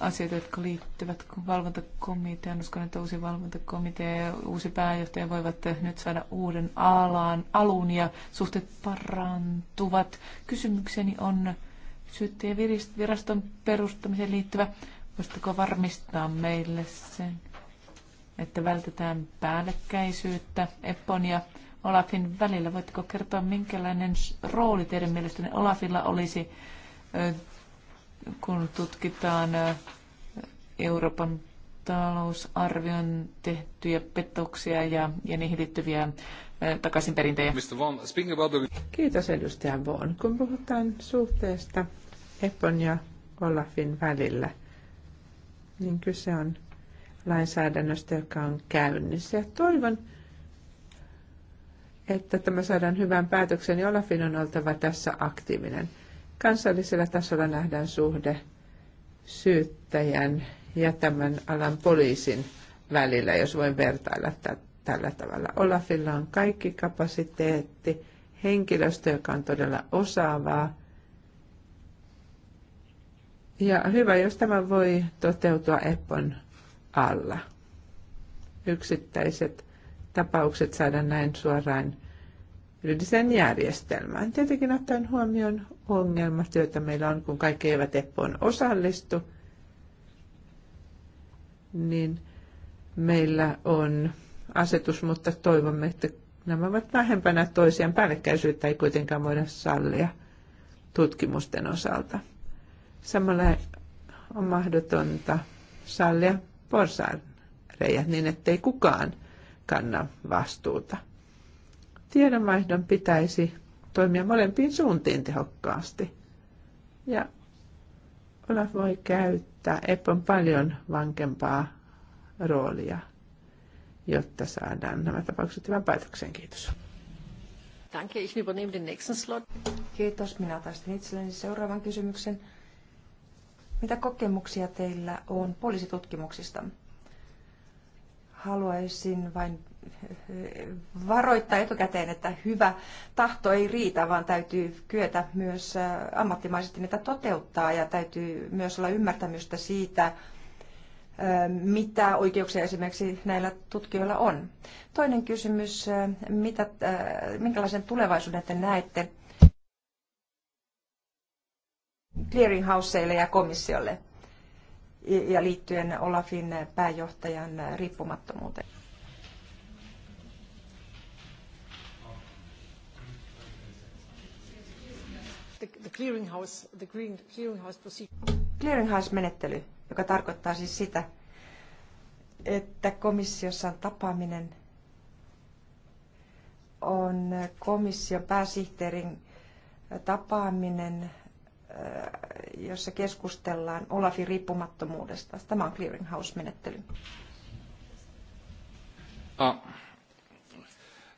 asioita, jotka liittyvät valvontakomiteaan. Uskon, että uusi valvontakomitea ja uusi pääjohtaja voivat nyt saada uuden alan, alun ja suhteet parantuvat. Kysymykseni on syyttäjäviraston perustamiseen liittyvä. Voisitko varmistaa meille sen, että vältetään päällekkäisyyttä Eppon ja Olafin välillä? Voitteko kertoa, minkälainen rooli teidän mielestänne Olafilla olisi, kun tutkitaan Euroopan talousarvion tehtyjä petoksia ja, ja niihin liittyviä takaisinperintejä. Kiitos edustaja Vaughan. Kun puhutaan suhteesta Epon ja Olafin välillä, niin kyse on lainsäädännöstä, joka on käynnissä. Ja toivon, että tämä saadaan hyvän päätöksen, niin Olafin on oltava tässä aktiivinen. Kansallisella tasolla nähdään suhde syyttäjän ja tämän alan poliisin välillä, jos voin vertailla tällä tavalla. Olafilla on kaikki kapasiteetti, henkilöstö, joka on todella osaavaa, ja hyvä, jos tämä voi toteutua EPPON alla. Yksittäiset tapaukset saada näin suoraan yhdisen järjestelmään. Tietenkin ottaen huomioon ongelmat, joita meillä on, kun kaikki eivät EPPOon osallistu, niin meillä on asetus, mutta toivomme, että nämä ovat vähempänä toisiaan. Päällekkäisyyttä ei kuitenkaan voida sallia tutkimusten osalta. Samalla on mahdotonta sallia porsaan reijät niin, ettei kukaan kanna vastuuta. Tiedonvaihdon pitäisi toimia molempiin suuntiin tehokkaasti. Ja Olaf voi käyttää Epon paljon vankempaa roolia, jotta saadaan nämä tapaukset hyvän päätöksen. Kiitos. Danke, ich übernehme den nächsten slot. Kiitos, minä otan sitten itselleni seuraavan kysymyksen. Mitä kokemuksia teillä on poliisitutkimuksista? Haluaisin vain eh, varoittaa etukäteen, että hyvä tahto ei riitä, vaan täytyy kyetä myös eh, ammattimaisesti niitä toteuttaa ja täytyy myös olla ymmärtämystä siitä, eh, mitä oikeuksia esimerkiksi näillä tutkijoilla on. Toinen kysymys, mitä, minkälaisen tulevaisuuden te näette clearinghouseille ja komissiolle ja liittyen Olafin pääjohtajan riippumattomuuteen. The clearinghouse, the clearinghouse procedure. Clearinghouse-menettely, joka tarkoittaa siis sitä, että komissiossa on tapaaminen on komission pääsihteerin tapaaminen jossa keskustellaan Olafin riippumattomuudesta. Tämä on clearinghouse-menettely. Ah.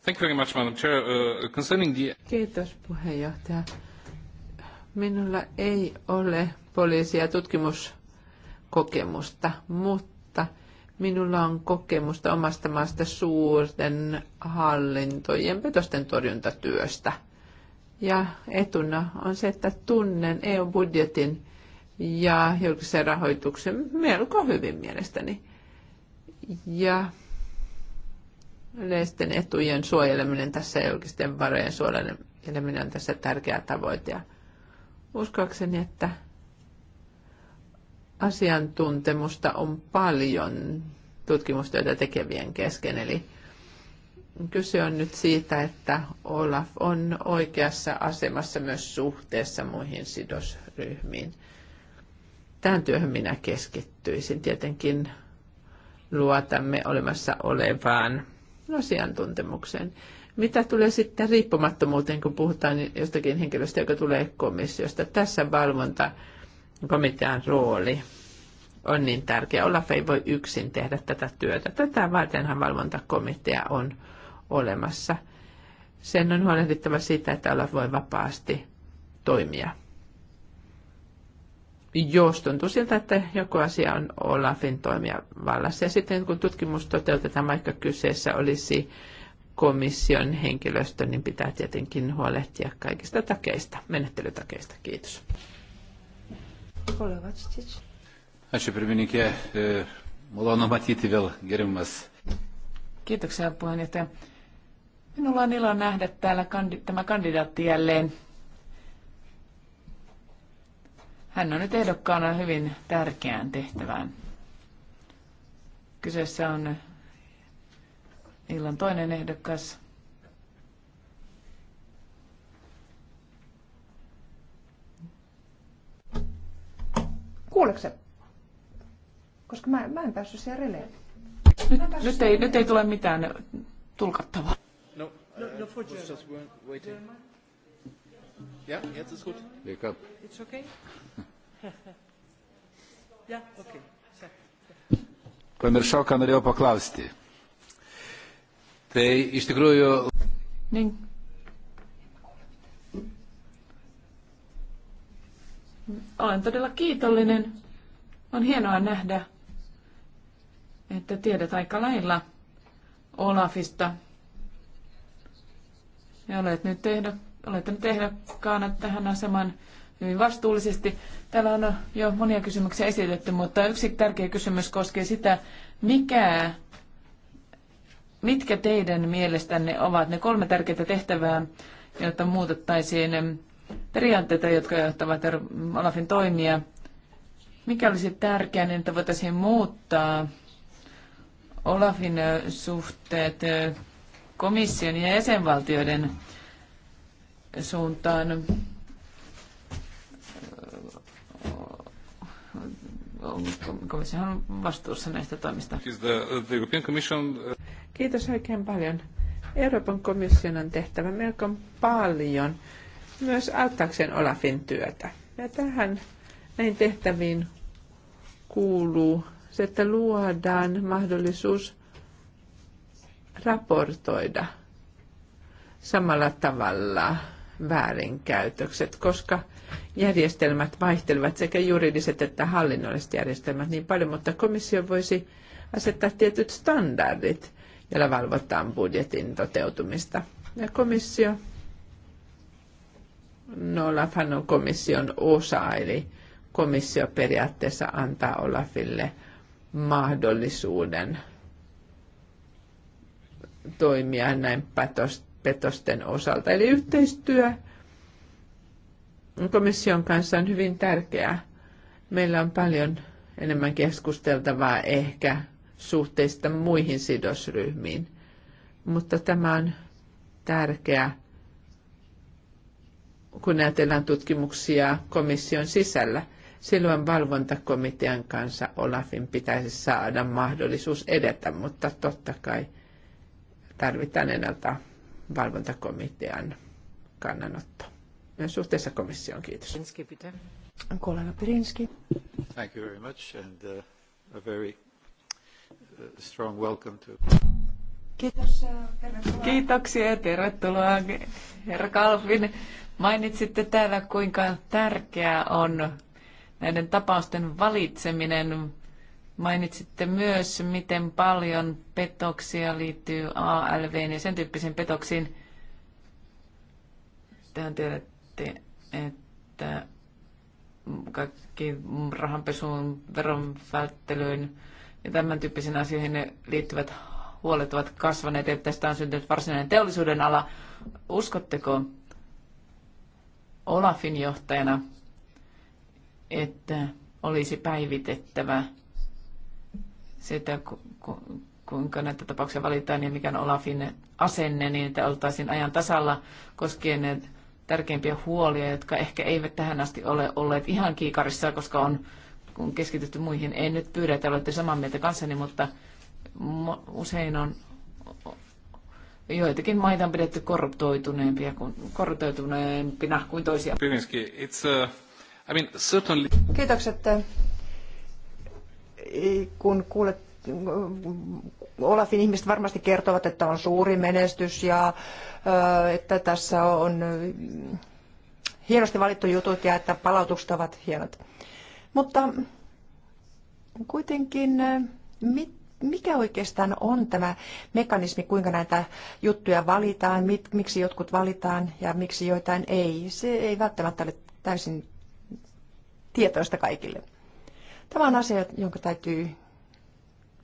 Thank you very much, Madam Chair. Uh, concerning the... Kiitos puheenjohtaja. Minulla ei ole poliisia tutkimuskokemusta, mutta minulla on kokemusta omasta maasta suurten hallintojen petosten torjuntatyöstä – ja etuna on se, että tunnen EU-budjetin ja julkisen rahoituksen melko hyvin mielestäni. Ja yleisten etujen suojeleminen tässä ja julkisten varojen suojeleminen on tässä tärkeä tavoite. Ja uskoakseni, että asiantuntemusta on paljon tutkimustyötä tekevien kesken, eli kyse on nyt siitä, että Olaf on oikeassa asemassa myös suhteessa muihin sidosryhmiin. Tähän työhön minä keskittyisin. Tietenkin luotamme olemassa olevaan asiantuntemukseen. Mitä tulee sitten riippumattomuuteen, kun puhutaan jostakin henkilöstä, joka tulee komissiosta? Tässä valvonta komitean rooli on niin tärkeä. Olaf ei voi yksin tehdä tätä työtä. Tätä vartenhan valvontakomitea on olemassa. Sen on huolehdittava siitä, että alat voi vapaasti toimia. Jos tuntuu siltä, että joku asia on Olafin toimivallassa. Ja sitten kun tutkimus toteutetaan, vaikka kyseessä olisi komission henkilöstö, niin pitää tietenkin huolehtia kaikista takeista, menettelytakeista. Kiitos. E, Kiitoksia puheenjohtaja. Minulla on ilo nähdä täällä kandi, tämä kandidaatti jälleen. Hän on nyt ehdokkaana hyvin tärkeään tehtävään. Kyseessä on illan toinen ehdokas. Kuuleksä? Koska mä, mä en päässyt siellä releen. Nyt, nyt, ei, nyt ei tule mitään tulkattavaa. Nur, no, no, for German. Just waiting. German? jetzt ist gut. Wake up. It's okay? okay. Pamiršau, ką norėjau paklausti. Tai iš tikrųjų. Olen todella kiitollinen. On hienoa nähdä, että tiedät aika lailla Olafista ja olet nyt ehdo, olette nyt ehdokkaana tähän asemaan hyvin vastuullisesti. Täällä on jo monia kysymyksiä esitetty, mutta yksi tärkeä kysymys koskee sitä, mikä, mitkä teidän mielestänne ovat ne kolme tärkeää tehtävää, jotta muutettaisiin periaatteita, jotka johtavat Olafin toimia. Mikä olisi tärkeää, niin että voitaisiin muuttaa Olafin suhteet komission ja jäsenvaltioiden suuntaan komissio on vastuussa näistä toimista. Uh, uh, Kiitos oikein paljon. Euroopan komission on tehtävä melko paljon myös auttaakseen Olafin työtä. Ja tähän näin tehtäviin kuuluu se, että luodaan mahdollisuus raportoida samalla tavalla väärinkäytökset, koska järjestelmät vaihtelevat sekä juridiset että hallinnolliset järjestelmät niin paljon, mutta komissio voisi asettaa tietyt standardit, joilla valvotaan budjetin toteutumista. Ja komissio, no Olafhan on komission osa, eli komissio periaatteessa antaa Olafille mahdollisuuden – toimia näin petosten osalta. Eli yhteistyö komission kanssa on hyvin tärkeää. Meillä on paljon enemmän keskusteltavaa ehkä suhteista muihin sidosryhmiin, mutta tämä on tärkeää, kun ajatellaan tutkimuksia komission sisällä. Silloin valvontakomitean kanssa Olafin pitäisi saada mahdollisuus edetä, mutta totta kai tarvitaan ennalta valvontakomitean kannanotto. Myös suhteessa komissioon, kiitos. Kollega Pirinski. Thank you very much and uh, a very uh, strong welcome to... Kiitos, Kiitoksia ja tervetuloa herra Kalvin. Mainitsitte täällä, kuinka tärkeää on näiden tapausten valitseminen Mainitsitte myös, miten paljon petoksia liittyy ALV ja sen tyyppisiin petoksiin. Tähän tiedätte, että kaikki rahanpesuun, veron välttelyyn ja tämän tyyppisiin asioihin liittyvät huolet ovat kasvaneet, että tästä on syntynyt varsinainen teollisuuden ala. Uskotteko Olafin johtajana, että olisi päivitettävä sitä, kuinka näitä tapauksia valitaan ja mikä on Olafin asenne, niin että oltaisiin ajan tasalla koskien tärkeimpiä huolia, jotka ehkä eivät tähän asti ole olleet ihan kiikarissa, koska on keskitytty muihin. En nyt pyydä, että olette samaa mieltä kanssani, mutta usein on joitakin maita on pidetty korruptoituneempia kuin, korruptoituneempina kuin toisia. it's, uh, I mean, certainly... Kiitokset kun kuulet Olafin ihmiset varmasti kertovat, että on suuri menestys ja että tässä on hienosti valittu jutut ja että palautukset ovat hienot. Mutta kuitenkin mikä oikeastaan on tämä mekanismi, kuinka näitä juttuja valitaan, miksi jotkut valitaan ja miksi joitain ei? Se ei välttämättä ole täysin tietoista kaikille. Tämä on asia, jonka täytyy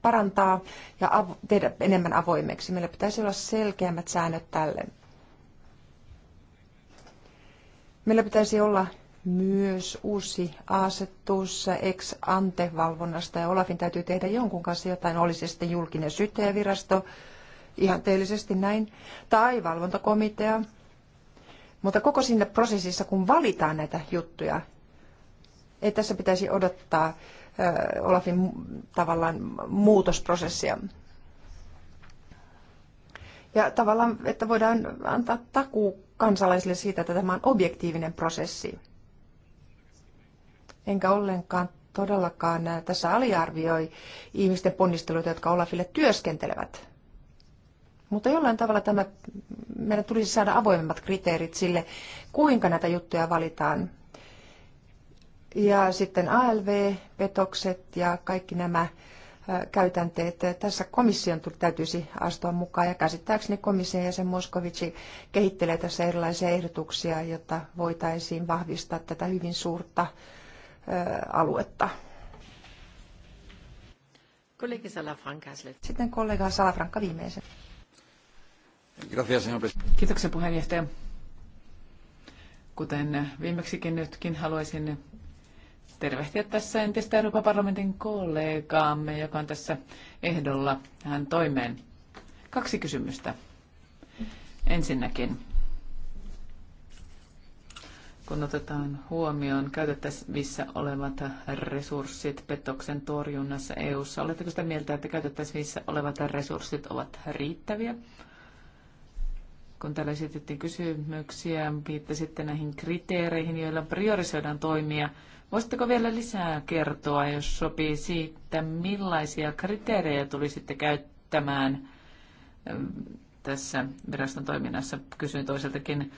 parantaa ja tehdä enemmän avoimeksi. Meillä pitäisi olla selkeämmät säännöt tälle. Meillä pitäisi olla myös uusi asetus ex ante valvonnasta ja Olafin täytyy tehdä jonkun kanssa jotain, oli se sitten julkinen syyttäjävirasto, ihan teellisesti näin, tai valvontakomitea. Mutta koko sinne prosessissa, kun valitaan näitä juttuja, ei tässä pitäisi odottaa Olafin tavallaan muutosprosessia. Ja tavallaan, että voidaan antaa takuu kansalaisille siitä, että tämä on objektiivinen prosessi. Enkä ollenkaan todellakaan tässä aliarvioi ihmisten ponnisteluita, jotka Olafille työskentelevät. Mutta jollain tavalla tämä, meidän tulisi saada avoimemmat kriteerit sille, kuinka näitä juttuja valitaan ja sitten ALV-petokset ja kaikki nämä äh, käytänteet. Tässä komission täytyisi astua mukaan ja käsittääkseni komission jäsen Moskovici kehittelee tässä erilaisia ehdotuksia, jotta voitaisiin vahvistaa tätä hyvin suurta äh, aluetta. Sitten kollega Salafranka viimeisen. Kiitoksia puheenjohtaja. Kuten viimeksikin nytkin haluaisin tervehtiä tässä entistä Euroopan parlamentin kollegaamme, joka on tässä ehdolla hän toimeen. Kaksi kysymystä. Ensinnäkin, kun otetaan huomioon käytettävissä olevat resurssit petoksen torjunnassa EU:ssa, oletteko sitä mieltä, että käytettävissä olevat resurssit ovat riittäviä? Kun täällä esitettiin kysymyksiä, viittasitte näihin kriteereihin, joilla priorisoidaan toimia – Voisitteko vielä lisää kertoa, jos sopii siitä, millaisia kriteerejä tulisitte käyttämään tässä viraston toiminnassa? Kysyin toiseltakin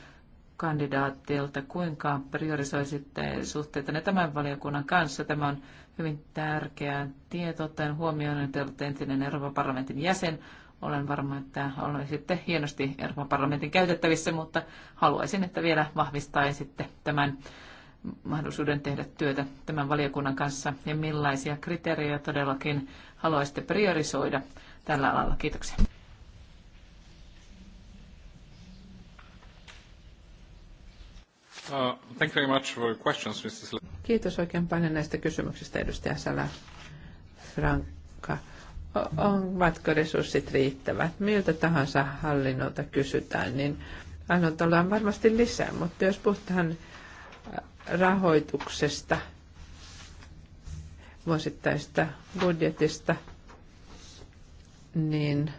kandidaattilta, kuinka priorisoisitte suhteita tämän valiokunnan kanssa. Tämä on hyvin tärkeä tieto ottaen huomioon, että olette entinen Euroopan parlamentin jäsen. Olen varma, että olisitte hienosti Euroopan parlamentin käytettävissä, mutta haluaisin, että vielä vahvistaisitte tämän mahdollisuuden tehdä työtä tämän valiokunnan kanssa ja millaisia kriteerejä todellakin haluaisitte priorisoida tällä alalla. Kiitoksia. Uh, thank you very much for questions, Mrs. Kiitos oikein paljon näistä kysymyksistä, edustaja Sala Franka. Ovatko resurssit riittävät? Miltä tahansa hallinnolta kysytään, niin annot ollaan varmasti lisää, mutta jos puhutaan rahoituksesta, vuosittaisesta budjetista, niin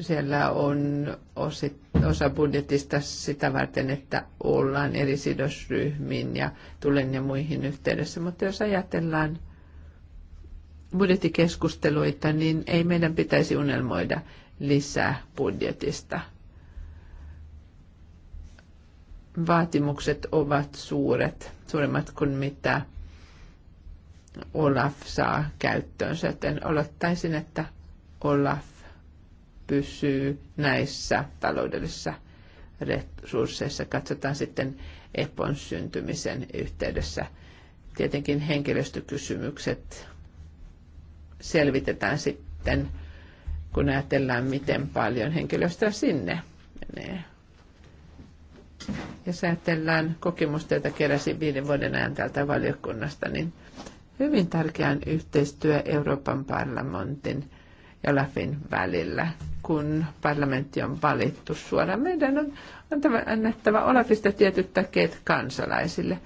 siellä on osit, osa budjetista sitä varten, että ollaan eri sidosryhmiin ja tulen ja muihin yhteydessä. Mutta jos ajatellaan budjettikeskusteluita, niin ei meidän pitäisi unelmoida lisää budjetista – vaatimukset ovat suuret, suuremmat kuin mitä Olaf saa käyttöönsä. Joten olettaisin, että Olaf pysyy näissä taloudellisissa resursseissa. Katsotaan sitten Epon syntymisen yhteydessä. Tietenkin henkilöstökysymykset selvitetään sitten, kun ajatellaan, miten paljon henkilöstöä sinne menee jos ajatellaan kokemusta, jota keräsin viiden vuoden ajan täältä valiokunnasta, niin hyvin tärkeä yhteistyö Euroopan parlamentin ja LAFin välillä, kun parlamentti on valittu suoraan. Meidän on antava, annettava Olafista tietyt takeet kansalaisille,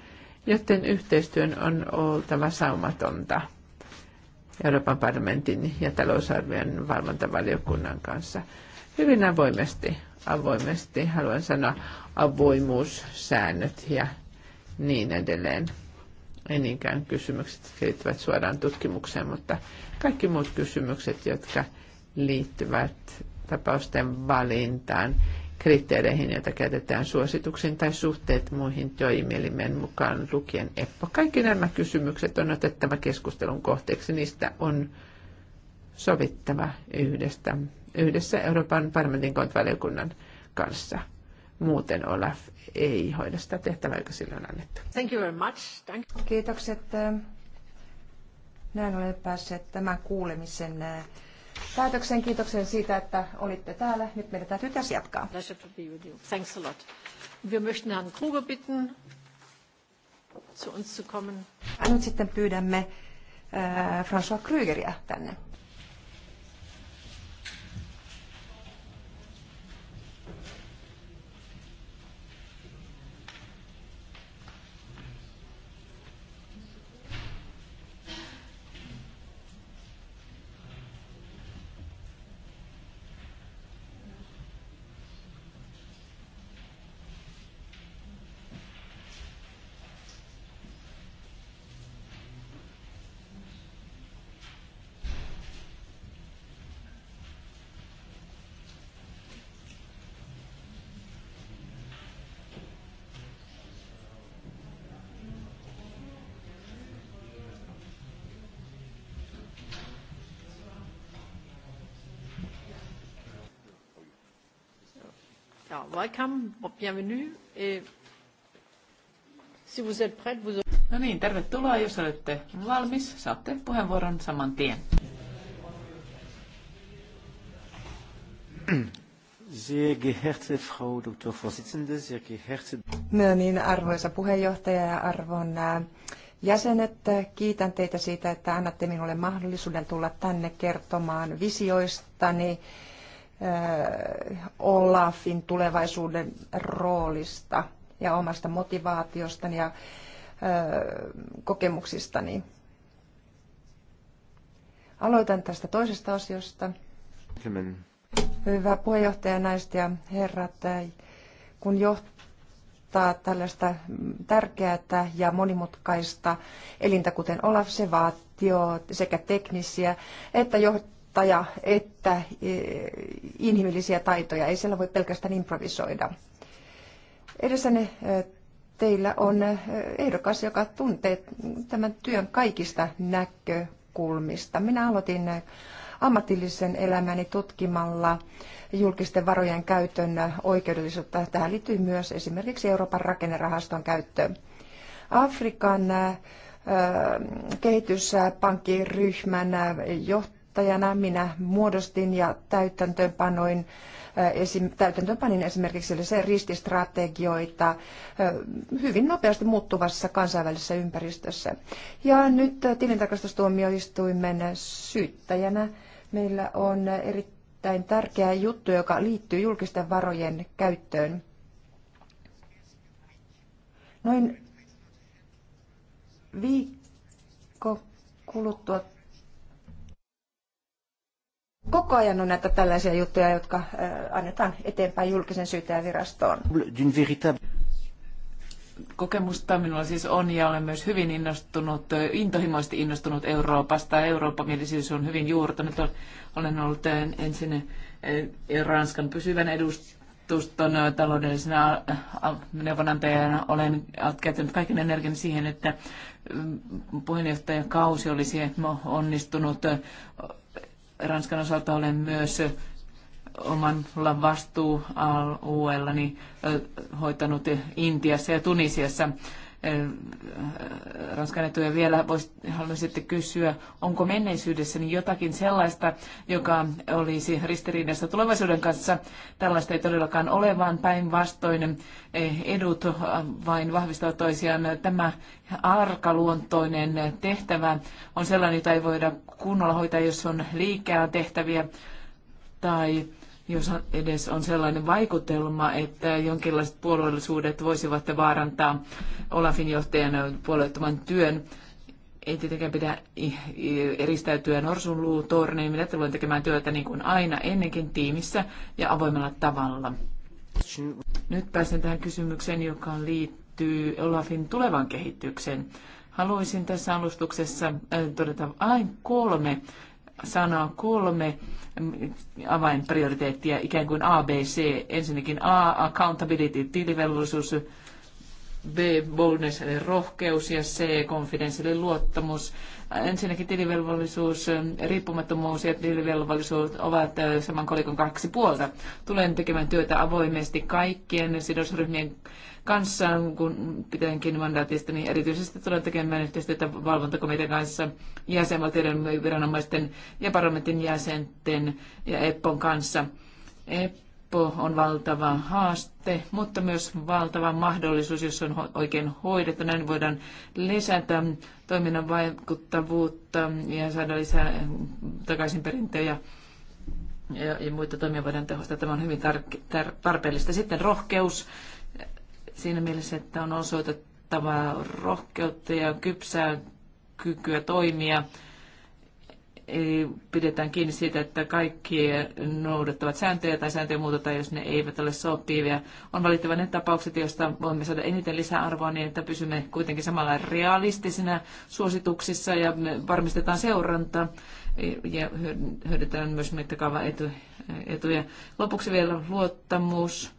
joten yhteistyön on oltava saumatonta Euroopan parlamentin ja talousarvion valvontavaliokunnan kanssa hyvin avoimesti avoimesti, haluan sanoa avoimuussäännöt ja niin edelleen. Ei niinkään kysymykset liittyvät suoraan tutkimukseen, mutta kaikki muut kysymykset, jotka liittyvät tapausten valintaan, kriteereihin, joita käytetään suosituksiin tai suhteet muihin toimielimen mukaan lukien EPPO. Kaikki nämä kysymykset on otettava keskustelun kohteeksi. Niistä on sovittava yhdestä yhdessä Euroopan parlamentin kontvaliokunnan kanssa. Muuten Olaf ei hoida sitä tehtävää, joka sillä on annettu. Thank you very much. Thank you. Kiitokset. Näin olen päässyt, tämän kuulemisen päätöksen. Kiitoksen siitä, että olitte täällä. Nyt meidän täytyy tässä jatkaa. Pleasure to be with you. Thanks a lot. Wir möchten Herrn Kruger bitten, zu uns zu kommen. Nyt sitten pyydämme äh, François Krügeria tänne. welcome, bienvenue. Et si vous êtes prête, vous... No niin, tervetuloa. Jos olette valmis, saatte puheenvuoron saman tien. Sehr geehrte Frau Dr. Vorsitzende, sehr geehrte... No niin, arvoisa puheenjohtaja ja arvon äh, jäsenet, äh, kiitän teitä siitä, että annatte minulle mahdollisuuden tulla tänne kertomaan visioistani äh, Olafin tulevaisuuden roolista ja omasta motivaatiostani ja kokemuksistani. Aloitan tästä toisesta osiosta. Hyvä puheenjohtaja, naiset ja herrat, kun johtaa tällaista tärkeää ja monimutkaista elintä, kuten Olaf, se vaatii sekä teknisiä että johtaa opettaja että eh, inhimillisiä taitoja. Ei siellä voi pelkästään improvisoida. Edessänne eh, teillä on eh, ehdokas, joka tuntee tämän työn kaikista näkökulmista. Minä aloitin ammatillisen elämäni tutkimalla julkisten varojen käytön oikeudellisuutta. Tähän liittyy myös esimerkiksi Euroopan rakennerahaston käyttö. Afrikan kehityspankkiryhmän johtaja puheenjohtajana minä muodostin ja täytäntöönpanoin äh, täytäntöönpanin esimerkiksi oli se rististrategioita äh, hyvin nopeasti muuttuvassa kansainvälisessä ympäristössä. Ja nyt tilintarkastustuomioistuimen syyttäjänä meillä on erittäin tärkeä juttu, joka liittyy julkisten varojen käyttöön. Noin viikko kuluttua koko ajan on näitä tällaisia juttuja, jotka annetaan eteenpäin julkisen syyttäjävirastoon. Kokemusta minulla siis on ja olen myös hyvin innostunut, intohimoisesti innostunut Euroopasta. Eurooppamielisyys on hyvin juurtunut. Olen ollut ensin Ranskan pysyvän edustuston taloudellisena neuvonantajana. Olen käyttänyt kaiken energian siihen, että puheenjohtajakausi olisi onnistunut Ranskan osalta olen myös omalla vastuualueellani hoitanut Intiassa ja Tunisiassa Ranskan etuja. Vielä voisi haluaisitte kysyä, onko menneisyydessä niin jotakin sellaista, joka olisi ristiriidassa tulevaisuuden kanssa. Tällaista ei todellakaan ole, vaan päinvastoin eh, edut vain vahvistavat toisiaan. Tämä arkaluontoinen tehtävä on sellainen, jota ei voida kunnolla hoitaa, jos on liikaa tehtäviä tai jos edes on sellainen vaikutelma, että jonkinlaiset puolueellisuudet voisivat vaarantaa Olafin johtajan puolueettoman työn. Ei tietenkään pidä eristäytyä norsunluutorniin. Minä tulen tekemään työtä niin kuin aina ennenkin tiimissä ja avoimella tavalla. Nyt pääsen tähän kysymykseen, joka liittyy Olafin tulevaan kehitykseen. Haluaisin tässä alustuksessa äh, todeta vain kolme sanaa kolme avainprioriteettia, ikään kuin ABC. Ensinnäkin A, accountability, tilivelvollisuus, B, boldness eli rohkeus ja C, confidence eli luottamus. Ensinnäkin tilivelvollisuus, riippumattomuus ja tilivelvollisuus ovat saman kolikon kaksi puolta. Tulen tekemään työtä avoimesti kaikkien sidosryhmien kanssa, kun pitäenkin mandaatista, niin erityisesti tulen tekemään yhteistyötä valvontakomitean kanssa, jäsenvaltioiden viranomaisten ja parlamentin jäsenten ja EPPOn kanssa. EPPO on valtava haaste, mutta myös valtava mahdollisuus, jos on oikein hoidettu. Näin voidaan lisätä toiminnan vaikuttavuutta ja saada lisää takaisinperintöjä. ja, ja muita toimia voidaan tehostaa. Tämä on hyvin tar- tar- tarpeellista. Sitten rohkeus siinä mielessä, että on osoitettava rohkeutta ja kypsää kykyä toimia. Eli pidetään kiinni siitä, että kaikki noudattavat sääntöjä tai sääntöjä muutetaan, jos ne eivät ole sopivia. On valittava ne tapaukset, joista voimme saada eniten lisäarvoa niin, että pysymme kuitenkin samalla realistisina suosituksissa ja varmistetaan seuranta ja hyödytään myös mittakaava etuja. Lopuksi vielä luottamus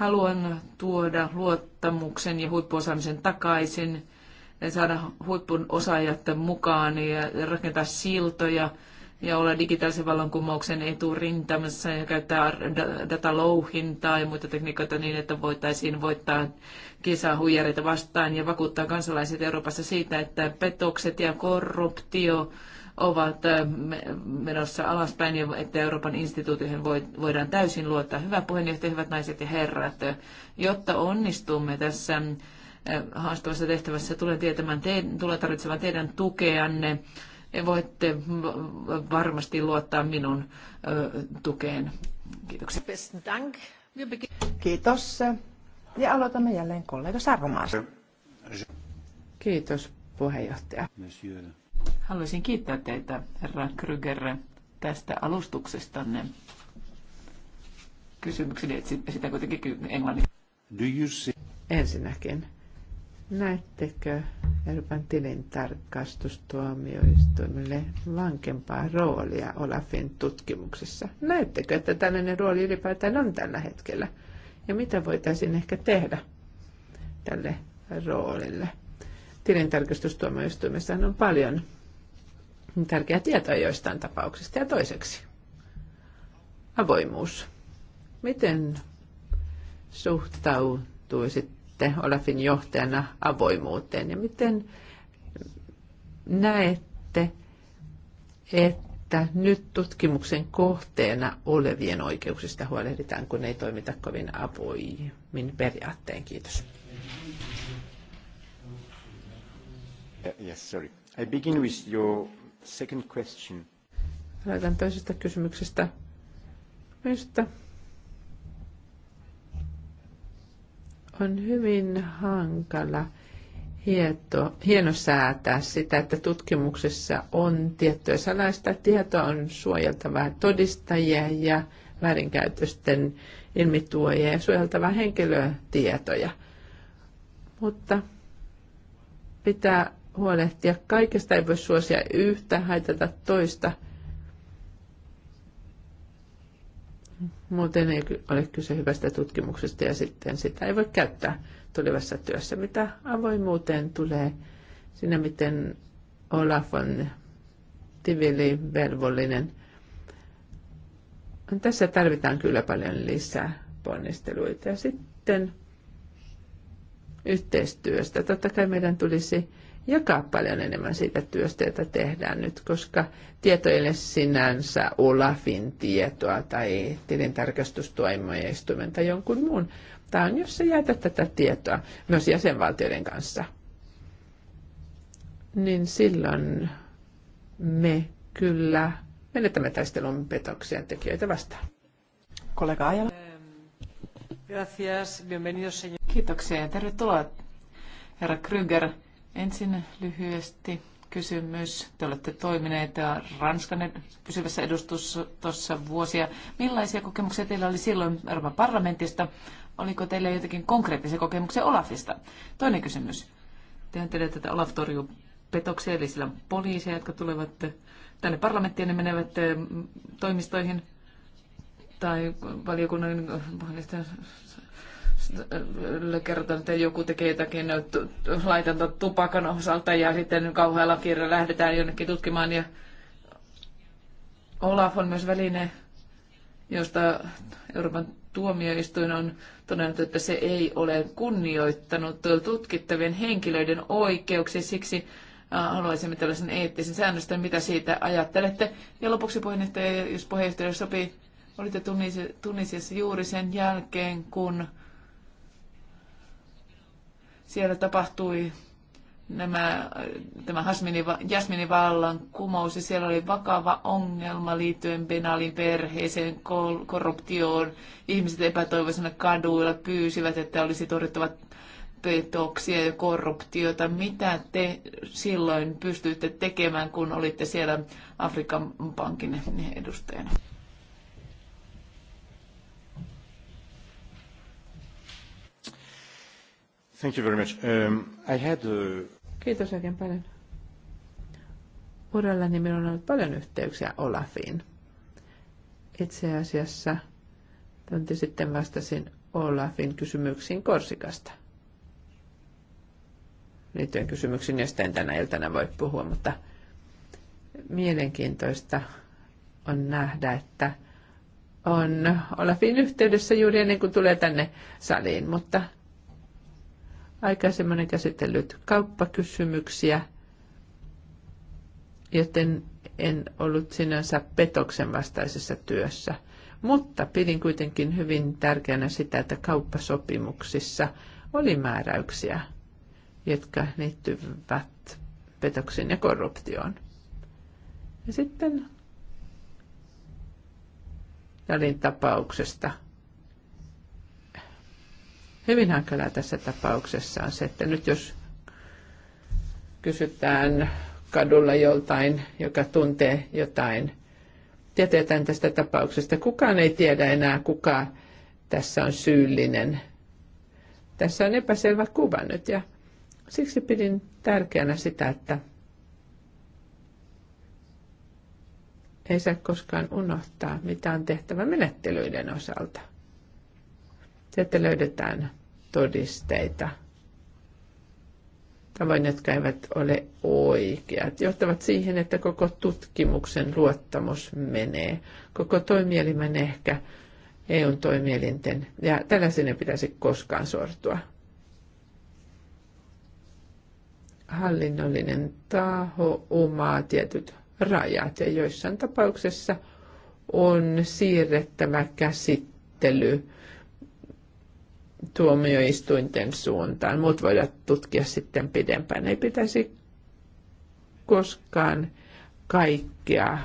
Haluan tuoda luottamuksen ja huippuosaamisen takaisin, saada huippun osaajat mukaan ja rakentaa siltoja ja olla digitaalisen vallankumouksen eturintamassa ja käyttää datalouhintaa ja muita tekniikoita niin, että voitaisiin voittaa kisaa huijareita vastaan ja vakuuttaa kansalaiset Euroopassa siitä, että petokset ja korruptio ovat äh, menossa alaspäin ja että Euroopan instituutioihin voidaan täysin luottaa. Hyvä puheenjohtaja, hyvät naiset ja herrat, jotta onnistumme tässä äh, haastavassa tehtävässä, tulen, tietämään te, tulee tarvitsemaan teidän tukeanne. Voitte varmasti luottaa minun äh, tukeen. Kiitoksia. Kiitos. Ja aloitamme jälleen kollega Sarvomaasta. Kiitos puheenjohtaja. Monsieur. Haluaisin kiittää teitä, herra Kryger, tästä alustuksestanne. Kysymykseni esitän kuitenkin englanniksi. Do you see? Ensinnäkin, näettekö Euroopan tilintarkastustuomioistuimelle vankempaa roolia Olafin tutkimuksissa? Näettekö, että tällainen rooli ylipäätään on tällä hetkellä? Ja mitä voitaisiin ehkä tehdä tälle roolille? tilintarkastustuomioistuimessa on paljon tärkeää tietoa joistain tapauksista. Ja toiseksi, avoimuus. Miten suhtautuisitte Olafin johtajana avoimuuteen ja miten näette, että nyt tutkimuksen kohteena olevien oikeuksista huolehditaan, kun ei toimita kovin avoimin periaatteen. Kiitos. Uh, yes, sorry. I begin with your second question. Aloitan toisesta kysymyksestä. Minusta on hyvin hankala hieto, hieno säätää sitä, että tutkimuksessa on tiettyä salaista tietoa, on suojeltavaa todistajia ja väärinkäytösten ilmituojia ja suojeltavaa henkilötietoja. Mutta pitää huolehtia kaikesta, ei voi suosia yhtä, haitata toista. Muuten ei ole kyse hyvästä tutkimuksesta ja sitten sitä ei voi käyttää tulevassa työssä. Mitä avoimuuteen tulee siinä, miten Olaf on velvollinen. Tässä tarvitaan kyllä paljon lisää ponnisteluita. Ja sitten yhteistyöstä. Totta kai meidän tulisi jakaa paljon enemmän siitä työstä, jota tehdään nyt, koska tieto ei ole sinänsä Olafin tietoa tai tilintarkastustoimistoimen tai jonkun muun. Tämä on, jos sä jäätä tätä tietoa myös jäsenvaltioiden kanssa, niin silloin me kyllä menetämme taistelun petoksien tekijöitä vastaan. Kollega Ajala. Gracias, señor. Kiitoksia ja tervetuloa, herra Kryger Ensin lyhyesti kysymys. Te olette toimineet Ranskan pysyvässä edustustossa vuosia. Millaisia kokemuksia teillä oli silloin Euroopan parlamentista? Oliko teillä jotenkin konkreettisia kokemuksia Olafista? Toinen kysymys. Tehän tiedätte, että Olaf torjuu petoksia, eli sillä on poliiseja, jotka tulevat tänne parlamenttiin ja ne menevät eh, toimistoihin tai valiokunnan kerrotaan, että joku tekee jotakin no, laitonta tupakan osalta ja sitten kauhealla kiireellä lähdetään jonnekin tutkimaan. Ja Olaf on myös väline, josta Euroopan tuomioistuin on todennut, että se ei ole kunnioittanut tutkittavien henkilöiden oikeuksia. Siksi haluaisimme tällaisen eettisen säännöstön, mitä siitä ajattelette. Ja lopuksi puheenjohtaja, jos puheenjohtaja sopii, olitte Tunisiassa juuri sen jälkeen, kun siellä tapahtui nämä, tämä Hasmini, Jasmini vallan kumous ja siellä oli vakava ongelma liittyen Benalin perheeseen, korruptioon. Ihmiset epätoivoisena kaduilla pyysivät, että olisi torjuttava petoksia ja korruptiota. Mitä te silloin pystyitte tekemään, kun olitte siellä Afrikan pankin edustajana? Thank you very much. Um, I had a... Uh, Kiitos oikein paljon. Urallani minulla on ollut paljon yhteyksiä Olafiin. Itse asiassa tunti sitten vastasin Olafin kysymyksiin Korsikasta. Liittyen kysymyksiin, josta en tänä iltana voi puhua, mutta mielenkiintoista on nähdä, että on Olafin yhteydessä juuri ennen kuin tulee tänne saliin, mutta – Aikaisemmin käsitellyt kauppakysymyksiä, joten en ollut sinänsä petoksen vastaisessa työssä. Mutta pidin kuitenkin hyvin tärkeänä sitä, että kauppasopimuksissa oli määräyksiä, jotka liittyvät petoksiin ja korruptioon. Ja sitten Dalin tapauksesta – Hyvin hankalaa tässä tapauksessa on se, että nyt jos kysytään kadulla joltain, joka tuntee jotain, tietetään tästä tapauksesta. Kukaan ei tiedä enää, kuka tässä on syyllinen. Tässä on epäselvä kuva nyt ja siksi pidin tärkeänä sitä, että ei saa koskaan unohtaa, mitä on tehtävä menettelyiden osalta. Se, löydetään todisteita, tavoin, jotka eivät ole oikeat, johtavat siihen, että koko tutkimuksen luottamus menee, koko toimielimen ehkä EUn toimielinten, ja tällaisen ei pitäisi koskaan sortua. Hallinnollinen taho omaa tietyt rajat, ja joissain tapauksessa on siirrettävä käsittely tuomioistuinten suuntaan. Muut voidaan tutkia sitten pidempään. Ei pitäisi koskaan kaikkea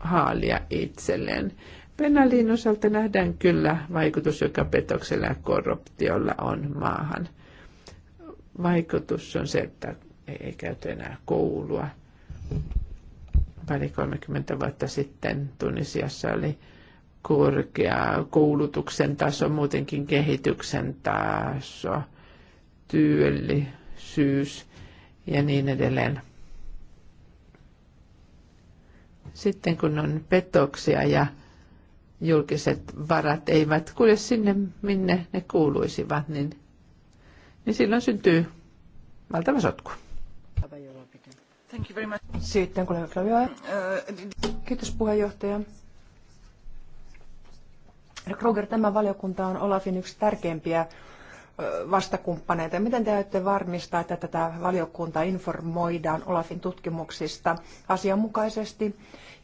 haalia itselleen. Penaliin osalta nähdään kyllä vaikutus, joka petoksella ja korruptiolla on maahan. Vaikutus on se, että ei käyty enää koulua. Pari 30 vuotta sitten Tunisiassa oli korkea koulutuksen taso, muutenkin kehityksen taso, työllisyys ja niin edelleen. Sitten kun on petoksia ja julkiset varat eivät kulje sinne, minne ne kuuluisivat, niin, niin silloin syntyy valtava sotku. Sitten kun äh, Kiitos puheenjohtaja. Kruger, tämä valiokunta on Olafin yksi tärkeimpiä vastakumppaneita. Miten te aiotte varmistaa, että tätä valiokuntaa informoidaan Olafin tutkimuksista asianmukaisesti?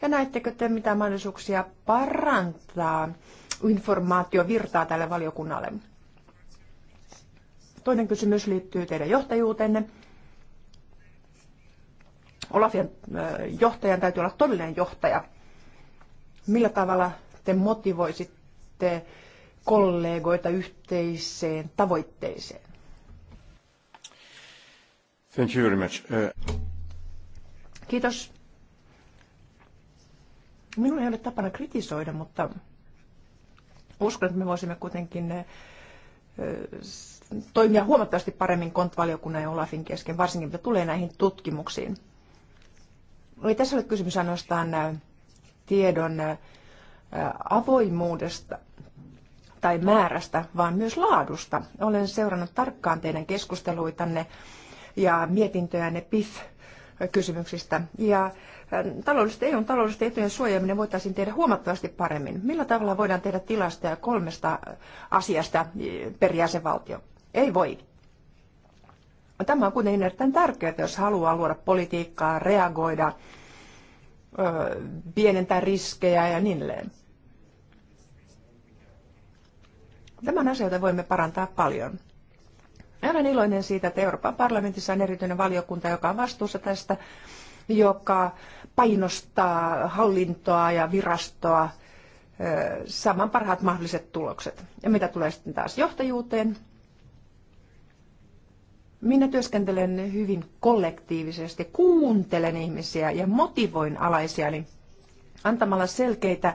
Ja näettekö te mitä mahdollisuuksia parantaa informaatiovirtaa tälle valiokunnalle? Toinen kysymys liittyy teidän johtajuutenne. Olafin johtajan täytyy olla todellinen johtaja. Millä tavalla te motivoisitte kollegoita yhteiseen tavoitteeseen? Thank you very much. Uh... Kiitos. Minulla ei ole tapana kritisoida, mutta uskon, että me voisimme kuitenkin eh, toimia huomattavasti paremmin kontvaliokunnan ja Olafin kesken, varsinkin mitä tulee näihin tutkimuksiin. Ei tässä oli kysymys ainoastaan eh, tiedon eh, avoimuudesta, tai määrästä, vaan myös laadusta. Olen seurannut tarkkaan teidän keskusteluitanne ja mietintöjänne PIF kysymyksistä. Ja ähm, taloudelliset, EUn taloudellisten etujen suojaaminen voitaisiin tehdä huomattavasti paremmin. Millä tavalla voidaan tehdä tilastoja kolmesta asiasta äh, per jäsenvaltio? Ei voi. Tämä on kuitenkin erittäin tärkeää, jos haluaa luoda politiikkaa, reagoida, pienentää riskejä ja niin edelleen. Tämän asioita voimme parantaa paljon. Olen iloinen siitä, että Euroopan parlamentissa on erityinen valiokunta, joka on vastuussa tästä, joka painostaa hallintoa ja virastoa saman parhaat mahdolliset tulokset. Ja mitä tulee sitten taas johtajuuteen, minä työskentelen hyvin kollektiivisesti, kuuntelen ihmisiä ja motivoin alaisiani antamalla selkeitä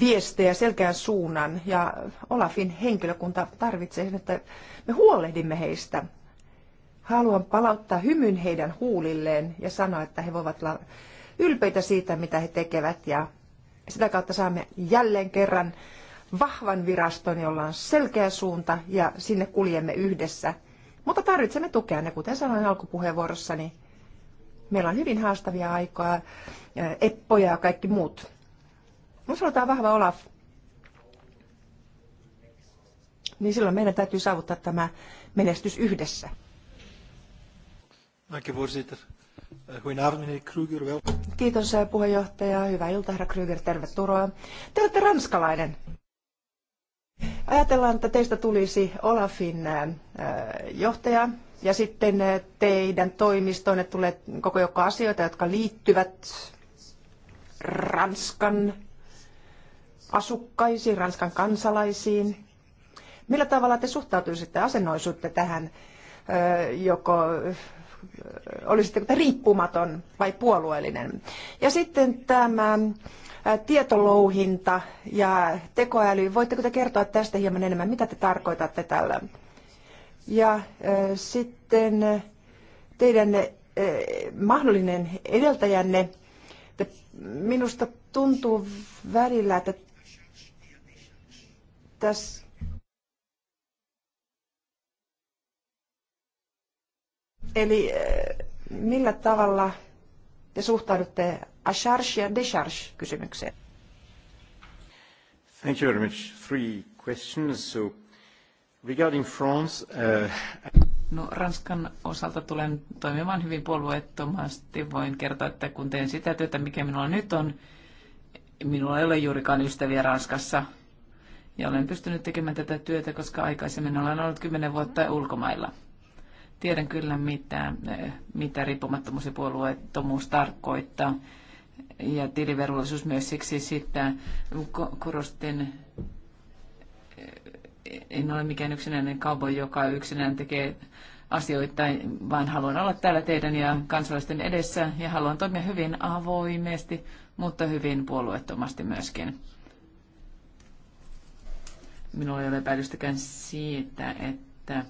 viestejä selkeän suunnan ja Olafin henkilökunta tarvitsee sen, että me huolehdimme heistä. Haluan palauttaa hymyn heidän huulilleen ja sanoa, että he voivat olla ylpeitä siitä, mitä he tekevät ja sitä kautta saamme jälleen kerran vahvan viraston, jolla on selkeä suunta ja sinne kuljemme yhdessä. Mutta tarvitsemme tukea, ne kuten sanoin alkupuheenvuorossani, meillä on hyvin haastavia aikoja, eppoja ja kaikki muut. Mun sanotaan vahva Olaf, niin silloin meidän täytyy saavuttaa tämä menestys yhdessä. Eh, Kiitos eh, puheenjohtaja. Hyvää iltaa, herra Kruger. Tervetuloa. Te olette ranskalainen. Ajatellaan, että teistä tulisi Olafin eh, johtaja ja sitten teidän toimistoon tulee koko joukko asioita, jotka liittyvät Ranskan asukkaisiin, Ranskan kansalaisiin? Millä tavalla te suhtautuisitte, asennoisuutte tähän, joko olisitteko te riippumaton vai puolueellinen? Ja sitten tämä tietolouhinta ja tekoäly. Voitteko te kertoa tästä hieman enemmän, mitä te tarkoitatte tällä? Ja sitten teidän mahdollinen edeltäjänne, minusta tuntuu välillä, että tässä Eli eh, millä tavalla te suhtaudutte Asharsh ja Desharsh kysymykseen? Thank you very much. Three questions. So regarding France, uh... No, Ranskan osalta tulen toimimaan hyvin puolueettomasti. Voin kertoa, että kun teen sitä työtä, mikä minulla nyt on, minulla ei ole juurikaan ystäviä Ranskassa ja olen pystynyt tekemään tätä työtä, koska aikaisemmin olen ollut kymmenen vuotta ulkomailla. Tiedän kyllä, mitä, mitä riippumattomuus ja puolueettomuus tarkoittaa. Ja tiliverollisuus myös siksi sitten korostin en ole mikään yksinäinen kaupo, joka yksinään tekee asioita, vaan haluan olla täällä teidän ja kansalaisten edessä ja haluan toimia hyvin avoimesti, mutta hyvin puolueettomasti myöskin. Minulla ei ole epäilystäkään siitä, että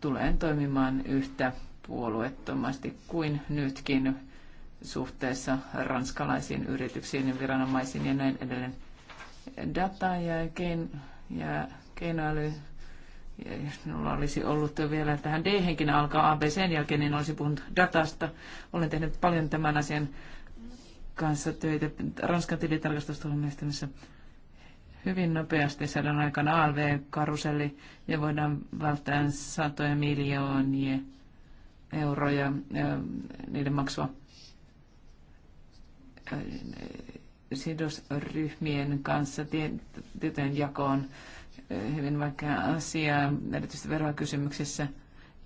tulen toimimaan yhtä puolueettomasti kuin nytkin suhteessa ranskalaisiin yrityksiin ja viranomaisiin ja näin edelleen. Data ja, kein, ja keinoäly, ja jos minulla olisi ollut vielä tähän D-henkin alkaa ABCn jälkeen, niin olisi puhunut datasta. Olen tehnyt paljon tämän asian kanssa töitä Ranskan tilitarkastustuomioistuimessa hyvin nopeasti sadan aikana ALV-karuselli ja voidaan välttää satoja miljoonia euroja niiden maksua sidosryhmien kanssa tietojen jakoon hyvin vaikea asia, erityisesti verokysymyksissä,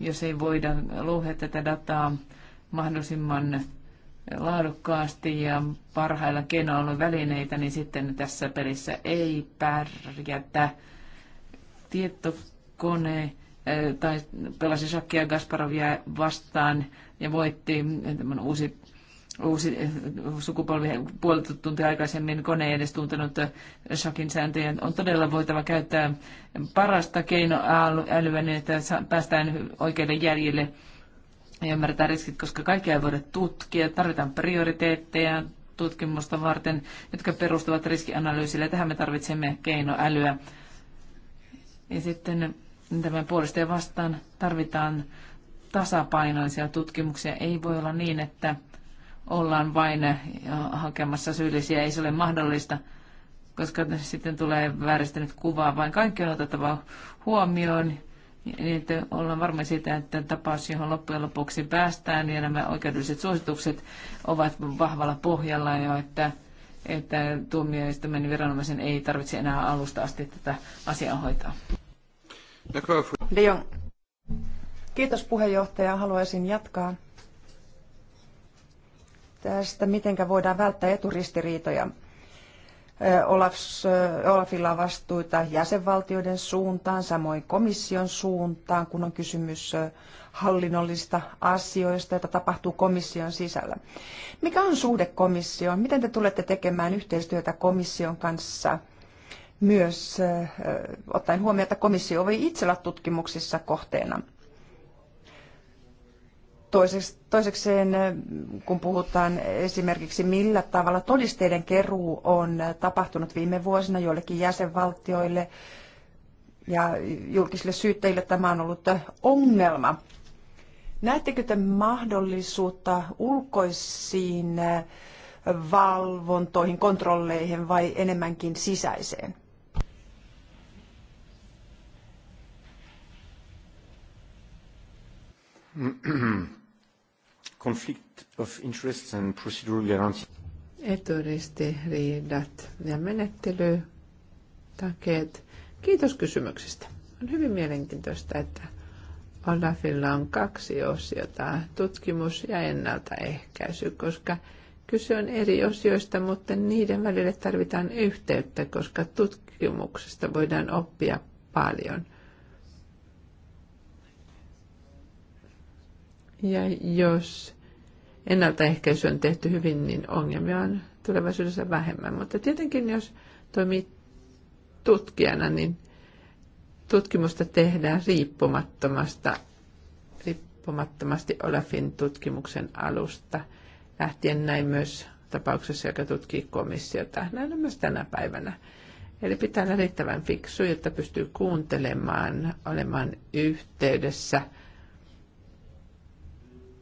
jos ei voida luhe tätä dataa mahdollisimman laadukkaasti ja parhailla keinoilla välineitä, niin sitten tässä pelissä ei pärjätä. Tietokone eh, tai pelasi Shakia Gasparovia vastaan ja voitti uusi uusi eh, sukupolvi puolitoista tuntia aikaisemmin kone ei edes tuntenut eh, shakin sääntöjä. On todella voitava käyttää parasta keinoälyä niin, että päästään oikeille jäljille ja ymmärtää riskit, koska kaikkea ei voida tutkia. Tarvitaan prioriteetteja tutkimusta varten, jotka perustuvat riskianalyysille. Tähän me tarvitsemme keinoälyä. Ja sitten tämän puolesta ja vastaan tarvitaan tasapainoisia tutkimuksia. Ei voi olla niin, että ollaan vain hakemassa syyllisiä. Ei se ole mahdollista, koska sitten tulee vääristynyt kuva, vaan kaikki on otettava huomioon niin että ollaan varma siitä, että tapaus, johon loppujen lopuksi päästään, niin nämä oikeudelliset suositukset ovat vahvalla pohjalla jo, että, että tuomioistuimen viranomaisen ei tarvitse enää alusta asti tätä asiaa hoitaa. Kiitos puheenjohtaja. Haluaisin jatkaa tästä, miten voidaan välttää eturistiriitoja. Olafilla on vastuita jäsenvaltioiden suuntaan, samoin komission suuntaan, kun on kysymys hallinnollista asioista, joita tapahtuu komission sisällä. Mikä on suhde komissioon? Miten te tulette tekemään yhteistyötä komission kanssa? Myös ottaen huomioon, että komissio voi itse olla tutkimuksissa kohteena. Toisekseen, kun puhutaan esimerkiksi millä tavalla todisteiden keruu on tapahtunut viime vuosina joillekin jäsenvaltioille ja julkisille syyttäjille, tämä on ollut ongelma. Näettekö te mahdollisuutta ulkoisiin valvontoihin, kontrolleihin vai enemmänkin sisäiseen? conflict of interests and procedural guarantees. Eturistiriidat ja menettelytakeet. Kiitos kysymyksestä. On hyvin mielenkiintoista, että Olafilla on kaksi osiota, tutkimus ja ennaltaehkäisy, koska kyse on eri osioista, mutta niiden välille tarvitaan yhteyttä, koska tutkimuksesta voidaan oppia paljon – Ja jos ennaltaehkäisy on tehty hyvin, niin ongelmia on tulevaisuudessa vähemmän. Mutta tietenkin jos toimii tutkijana, niin tutkimusta tehdään riippumattomasta, riippumattomasti Olafin tutkimuksen alusta lähtien näin myös tapauksessa, joka tutkii komissiota. Näin on myös tänä päivänä. Eli pitää olla riittävän fiksu, jotta pystyy kuuntelemaan, olemaan yhteydessä –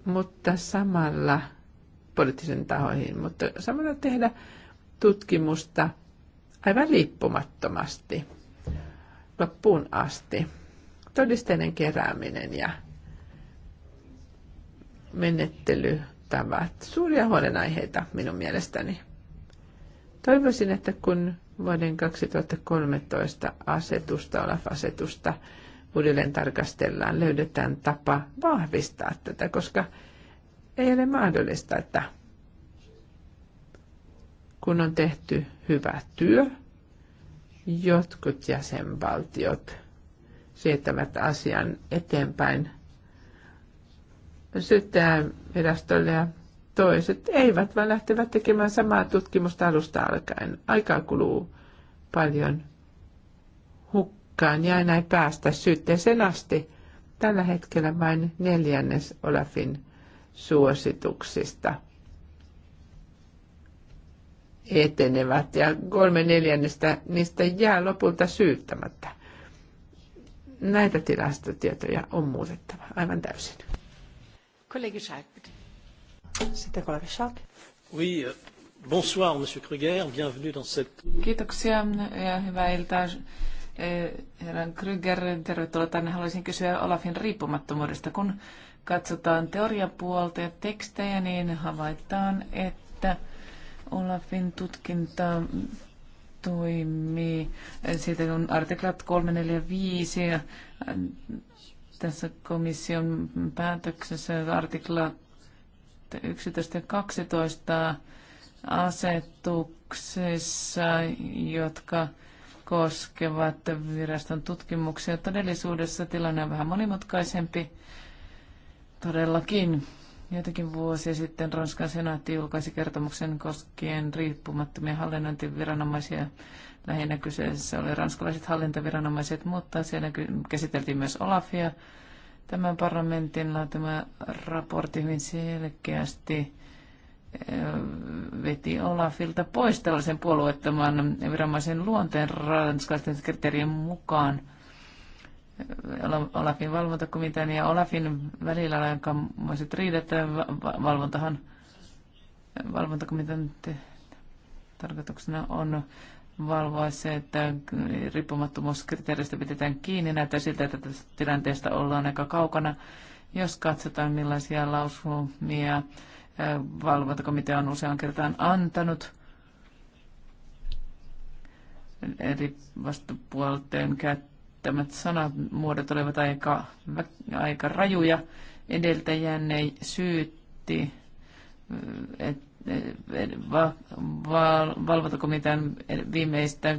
mutta samalla poliittisen tahoihin, mutta samalla tehdä tutkimusta aivan riippumattomasti loppuun asti. Todisteiden kerääminen ja menettelytavat. Suuria huolenaiheita minun mielestäni. Toivoisin, että kun vuoden 2013 asetusta, Olaf-asetusta, uudelleen tarkastellaan, löydetään tapa vahvistaa tätä, koska ei ole mahdollista, että kun on tehty hyvä työ, jotkut jäsenvaltiot siirtävät asian eteenpäin virastolle ja toiset eivät, vaan lähtevät tekemään samaa tutkimusta alusta alkaen. Aikaa kuluu paljon hukkaan ja enää päästä syytteeseen asti. Tällä hetkellä vain neljännes Olafin suosituksista etenevät ja kolme neljännestä niistä jää lopulta syyttämättä. Näitä tilastotietoja on muutettava aivan täysin. Kollegi Schalk, Sitten kollegi Schalk. Oui, bonsoir, monsieur Kruger, bienvenue dans cette... Kiitoksia ja hyvää iltaa, Herran Kryger, tervetuloa tänne. Haluaisin kysyä Olafin riippumattomuudesta. Kun katsotaan teoriapuolta ja tekstejä, niin havaitaan, että Olafin tutkinta toimii. Siitä on artiklat 345 ja äh, tässä komission päätöksessä artikla 11 ja 12 asetuksessa, jotka koskevat viraston tutkimuksia. Todellisuudessa tilanne on vähän monimutkaisempi todellakin. Joitakin vuosia sitten Ranskan senaatti julkaisi kertomuksen koskien riippumattomia hallinnointiviranomaisia. Lähinnä kyseessä oli ranskalaiset hallintoviranomaiset, mutta siellä käsiteltiin myös Olafia. Tämän parlamentin laatima raportti hyvin selkeästi veti Olafilta pois tällaisen puolueettoman viranomaisen luonteen ranskalaisten kriteerien mukaan. Olafin valvontakomitean ja Olafin välillä on aikamoiset riidat. Valvontahan, valvontakomitean tarkoituksena on valvoa se, että riippumattomuuskriteeristä pidetään kiinni. Näyttää siltä, että tästä tilanteesta ollaan aika kaukana. Jos katsotaan, millaisia lausumia valvontakomitea on usean kertaan antanut eri vastapuolten käyttämät sanamuodot olivat aika, aika rajuja. Edeltäjänne syytti eh, et, eh, valvontakomitean viimeistä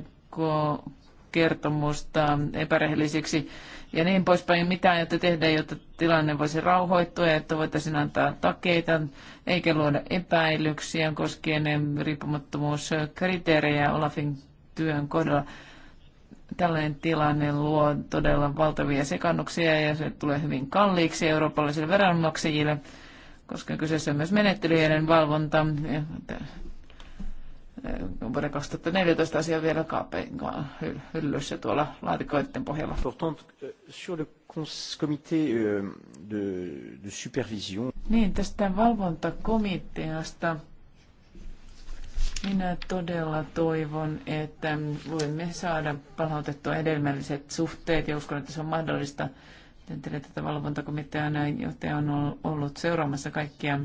kertomusta epärehellisiksi ja niin poispäin. Mitä aiotte tehdä, jotta tilanne voisi rauhoittua ja että voitaisiin antaa takeita eikä luoda epäilyksiä koskien riippumattomuuskriteerejä Olafin työn kohdalla? Tällainen tilanne luo todella valtavia sekannuksia ja se tulee hyvin kalliiksi eurooppalaisille veronmaksajille, koska kyseessä on myös menettelyjen valvonta vuoden 2014 asia vielä kaapein hyllyssä tuolla laatikoiden pohjalla. Euh, sur le comité euh, de, de supervision. Niin, tästä valvontakomiteasta minä todella toivon, että voimme saada palautettua edelmälliset suhteet ja uskon, että se on mahdollista. Tätä valvontakomitean johtaja on ollut seuraamassa kaikkia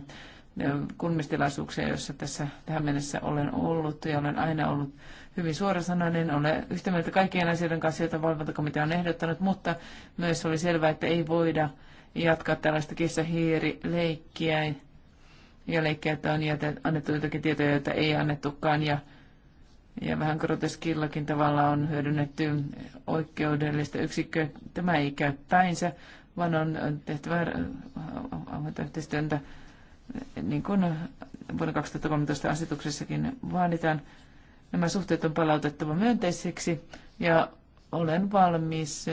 kunnistilaisuuksia, joissa tässä tähän mennessä olen ollut ja olen aina ollut hyvin suorasanainen. Olen yhtä mieltä kaikkien asioiden kanssa, joita valvontakomitea on ehdottanut, mutta myös oli selvää, että ei voida jatkaa tällaista kissahiirileikkiä ja leikkiä, että on jätet, annettu jotakin tietoja, joita ei annettukaan ja, ja vähän groteskillakin tavalla on hyödynnetty oikeudellista yksikköä. Tämä ei käy päinsä, vaan on tehtävä äh, äh, äh, yhteistyöntä niin kuin vuonna 2013 asetuksessakin vaaditaan. Nämä suhteet on palautettava myönteisiksi ja olen valmis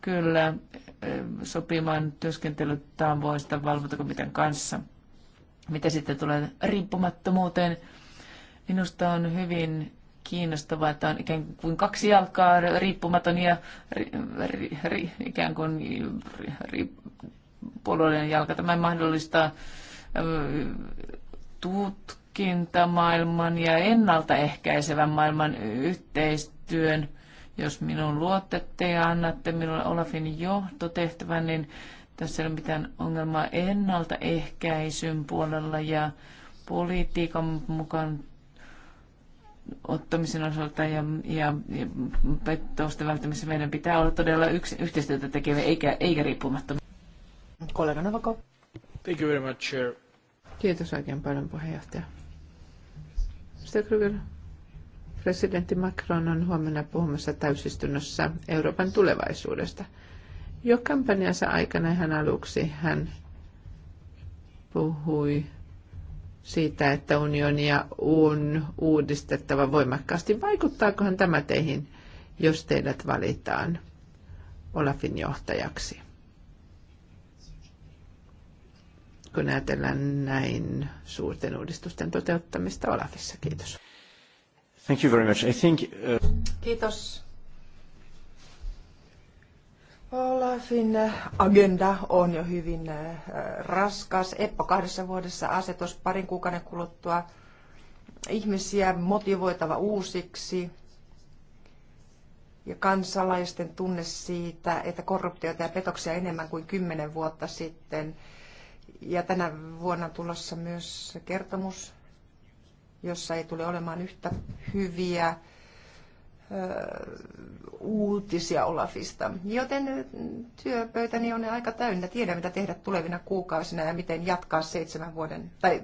kyllä eh, sopimaan työskentelytavoista valvontakomitean kanssa. Mitä sitten tulee riippumattomuuteen, minusta on hyvin kiinnostavaa, että on ikään kuin kaksi jalkaa riippumaton ja ri, ri, ri, ikään kuin ri, ri, puolueellinen jalka. Tämä mahdollistaa tutkintamaailman ja ennaltaehkäisevän maailman yhteistyön. Jos minun luotette ja annatte minulle Olafin johtotehtävän, niin tässä ei ole mitään ongelmaa ennaltaehkäisyn puolella ja politiikan mukaan ottamisen osalta ja, ja, ja petosten välttämisessä meidän pitää olla todella yksi, yhteistyötä tekeviä eikä, eikä riippumattomia. Kollega Novakov. Thank you very much, Chair. Kiitos oikein paljon puheenjohtaja. Mr. Kruger, presidentti Macron on huomenna puhumassa täysistunnossa Euroopan tulevaisuudesta. Jo kampanjansa aikana hän aluksi hän puhui siitä, että unionia on uudistettava voimakkaasti. Vaikuttaakohan tämä teihin, jos teidät valitaan Olafin johtajaksi? kun ajatellaan näin suurten uudistusten toteuttamista Olafissa. Kiitos. Thank you very much. I think, uh... Kiitos. Olafin agenda on jo hyvin uh, raskas. Eppo kahdessa vuodessa asetus parin kuukauden kuluttua. Ihmisiä motivoitava uusiksi ja kansalaisten tunne siitä, että korruptiota ja petoksia enemmän kuin kymmenen vuotta sitten – ja tänä vuonna on tulossa myös kertomus, jossa ei tule olemaan yhtä hyviä uutisia Olafista. Joten työpöytäni on aika täynnä. Tiedän, mitä tehdä tulevina kuukausina ja miten jatkaa seitsemän vuoden, tai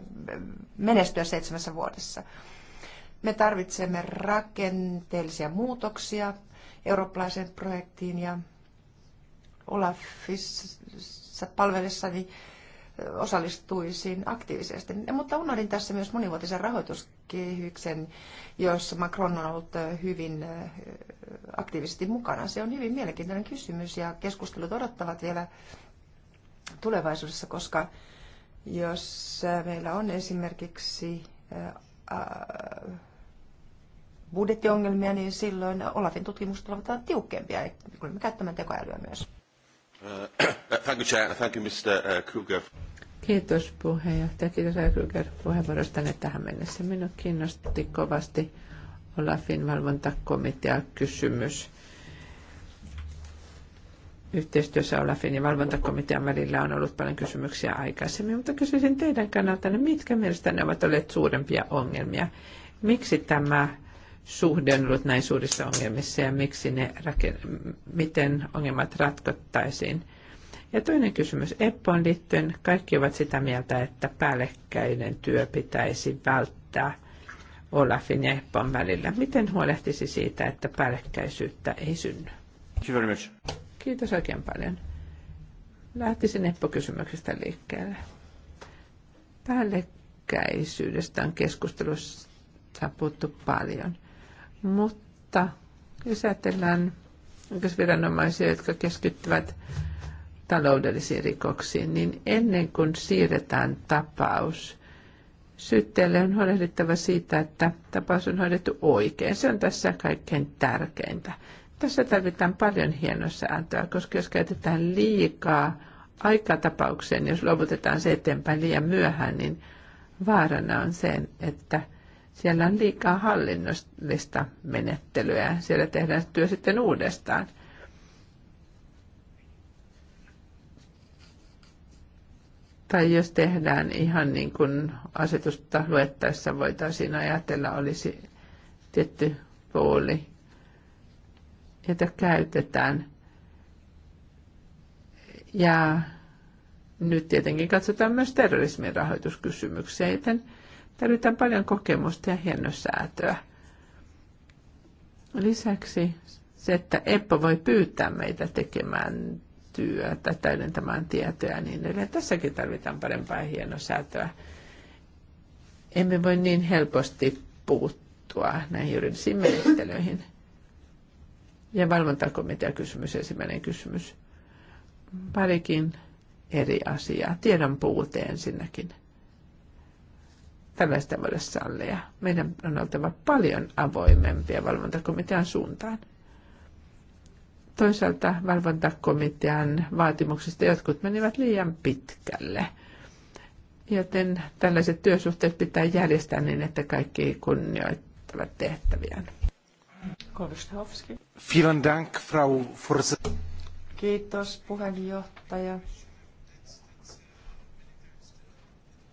menestyä seitsemässä vuodessa. Me tarvitsemme rakenteellisia muutoksia eurooppalaiseen projektiin ja Olafissa palvelessani osallistuisin aktiivisesti. Mutta unohdin tässä myös monivuotisen rahoituskehyksen, jossa Macron on ollut äh, hyvin äh, aktiivisesti mukana. Se on hyvin mielenkiintoinen kysymys ja keskustelut odottavat vielä tulevaisuudessa, koska jos äh, meillä on esimerkiksi budjettiongelmia, niin silloin Olafin tutkimukset ovat tiukempia kun me käyttämään tekoälyä myös. Uh, thank you, uh, Kiitos puheenjohtaja, kiitos Kruger tähän mennessä. Minua kiinnosti kovasti Olafin valvontakomitea kysymys. Yhteistyössä Olafin ja valvontakomitean välillä on ollut paljon kysymyksiä aikaisemmin, mutta kysyisin teidän kannaltanne, mitkä mielestänne ovat olleet suurempia ongelmia? Miksi tämä suhde on ollut näin suurissa ongelmissa ja miksi ne raken- miten ongelmat ratkottaisiin. Ja toinen kysymys Eppoon liittyen. Kaikki ovat sitä mieltä, että päällekkäinen työ pitäisi välttää Olafin ja Eppon välillä. Miten huolehtisi siitä, että päällekkäisyyttä ei synny? Kiitos oikein paljon. Lähtisin Eppo-kysymyksestä liikkeelle. Päällekkäisyydestä on keskustelussa puhuttu paljon. Mutta jos ajatellaan oikeusviranomaisia, jotka keskittyvät taloudellisiin rikoksiin, niin ennen kuin siirretään tapaus, syytteelle on huolehdittava siitä, että tapaus on hoidettu oikein. Se on tässä kaikkein tärkeintä. Tässä tarvitaan paljon hienosääntöä, koska jos käytetään liikaa aikatapaukseen, jos luovutetaan se eteenpäin liian myöhään, niin vaarana on se, että – siellä on liikaa hallinnollista menettelyä. Siellä tehdään työ sitten uudestaan. Tai jos tehdään ihan niin kuin asetusta luettaessa voitaisiin ajatella, olisi tietty puoli, jota käytetään. Ja nyt tietenkin katsotaan myös terrorismin rahoituskysymyksiä, joten Tarvitaan paljon kokemusta ja hienosäätöä. Lisäksi se, että Eppo voi pyytää meitä tekemään työtä, täydentämään tietoja ja niin edelleen. Tässäkin tarvitaan parempaa hienosäätöä. Emme voi niin helposti puuttua näihin juridisiin menettelyihin. Ja valvontakomitea kysymys, ensimmäinen kysymys. Parikin eri asiaa. Tiedon puute ensinnäkin tällaista voida sallia. Meidän on oltava paljon avoimempia valvontakomitean suuntaan. Toisaalta valvontakomitean vaatimuksista jotkut menivät liian pitkälle. Joten tällaiset työsuhteet pitää järjestää niin, että kaikki kunnioittavat tehtäviään. Kiitos, puheenjohtaja.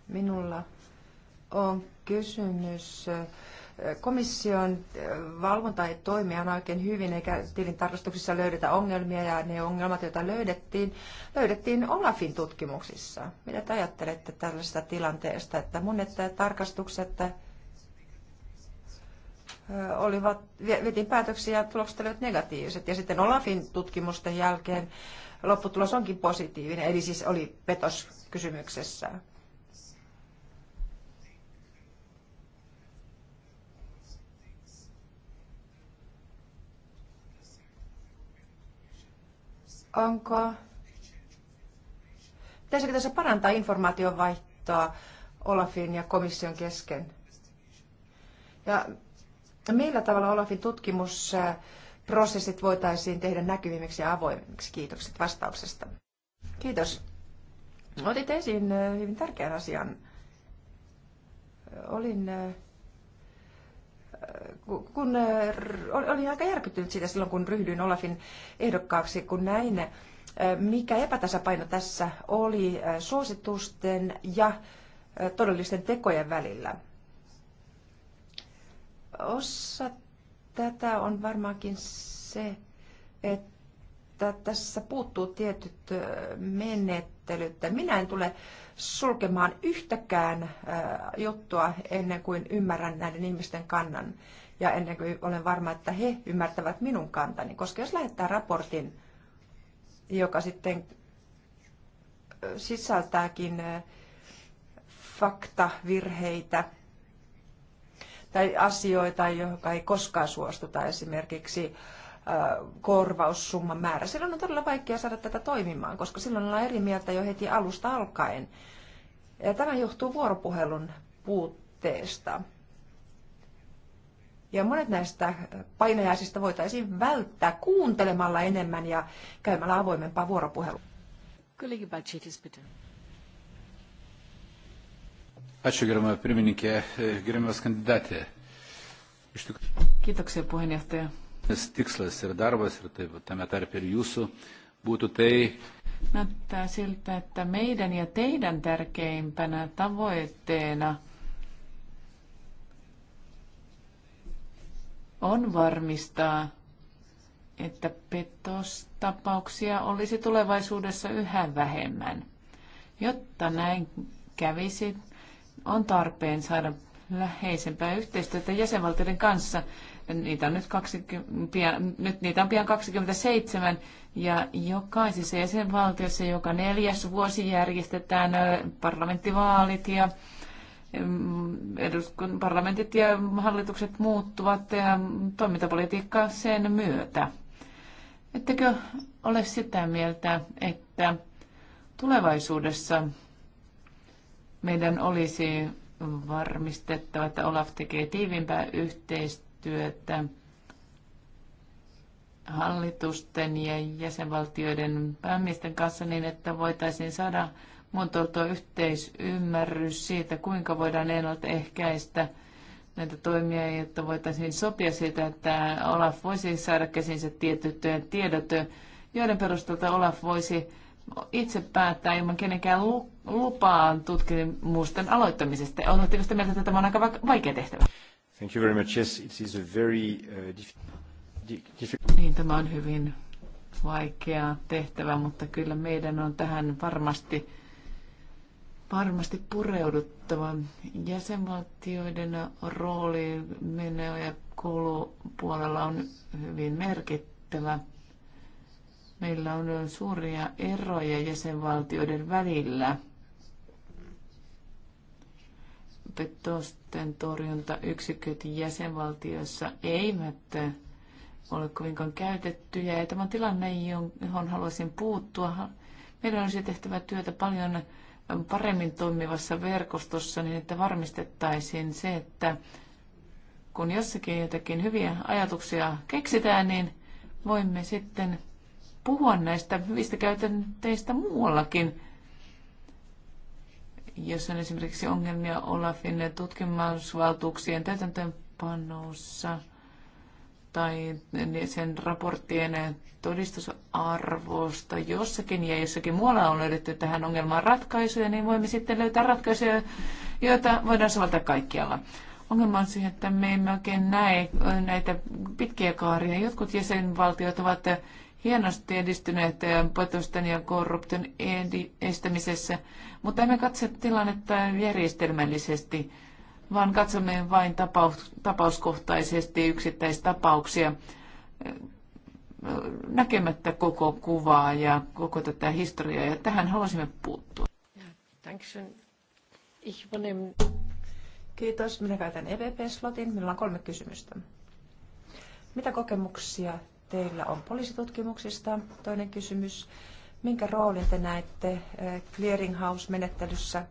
Minulla on kysymys eh, komission eh, valvonta ei toimi on oikein hyvin, eikä tilintarkastuksissa löydetä ongelmia, ja ne ongelmat, joita löydettiin, löydettiin Olafin tutkimuksissa. Mitä te ajattelette tällaisesta tilanteesta, että monet tarkastukset eh, olivat, vietiin päätöksiä ja tulokset olivat negatiiviset, ja sitten Olafin tutkimusten jälkeen lopputulos onkin positiivinen, eli siis oli petos kysymyksessä. Onko... Pitäisikö tässä parantaa informaation vaihtoa Olafin ja komission kesken? Ja millä tavalla Olafin tutkimusprosessit voitaisiin tehdä näkyvimmiksi ja avoimiksi? Kiitokset vastauksesta. Kiitos. Otit esiin hyvin tärkeän asian. Olin kun olin aika järkyttynyt siitä silloin, kun ryhdyin Olafin ehdokkaaksi, kun näin, mikä epätasapaino tässä oli suositusten ja todellisten tekojen välillä. Osa tätä on varmaankin se, että tässä puuttuu tietyt menettelyt. Minä en tule sulkemaan yhtäkään juttua ennen kuin ymmärrän näiden ihmisten kannan ja ennen kuin olen varma, että he ymmärtävät minun kantani. Koska jos lähettää raportin, joka sitten sisältääkin faktavirheitä tai asioita, joka ei koskaan suostuta esimerkiksi äh, korvaussumman määrä. Silloin on todella vaikea saada tätä toimimaan, koska silloin ollaan eri mieltä jo heti alusta alkaen. Ja tämä johtuu vuoropuhelun puutteesta. Ja monet näistä painajaisista voitaisiin välttää kuuntelemalla enemmän ja käymällä avoimempaa vuoropuhelua. Kollegi Ačiū, gerbiama pirmininkė, gerbiamas kandidatė. Kiitoksia puheenjohtaja. Tikslas ir darbas ir taip, tame tarp ir jūsų būtų tai. Näyttää siltä, että meidän ja teidän tärkeimpänä tavoitteena on varmistaa, että petostapauksia olisi tulevaisuudessa yhä vähemmän. Jotta näin kävisi, on tarpeen saada läheisempää yhteistyötä jäsenvaltioiden kanssa Niitä on nyt, 20, pian, nyt niitä on pian 27 ja jokaisessa jäsenvaltiossa joka neljäs vuosi järjestetään parlamenttivaalit ja mm, eduskun, parlamentit ja hallitukset muuttuvat ja toimintapolitiikka sen myötä. Ettekö ole sitä mieltä, että tulevaisuudessa meidän olisi varmistettava, että Olaf tekee tiivimpää yhteistyötä työtä hallitusten ja jäsenvaltioiden päämiesten kanssa niin, että voitaisiin saada muotoiltua yhteisymmärrys siitä, kuinka voidaan ennaltaehkäistä näitä toimia, jotta voitaisiin sopia siitä, että Olaf voisi saada käsinsä tietyt tiedot, joiden perusteella Olaf voisi itse päättää ilman kenenkään lupaan tutkimusten aloittamisesta. Oletteko sitä mieltä, että tämä on aika vaikea tehtävä? Thank you very much. Yes, it is a very uh, difficult... Niin, tämä on hyvin vaikea tehtävä, mutta kyllä meidän on tähän varmasti, varmasti pureuduttava. Jäsenvaltioiden rooli meno- ja koulupuolella on hyvin merkittävä. Meillä on suuria eroja jäsenvaltioiden välillä – petosten torjuntayksiköt jäsenvaltioissa eivät ole kovinkaan käytettyjä. Ja tämä on tilanne, johon haluaisin puuttua. Meidän olisi tehtävä työtä paljon paremmin toimivassa verkostossa niin, että varmistettaisiin se, että kun jossakin jotakin hyviä ajatuksia keksitään, niin voimme sitten puhua näistä hyvistä käytänteistä muuallakin jos on esimerkiksi ongelmia Olafin tutkimusvaltuuksien täytäntöönpanossa tai sen raporttien todistusarvosta jossakin ja jossakin muualla on löydetty tähän ongelmaan ratkaisuja, niin voimme sitten löytää ratkaisuja, joita voidaan soveltaa kaikkialla. Ongelma on siihen, että me emme oikein näe näitä pitkiä kaaria. Jotkut jäsenvaltiot ovat hienosti edistyneet eh, petosten ja korruption estämisessä, mutta emme katso tilannetta järjestelmällisesti, vaan katsomme vain tapaus, tapauskohtaisesti yksittäistapauksia eh, näkemättä koko kuvaa ja koko tätä historiaa, ja tähän haluaisimme puuttua. Kiitos. Minä käytän EVP-slotin. Minulla on kolme kysymystä. Mitä kokemuksia teillä on poliisitutkimuksista. Toinen kysymys, minkä roolin te näette eh, clearinghouse-menettelyssä?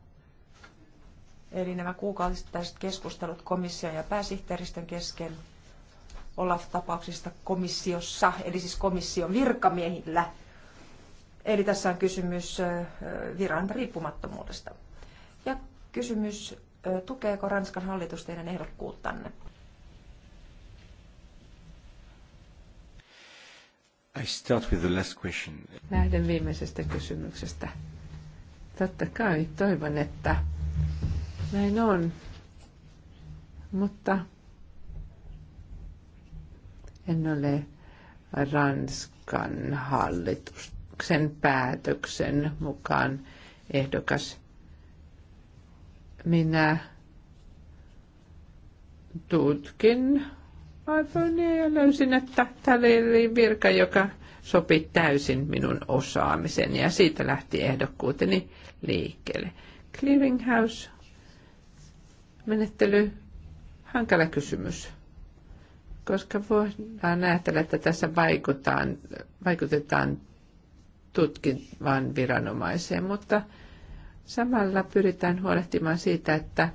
Eli nämä kuukausittaiset keskustelut komission ja pääsihteeristön kesken Olaf-tapauksista komissiossa, eli siis komission virkamiehillä. Eli tässä on kysymys eh, viran riippumattomuudesta. Ja kysymys, eh, tukeeko Ranskan hallitus teidän ehdokkuuttanne? I start with the last question. Lähden viimeisestä kysymyksestä. Totta kai, toivon, että näin on. Mutta en ole Ranskan hallituksen päätöksen mukaan ehdokas. Minä tutkin iPhonea ja löysin, että täällä oli virka, joka sopi täysin minun osaamiseni ja siitä lähti ehdokkuuteni liikkeelle. Clearinghouse menettely, hankala kysymys, koska voidaan ajatella, että tässä vaikutaan, vaikutetaan tutkivan viranomaiseen, mutta samalla pyritään huolehtimaan siitä, että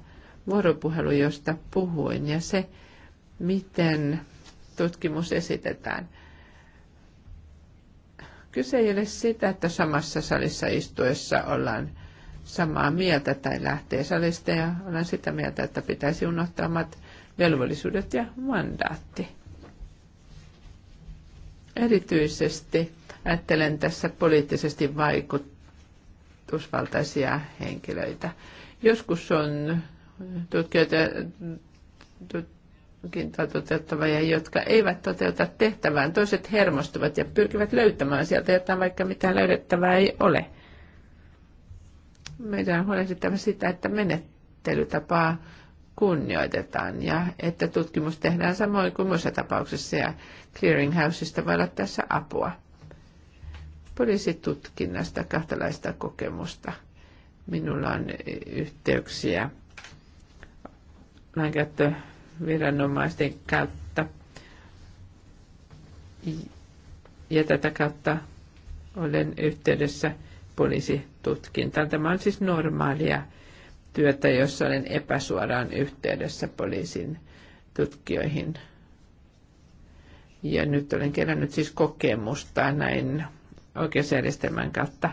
vuoropuhelu, josta puhuin, ja se, miten tutkimus esitetään. Kyse ei ole sitä, että samassa salissa istuessa ollaan samaa mieltä tai lähtee salista ja ollaan sitä mieltä, että pitäisi unohtaa omat velvollisuudet ja mandaatti. Erityisesti ajattelen tässä poliittisesti vaikutusvaltaisia henkilöitä. Joskus on tutkijoita, tutkintoa toteuttava ja jotka eivät toteuta tehtävään. Toiset hermostuvat ja pyrkivät löytämään sieltä jotain, vaikka mitään löydettävää ei ole. Meidän on huolehdittava sitä, että menettelytapaa kunnioitetaan ja että tutkimus tehdään samoin kuin muissa tapauksissa ja clearinghouseista voi olla tässä apua. Poliisitutkinnasta kahtalaista kokemusta. Minulla on yhteyksiä lainkäyttö viranomaisten kautta. Ja tätä kautta olen yhteydessä poliisitutkintaan. Tämä on siis normaalia työtä, jossa olen epäsuoraan yhteydessä poliisin tutkijoihin. Ja nyt olen kerännyt siis kokemusta näin oikeusjärjestelmän kautta.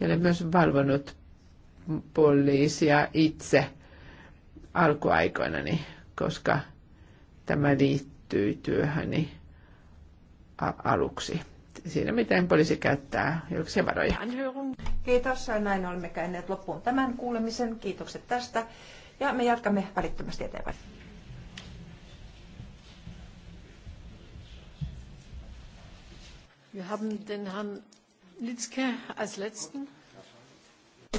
Ja olen myös valvonut poliisia itse alkuaikoinani koska tämä liittyy työhöni aluksi. Siinä miten poliisi käyttää julkisia varoja. Kiitos. Näin olemme käyneet loppuun tämän kuulemisen. Kiitokset tästä. Ja me jatkamme välittömästi eteenpäin. Wir haben den Herrn Litzke als letzten.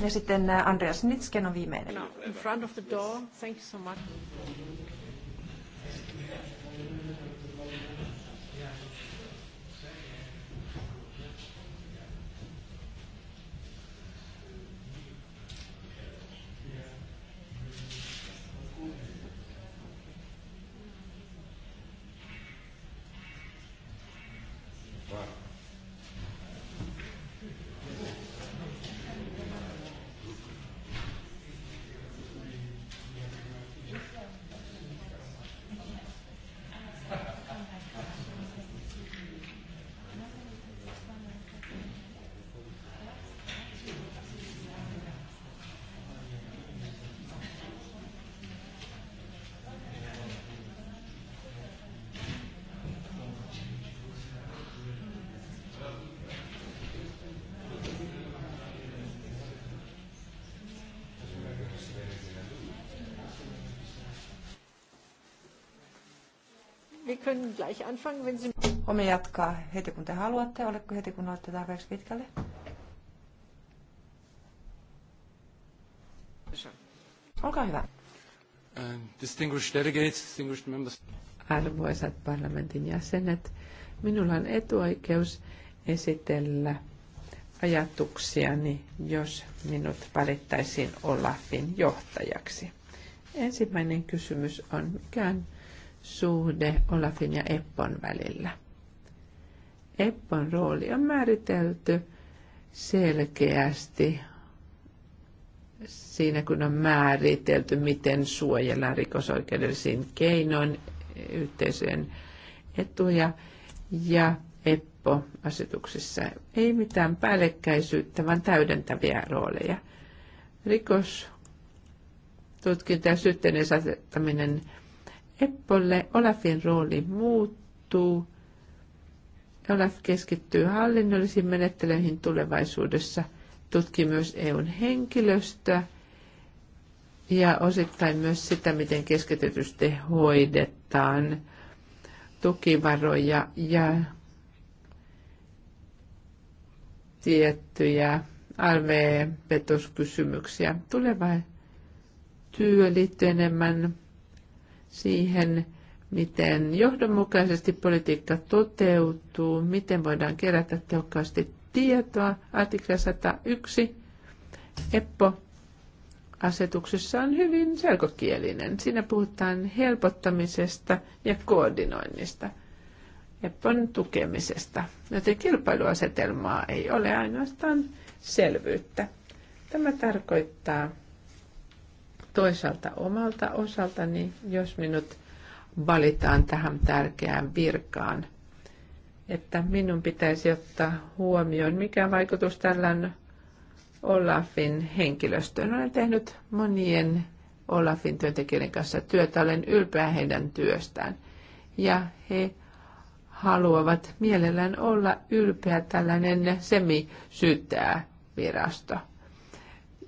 Ja sitten äh, Andreas Nitsken on viimeinen. No, in front of the door. Thank you so much. können gleich anfangen, wenn Sie... Voimme jatkaa heti kun te haluatte. Oletko heti kun olette tarpeeksi pitkälle? Olkaa hyvä. Uh, distinguished delegates, distinguished members. Arvoisat parlamentin jäsenet, minulla on etuoikeus esitellä ajatuksiani, jos minut valittaisiin Olafin johtajaksi. Ensimmäinen kysymys on, mikä on suhde Olafin ja Eppon välillä. Eppon rooli on määritelty selkeästi siinä, kun on määritelty, miten suojella rikosoikeudellisiin keinoin yhteisöjen etuja. Ja Eppo-asetuksessa ei mitään päällekkäisyyttä, vaan täydentäviä rooleja. Rikos tutkinta ja syytteen saattaminen Eppolle Olafin rooli muuttuu. Olaf keskittyy hallinnollisiin menettelyihin tulevaisuudessa, tutki myös EUn henkilöstöä ja osittain myös sitä, miten keskitetysti hoidetaan tukivaroja ja tiettyjä alv-petoskysymyksiä. Tuleva työ liittyy enemmän siihen, miten johdonmukaisesti politiikka toteutuu, miten voidaan kerätä tehokkaasti tietoa. Artikla 101 EPPO asetuksessa on hyvin selkokielinen. Siinä puhutaan helpottamisesta ja koordinoinnista, EPPOn tukemisesta. Joten kilpailuasetelmaa ei ole ainoastaan selvyyttä. Tämä tarkoittaa Toisaalta omalta osaltani, jos minut valitaan tähän tärkeään virkaan, että minun pitäisi ottaa huomioon, mikä vaikutus tällä on Olafin henkilöstöön. Olen tehnyt monien Olafin työntekijöiden kanssa työtä. Olen ylpeä heidän työstään. Ja he haluavat mielellään olla ylpeä tällainen semisyyttäjävirasto. virasto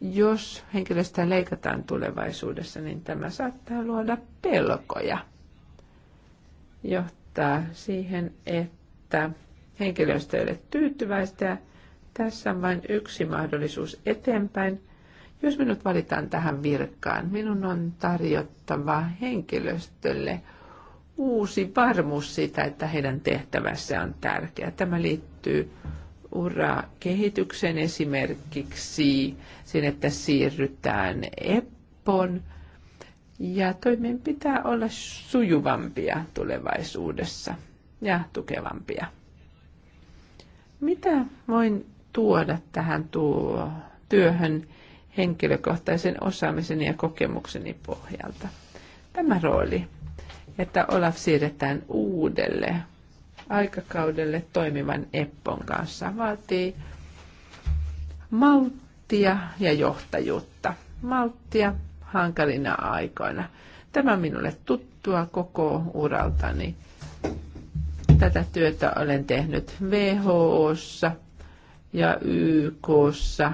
jos henkilöstä leikataan tulevaisuudessa, niin tämä saattaa luoda pelkoja. Johtaa siihen, että henkilöstö ei ole tyytyväistä ja tässä on vain yksi mahdollisuus eteenpäin. Jos minut valitaan tähän virkaan, minun on tarjottava henkilöstölle uusi varmuus siitä, että heidän tehtävässä on tärkeä. Tämä liittyy urakehityksen kehityksen esimerkiksi sen, että siirrytään EPPON ja toimien pitää olla sujuvampia tulevaisuudessa ja tukevampia. Mitä voin tuoda tähän tuo työhön henkilökohtaisen osaamisen ja kokemukseni pohjalta? Tämä rooli, että Olaf siirretään uudelle aikakaudelle toimivan Eppon kanssa. Vaatii malttia ja johtajuutta. Malttia hankalina aikoina. Tämä on minulle tuttua koko uraltani. Tätä työtä olen tehnyt WHOssa ja YKssa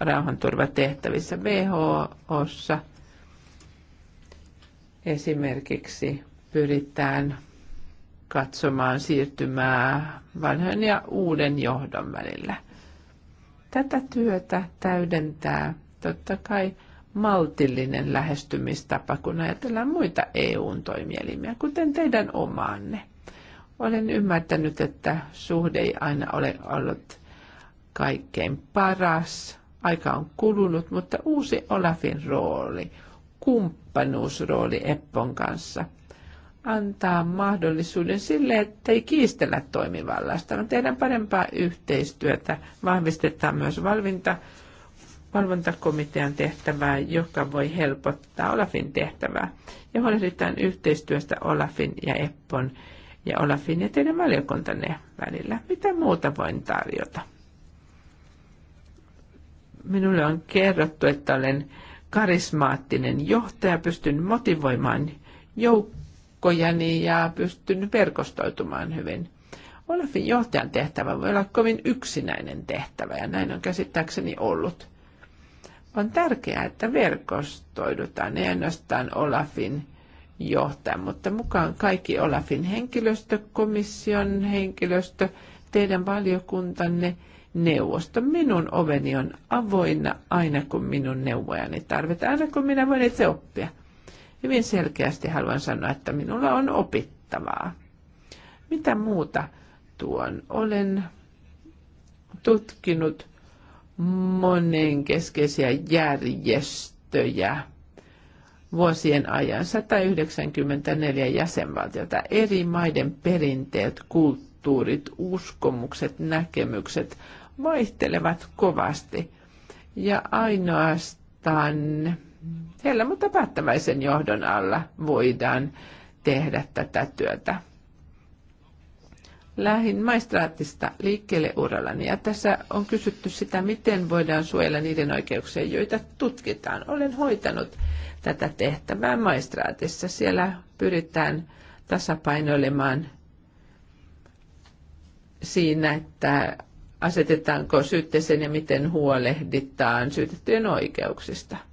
rauhanturvatehtävissä WHOssa. Esimerkiksi pyritään katsomaan siirtymää vanhan ja uuden johdon välillä. Tätä työtä täydentää totta kai maltillinen lähestymistapa, kun ajatellaan muita eu toimielimiä, kuten teidän omaanne. Olen ymmärtänyt, että suhde ei aina ole ollut kaikkein paras. Aika on kulunut, mutta uusi Olafin rooli, kumppanuusrooli Eppon kanssa – antaa mahdollisuuden sille, että ei kiistellä toimivallasta, vaan no, tehdään parempaa yhteistyötä. Vahvistetaan myös valvinta, valvontakomitean tehtävää, joka voi helpottaa Olafin tehtävää. Ja huolehditaan yhteistyöstä Olafin ja Eppon ja Olafin ja teidän valiokuntanne välillä. Mitä muuta voin tarjota? Minulle on kerrottu, että olen karismaattinen johtaja, pystyn motivoimaan joukkoa verkkojani ja pystynyt verkostoitumaan hyvin. Olafin johtajan tehtävä voi olla kovin yksinäinen tehtävä ja näin on käsittääkseni ollut. On tärkeää, että verkostoidutaan, ei ainoastaan Olafin johtaja, mutta mukaan kaikki Olafin henkilöstö, komission henkilöstö, teidän valiokuntanne, neuvosto. Minun oveni on avoinna aina kun minun neuvojani tarvitaan, aina kun minä voin itse oppia hyvin selkeästi haluan sanoa, että minulla on opittavaa. Mitä muuta tuon? Olen tutkinut keskeisiä järjestöjä vuosien ajan 194 jäsenvaltiota, eri maiden perinteet, kulttuurit, uskomukset, näkemykset vaihtelevat kovasti. Ja ainoastaan Heillä, mutta päättäväisen johdon alla voidaan tehdä tätä työtä. Lähin maistraattista liikkeelle urallani ja tässä on kysytty sitä, miten voidaan suojella niiden oikeuksia, joita tutkitaan. Olen hoitanut tätä tehtävää maistraatissa. Siellä pyritään tasapainoilemaan siinä, että asetetaanko syytteeseen ja miten huolehditaan syytettyjen oikeuksista –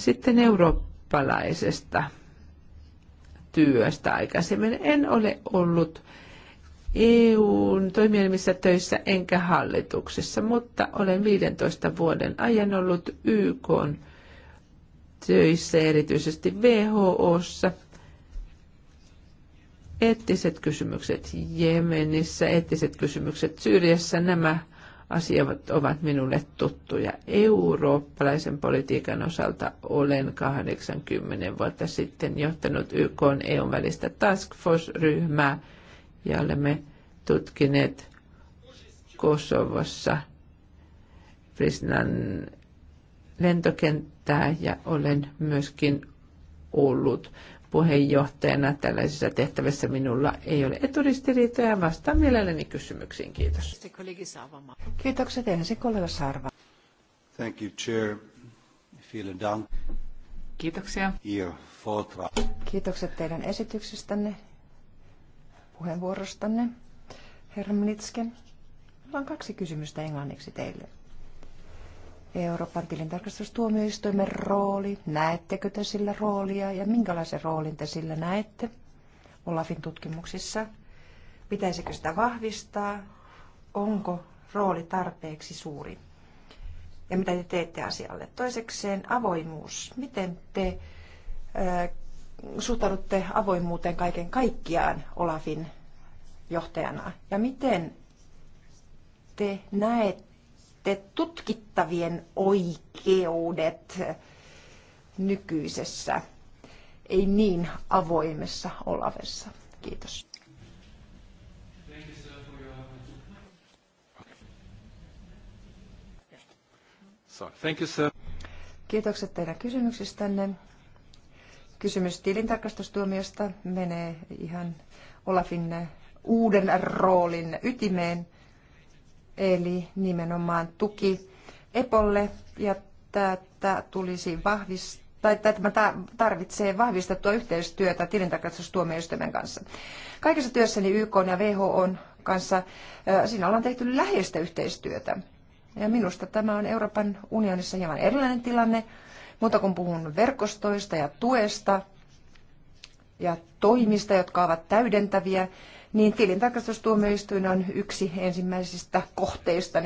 Sitten eurooppalaisesta työstä aikaisemmin. En ole ollut EUn toimielimissä töissä enkä hallituksessa, mutta olen 15 vuoden ajan ollut YK töissä, erityisesti WHOssa. Eettiset kysymykset Jemenissä, eettiset kysymykset Syyriassa, nämä asiat ovat minulle tuttuja. Eurooppalaisen politiikan osalta olen 80 vuotta sitten johtanut YK EUn välistä task force-ryhmää ja olemme tutkineet Kosovossa Prisnan lentokenttää ja olen myöskin ollut puheenjohtajana tällaisissa tehtävissä minulla ei ole eturistiriitoja. Vastaan mielelläni kysymyksiin. Kiitos. Kiitokset ensin kollega Sarva. Thank you, Chair. Vielen Dank. Kiitoksia. Kiitokset teidän esityksestänne, puheenvuorostanne, herra Mnitsken. Minulla on kaksi kysymystä englanniksi teille. Euroopan tilintarkastustuomioistuimen rooli, näettekö te sillä roolia ja minkälaisen roolin te sillä näette Olafin tutkimuksissa? Pitäisikö sitä vahvistaa? Onko rooli tarpeeksi suuri? Ja mitä te teette asialle? Toisekseen avoimuus. Miten te suhtaudutte avoimuuteen kaiken kaikkiaan Olafin johtajana? Ja miten te näette, sitten tutkittavien oikeudet nykyisessä, ei niin avoimessa olavessa? Kiitos. Thank you, sir. Kiitokset teidän kysymyksistänne. Kysymys tilintarkastustuomiosta menee ihan Olafin uuden roolin ytimeen – eli nimenomaan tuki EPOlle ja tätä tulisi vahvistaa tai tämä tarvitsee vahvistettua yhteistyötä tilintarkastustuomioistuimen kanssa. Kaikessa työssäni YK ja WHO kanssa siinä ollaan tehty läheistä yhteistyötä. Ja minusta tämä on Euroopan unionissa hieman erilainen tilanne, mutta kun puhun verkostoista ja tuesta ja toimista, jotka ovat täydentäviä, niin tilintarkastustuomioistuin on yksi ensimmäisistä kohteista.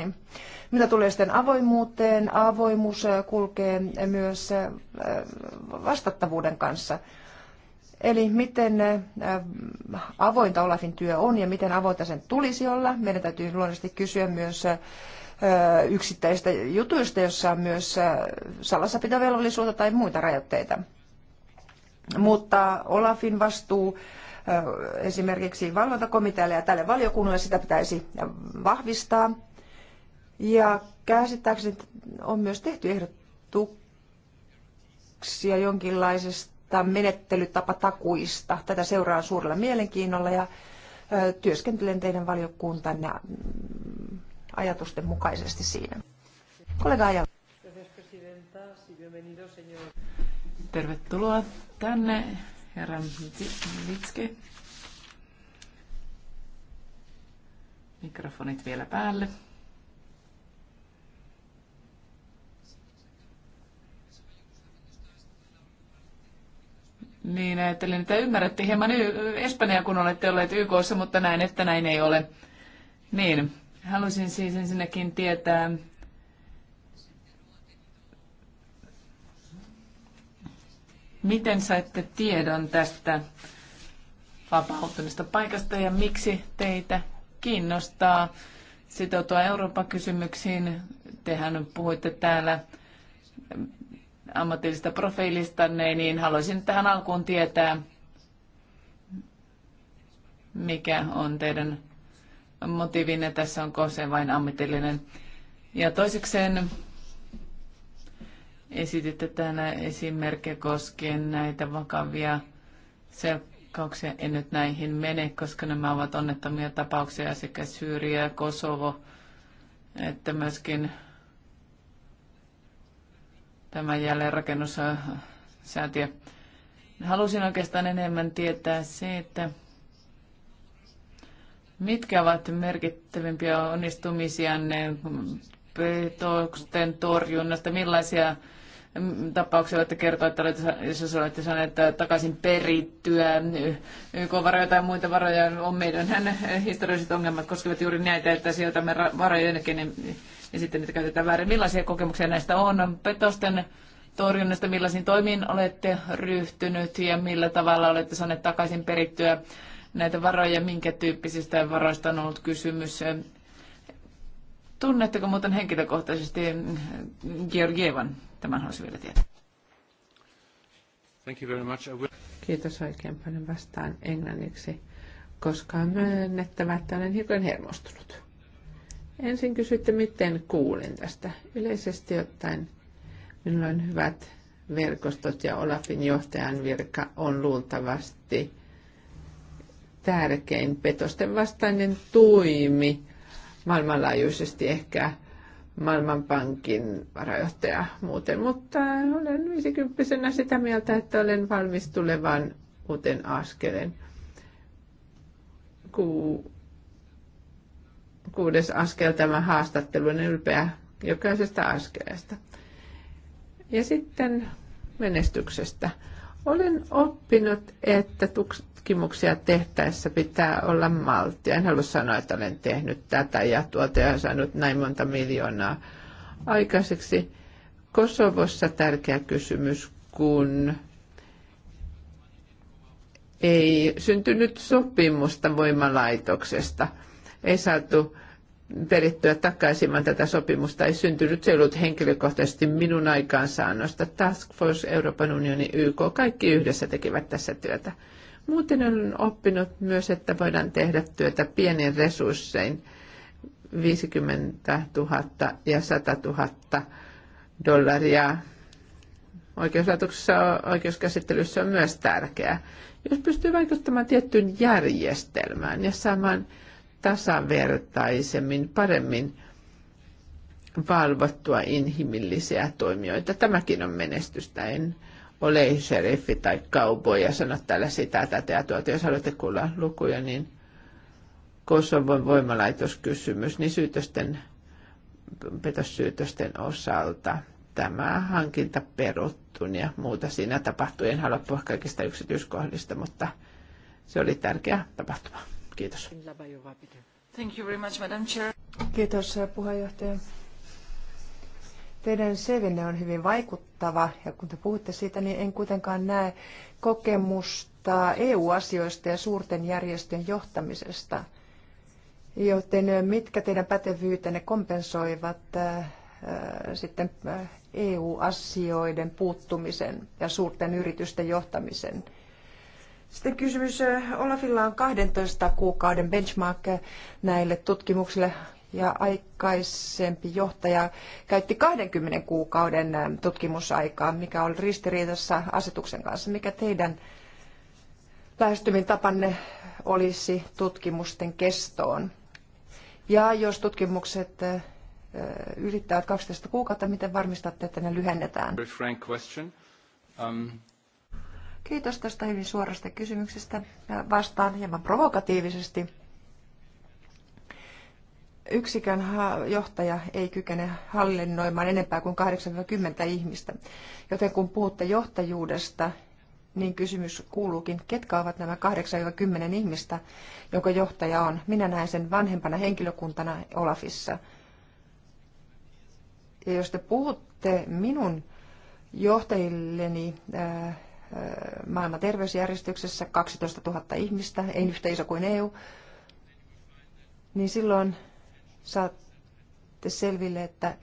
Mitä tulee sitten avoimuuteen, avoimuus äh, kulkee myös äh, vastattavuuden kanssa. Eli miten äh, avointa Olafin työ on ja miten avointa sen tulisi olla. Meidän täytyy luonnollisesti kysyä myös yksittäisistä jutuista, jossa on myös salassapitovelvollisuutta tai muita rajoitteita. Mutta Olafin vastuu esimerkiksi valvontakomitealle ja tälle valiokunnalle. Sitä pitäisi vahvistaa. Ja käsittääkseni on myös tehty ehdotuksia jonkinlaisesta menettelytapatakuista. Tätä seuraan suurella mielenkiinnolla ja työskentelen teidän valiokuntanne mm, ajatusten mukaisesti siinä. Kollega Ajala. Tervetuloa tänne, herra Litske. Mikrofonit vielä päälle. Niin, ajattelin, että ymmärrätte hieman Espanjaa, kun olette olleet YKssa, mutta näin, että näin ei ole. Niin, halusin siis ensinnäkin tietää, Miten saitte tiedon tästä vapautumista paikasta ja miksi teitä kiinnostaa sitoutua Euroopan kysymyksiin? Tehän puhuitte täällä ammatillista profiilistanne, niin haluaisin tähän alkuun tietää, mikä on teidän motiivinne tässä, onko se vain ammatillinen. Ja toisekseen esititte täällä esimerkkejä koskien näitä vakavia selkkauksia. En nyt näihin mene, koska nämä ovat onnettomia tapauksia sekä Syyriä ja Kosovo, että myöskin tämä jälleenrakennussäätiö. Halusin oikeastaan enemmän tietää se, että mitkä ovat merkittävimpiä onnistumisianne petosten torjunnasta, millaisia tapauksella, että kertoo, että olette, jos olette saaneet äh, takaisin perittyä YK-varoja tai muita varoja, on meidän hän historialliset ongelmat koskevat juuri näitä, että sijoitamme varoja jonnekin ja niin, niin sitten niitä käytetään väärin. Millaisia kokemuksia näistä on? Petosten torjunnasta, millaisiin toimiin olette ryhtynyt ja millä tavalla olette saaneet takaisin perittyä näitä varoja, minkä tyyppisistä varoista on ollut kysymys. Tunnetteko muuten henkilökohtaisesti Georgievan? Tämän haluaisin vielä tietää. Thank you very much. I will... Kiitos oikein paljon vastaan englanniksi, koska on myönnettävä, että olen hiukan hermostunut. Ensin kysytte, miten kuulin tästä. Yleisesti ottaen minulla on hyvät verkostot ja Olafin johtajan virka on luultavasti tärkein petosten vastainen tuimi maailmanlaajuisesti ehkä Maailmanpankin varajohtaja muuten, mutta olen 50 sitä mieltä, että olen valmis tulevan uuden askeleen. Ku, kuudes askel tämä haastattelu, on niin ylpeä jokaisesta askeleesta. Ja sitten menestyksestä. Olen oppinut, että tutkimuksia tehtäessä pitää olla maltia. En halua sanoa, että olen tehnyt tätä ja tuota ja saanut näin monta miljoonaa aikaiseksi. Kosovossa tärkeä kysymys, kun ei syntynyt sopimusta voimalaitoksesta. Ei saatu perittyä takaisin, tätä sopimusta ei syntynyt. Se ei ollut henkilökohtaisesti minun aikaansaannosta. Task Force, Euroopan unioni, YK, kaikki yhdessä tekivät tässä työtä. Muuten olen oppinut myös, että voidaan tehdä työtä pienin resurssein. 50 000 ja 100 000 dollaria oikeuslaitoksessa, oikeuskäsittelyssä on myös tärkeää. Jos pystyy vaikuttamaan tiettyyn järjestelmään ja saamaan tasavertaisemmin, paremmin valvottua inhimillisiä toimijoita. Tämäkin on menestystä. En ole sheriffi tai cowboy ja sano täällä sitä, tätä ja tuota. Jos haluatte kuulla lukuja, niin Kosovon voimalaitoskysymys, niin syytösten, petossyytösten osalta tämä hankinta peruttu ja muuta siinä tapahtui. En halua puhua kaikista yksityiskohdista, mutta se oli tärkeä tapahtuma. Kiitos. Kiitos äh, puheenjohtaja. Teidän CVnne on hyvin vaikuttava ja kun te puhutte siitä, niin en kuitenkaan näe kokemusta EU-asioista ja suurten järjestöjen johtamisesta. Joten äh, mitkä teidän pätevyytenne kompensoivat äh, äh sitten EU-asioiden puuttumisen ja suurten yritysten johtamisen? Sitten kysymys. Eh, Olafilla on 12 kuukauden benchmark näille tutkimuksille ja aikaisempi johtaja käytti 20 kuukauden eh, tutkimusaikaa, mikä oli ristiriidassa asetuksen kanssa. Mikä teidän lähestymintapanne olisi tutkimusten kestoon? Ja jos tutkimukset eh, ylittävät 12 kuukautta, miten varmistatte, että ne lyhennetään? Very frank question. Um, Kiitos tästä hyvin suorasta kysymyksestä. Vastaan hieman provokatiivisesti. Yksikön johtaja ei kykene hallinnoimaan enempää kuin 80 ihmistä. Joten kun puhutte johtajuudesta, niin kysymys kuuluukin, ketkä ovat nämä 80 ihmistä, jonka johtaja on. Minä näen sen vanhempana henkilökuntana Olafissa. Ja jos te puhutte minun johtajilleni, äh, maailman terveysjärjestyksessä 12 000 ihmistä, ei yhtä iso kuin EU, niin silloin saatte selville, että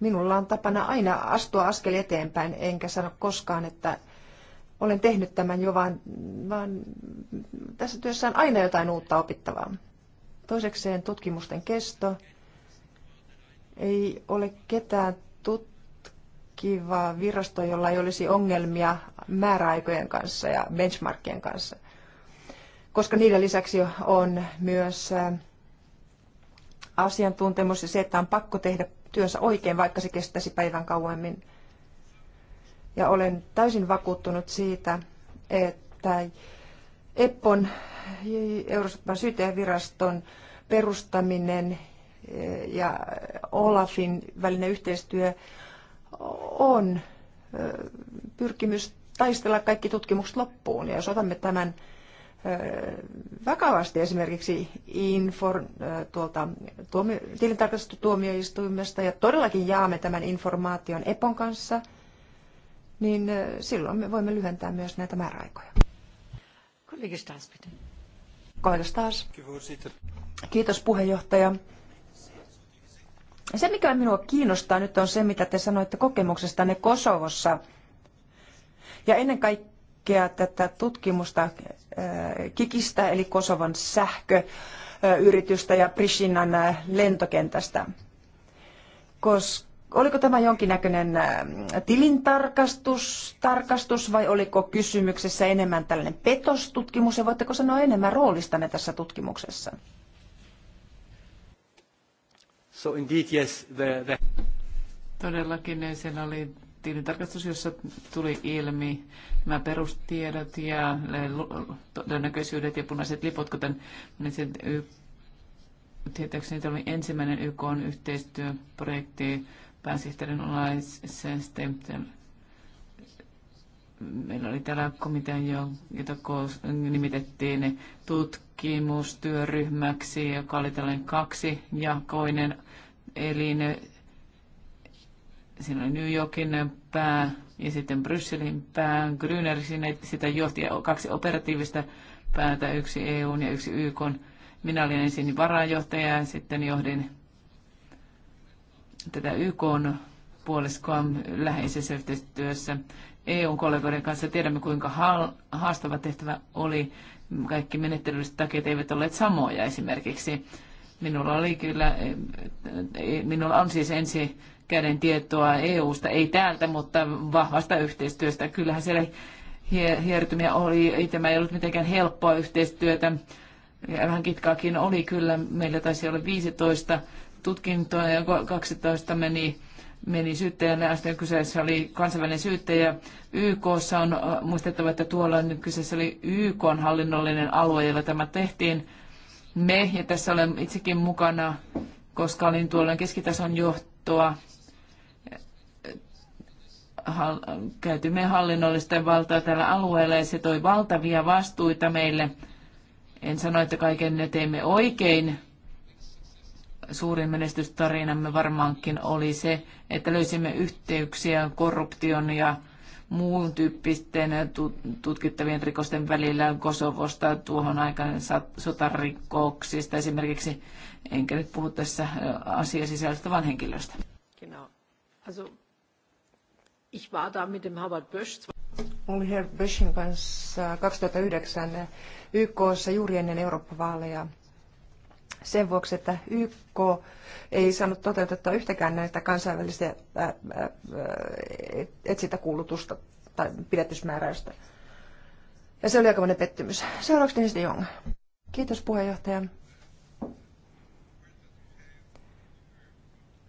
minulla on tapana aina astua askel eteenpäin, enkä sano koskaan, että olen tehnyt tämän jo, vaan, vaan tässä työssä on aina jotain uutta opittavaa. Toisekseen tutkimusten kesto. Ei ole ketään tutkivaa virastoa, jolla ei olisi ongelmia määräaikojen kanssa ja benchmarkien kanssa. Koska niiden lisäksi on myös asiantuntemus ja se, että on pakko tehdä työnsä oikein, vaikka se kestäisi päivän kauemmin. Ja olen täysin vakuuttunut siitä, että EPPON, Euroopan syyteviraston perustaminen ja Olafin välinen yhteistyö on pyrkimys taistella kaikki tutkimukset loppuun. Ja jos otamme tämän vakavasti esimerkiksi infor, tuolta, tuomio, tilintarkastustuomioistuimesta ja todellakin jaamme tämän informaation EPON kanssa, niin silloin me voimme lyhentää myös näitä määräaikoja. Kollega Stas, Kiitos puheenjohtaja. Se, mikä minua kiinnostaa nyt, on se, mitä te sanoitte kokemuksestanne Kosovossa – ja ennen kaikkea tätä tutkimusta äh, Kikistä eli Kosovon sähköyritystä ja Prishinan äh, lentokentästä. Koska oliko tämä jonkinnäköinen äh, tilintarkastus tarkastus, vai oliko kysymyksessä enemmän tällainen petostutkimus ja voitteko sanoa enemmän roolistanne tässä tutkimuksessa? So indeed, yes, the, the... Todellakin niin siellä oli tilintarkastus, jossa tuli ilmi nämä perustiedot ja todennäköisyydet ja punaiset liput, kuten tietääkseni tämä oli ensimmäinen YK on yhteistyöprojekti pääsihteerin alaisesti. Meillä oli täällä komitea, jota nimitettiin tutkimustyöryhmäksi, joka oli tällainen kaksi koinen elin siinä oli New Yorkin pää ja sitten Brysselin pää. Grüner sinne sitä johti kaksi operatiivista päätä, yksi EUn ja yksi YKn. Minä olin ensin varajohtaja ja sitten johdin tätä YKn puoliskoa läheisessä yhteistyössä EU-kollegoiden kanssa. Tiedämme, kuinka haastava tehtävä oli. Kaikki menettelylliset takia eivät olleet samoja esimerkiksi. Minulla oli kyllä, eh, eh, minulla on siis ensi käden tietoa EU-sta, ei täältä, mutta vahvasta yhteistyöstä. Kyllähän siellä hiertymiä oli, ei tämä ei ollut mitenkään helppoa yhteistyötä. Vähän kitkaakin oli kyllä, meillä taisi olla 15 tutkintoa ja 12 meni meni syyttäjänä, äsken kyseessä oli kansainvälinen syyttäjä. YKssa on muistettava, että tuolla nyt kyseessä oli YK hallinnollinen alue, jolla tämä tehtiin. Me, ja tässä olen itsekin mukana, koska olin tuolloin keskitason johtoa käytimme hallinnollista valtaa tällä alueella ja se toi valtavia vastuita meille. En sano, että kaiken ne teimme oikein. Suurin menestystarinamme varmaankin oli se, että löysimme yhteyksiä korruption ja muun tyyppisten tutkittavien rikosten välillä Kosovosta tuohon aikaan sotarikoksista esimerkiksi. Enkä nyt puhu tässä asiasisällöstä, vaan henkilöstä. Genau. Also Ich war da mit dem Olin Herr Böschin kanssa 2009 YKssa juuri ennen Eurooppa-vaaleja sen vuoksi, että YK ei saanut toteutettua yhtäkään näitä kansainvälisiä etsintäkuulutusta tai pidätysmääräystä. Ja se oli aikamoinen pettymys. Seuraavaksi Dennis de Jong. Kiitos puheenjohtaja.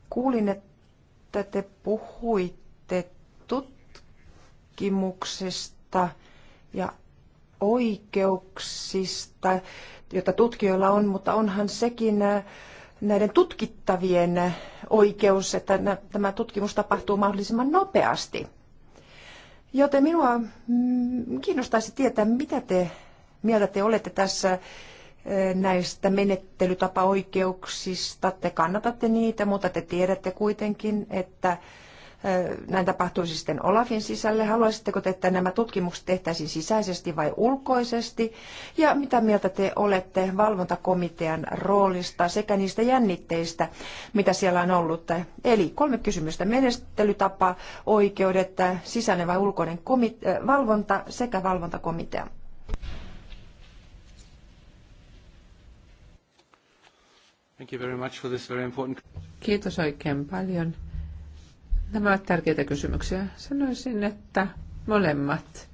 Kuulin, että te puhuitte tutkimuksesta ja oikeuksista, joita tutkijoilla on, mutta onhan sekin äh, näiden tutkittavien oikeus, että tämä tutkimus tapahtuu mahdollisimman nopeasti. Joten minua mm, kiinnostaisi tietää, mitä te mieltä te olette tässä äh, näistä menettelytapaoikeuksista. Te kannatatte niitä, mutta te tiedätte kuitenkin, että näin tapahtuisi siis sitten Olafin sisälle. Haluaisitteko te, että nämä tutkimukset tehtäisiin sisäisesti vai ulkoisesti? Ja mitä mieltä te olette valvontakomitean roolista sekä niistä jännitteistä, mitä siellä on ollut? Eli kolme kysymystä. Menestelytapa, oikeudet, sisäinen vai ulkoinen komite- valvonta sekä valvontakomitea. Kiitos oikein paljon Nämä ovat tärkeitä kysymyksiä. Sanoisin, että molemmat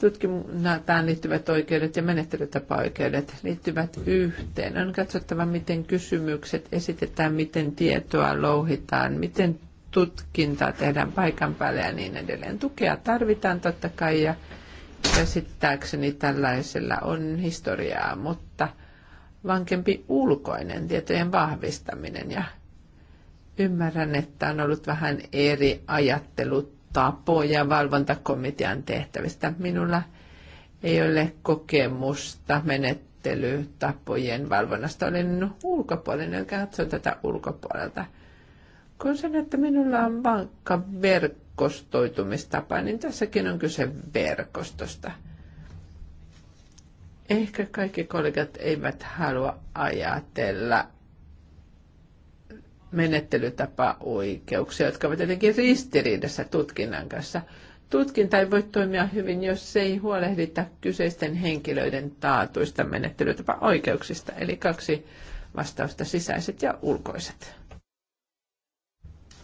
tutkimukseen liittyvät oikeudet ja menettelytapaoikeudet liittyvät yhteen. On katsottava, miten kysymykset esitetään, miten tietoa louhitaan, miten tutkintaa tehdään paikan päällä ja niin edelleen. Tukea tarvitaan totta kai ja käsittääkseni tällaisella on historiaa, mutta vankempi ulkoinen tietojen vahvistaminen ja Ymmärrän, että on ollut vähän eri ajattelutapoja valvontakomitean tehtävistä. Minulla ei ole kokemusta menettelytapojen valvonnasta. Olen ulkopuolinen, joka katsoo tätä ulkopuolelta. Kun sanon, että minulla on vankka verkostoitumistapa, niin tässäkin on kyse verkostosta. Ehkä kaikki kollegat eivät halua ajatella menettelytapaoikeuksia, jotka ovat jotenkin ristiriidassa tutkinnan kanssa. Tutkinta ei voi toimia hyvin, jos se ei huolehdita kyseisten henkilöiden taatuista menettelytapaoikeuksista. Eli kaksi vastausta, sisäiset ja ulkoiset.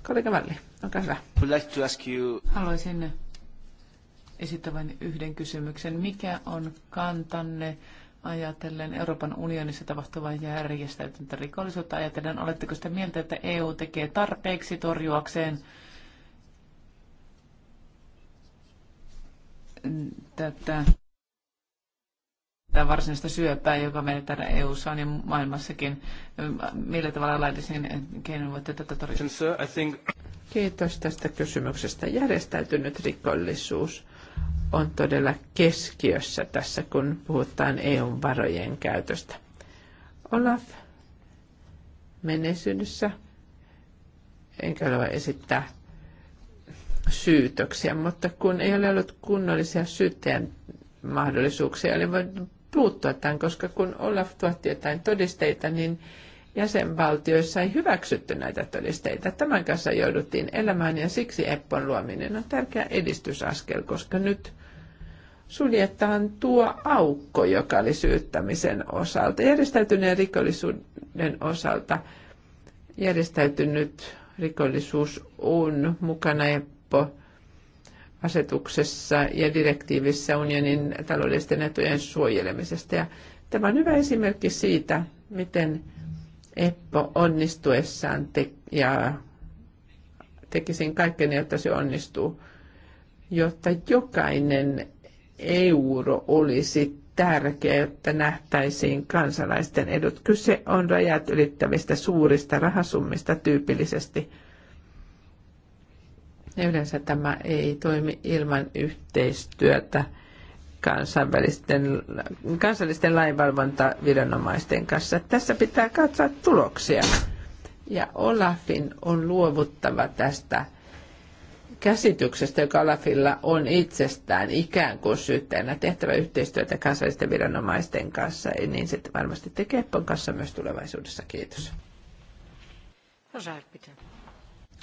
Kollega Valli, olkaa hyvä. Haluaisin esittävän yhden kysymyksen. Mikä on kantanne ajatellen Euroopan unionissa tapahtuvaa järjestäytyntä rikollisuutta ajatellen, oletteko sitä mieltä, että EU tekee tarpeeksi torjuakseen tätä, tätä varsinaista syöpää, joka meillä täällä eu on ja maailmassakin. Millä tavalla laillisin keinoin voitte tätä torjua? Kiitos tästä kysymyksestä. Järjestäytynyt rikollisuus on todella keskiössä tässä, kun puhutaan EUn varojen käytöstä. Olaf menneisyydessä, enkä halua esittää syytöksiä, mutta kun ei ole ollut kunnollisia syyttäjän mahdollisuuksia, eli voi puuttua tämän, koska kun Olaf tuotti jotain todisteita, niin jäsenvaltioissa ei hyväksytty näitä todisteita. Tämän kanssa jouduttiin elämään ja siksi Eppon luominen on tärkeä edistysaskel, koska nyt suljetaan tuo aukko, joka oli syyttämisen osalta, järjestäytyneen rikollisuuden osalta. Järjestäytynyt rikollisuus on mukana EPPO asetuksessa ja direktiivissä unionin taloudellisten etujen suojelemisesta. Ja tämä on hyvä esimerkki siitä, miten EPPO onnistuessaan te- ja tekisin kaiken, jotta se onnistuu, jotta jokainen euro olisi tärkeä, että nähtäisiin kansalaisten edut. Kyse on rajat ylittävistä suurista rahasummista tyypillisesti. Yleensä tämä ei toimi ilman yhteistyötä kansainvälisten, kansallisten lainvalvontaviranomaisten kanssa. Tässä pitää katsoa tuloksia. Ja Olafin on luovuttava tästä käsityksestä, joka Olafilla on itsestään ikään kuin syyttäjänä tehtävä yhteistyötä kansallisten viranomaisten kanssa, niin sitten varmasti tekee Eppon kanssa myös tulevaisuudessa. Kiitos.